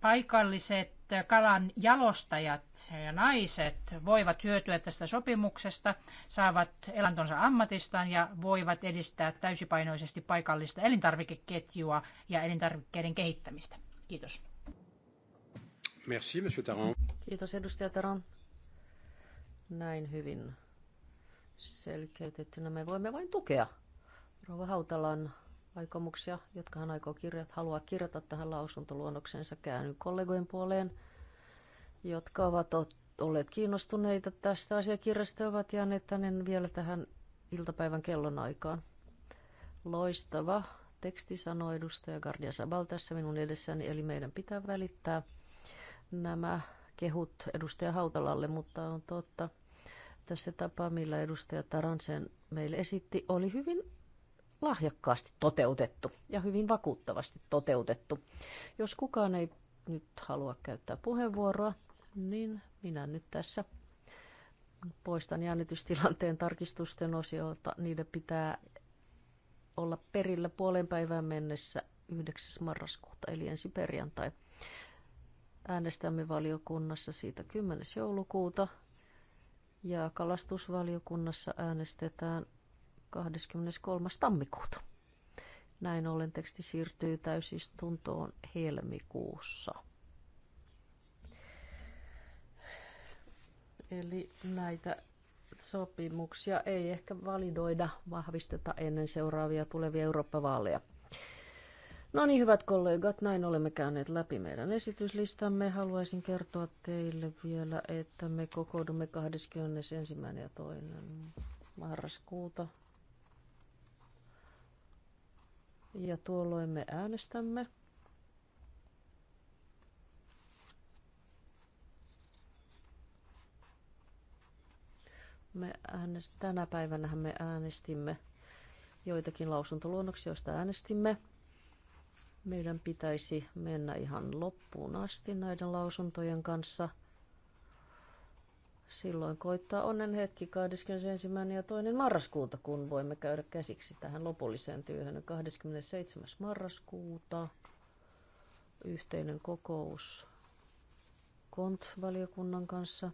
paikalliset kalan jalostajat ja naiset voivat hyötyä tästä sopimuksesta, saavat elantonsa ammatistaan ja voivat edistää täysipainoisesti paikallista elintarvikeketjua ja elintarvikkeiden kehittämistä. Kiitos. Merci, Monsieur Kiitos, edustaja Taran. Näin hyvin selkeytettynä me voimme vain tukea Rova Hautalan aikomuksia, jotka hän aikoo kirjata, haluaa kirjata tähän lausuntoluonnoksensa. käänny kollegojen puoleen, jotka ovat olleet kiinnostuneita tästä asiakirjasta ja ovat jääneet tänne vielä tähän iltapäivän aikaan. Loistava teksti, sanoi edustaja Gardia Sabal tässä minun edessäni, eli meidän pitää välittää nämä kehut edustaja Hautalalle, mutta on totta, että se tapa, millä edustaja Taransen meille esitti, oli hyvin lahjakkaasti toteutettu ja hyvin vakuuttavasti toteutettu. Jos kukaan ei nyt halua käyttää puheenvuoroa, niin minä nyt tässä poistan jännitystilanteen tarkistusten osiota. Niiden pitää olla perillä puolen päivään mennessä 9. marraskuuta, eli ensi perjantai. Äänestämme valiokunnassa siitä 10. joulukuuta ja kalastusvaliokunnassa äänestetään 23. tammikuuta. Näin ollen teksti siirtyy täysistuntoon helmikuussa. Eli näitä sopimuksia ei ehkä validoida, vahvisteta ennen seuraavia tulevia Eurooppa-vaaleja. No niin, hyvät kollegat, näin olemme käyneet läpi meidän esityslistamme. Haluaisin kertoa teille vielä, että me kokoudumme 21. ja 2. marraskuuta ja tuolloin me äänestämme. Me äänest- tänä päivänä me äänestimme joitakin lausuntoluonnoksia, joista äänestimme. Meidän pitäisi mennä ihan loppuun asti näiden lausuntojen kanssa – Silloin koittaa onnen hetki 21. ja 2. marraskuuta, kun voimme käydä käsiksi tähän lopulliseen työhön. 27. marraskuuta yhteinen kokous KONT-valiokunnan kanssa.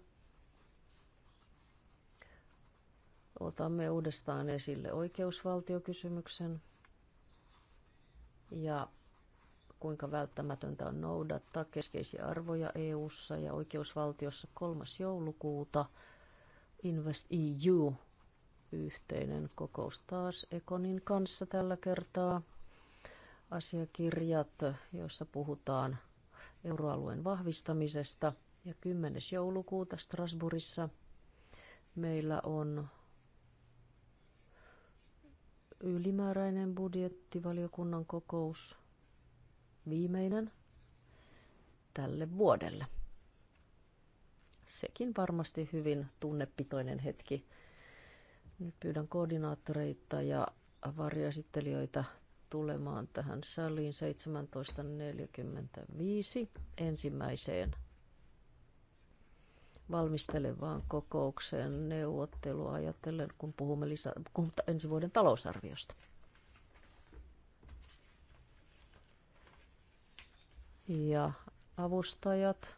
Otamme uudestaan esille oikeusvaltiokysymyksen ja kuinka välttämätöntä on noudattaa keskeisiä arvoja EU:ssa ja oikeusvaltiossa 3. joulukuuta Invest EU yhteinen kokous taas Ekonin kanssa tällä kertaa. Asiakirjat, joissa puhutaan euroalueen vahvistamisesta. Ja 10. joulukuuta Strasbourgissa meillä on ylimääräinen budjettivaliokunnan kokous viimeinen tälle vuodelle. Sekin varmasti hyvin tunnepitoinen hetki. Nyt pyydän koordinaattoreita ja varjoesittelijöitä tulemaan tähän saliin 17.45 ensimmäiseen valmistelevaan kokoukseen neuvottelua ajatellen, kun puhumme lisä, kun ensi vuoden talousarviosta. ja avustajat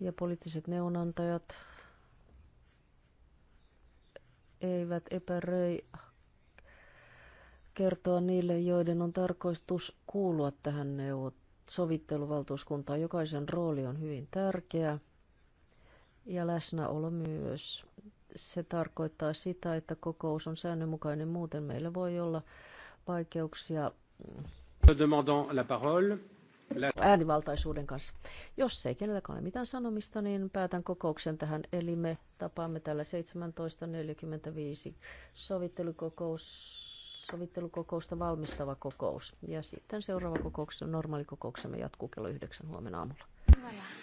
ja poliittiset neuvonantajat eivät epäröi kertoa niille, joiden on tarkoitus kuulua tähän neuvot sovitteluvaltuuskuntaan. Jokaisen rooli on hyvin tärkeä ja läsnäolo myös. Se tarkoittaa sitä, että kokous on säännönmukainen, muuten meillä voi olla vaikeuksia äänivaltaisuuden kanssa. Jos ei kenelläkään ole mitään sanomista, niin päätän kokouksen tähän. Eli me tapaamme täällä 17.45 sovittelukokous sovittelukokousta valmistava kokous. Ja sitten seuraava kokouksessa, normaali kokouksemme jatkuu kello yhdeksän huomenna aamulla. Voilà.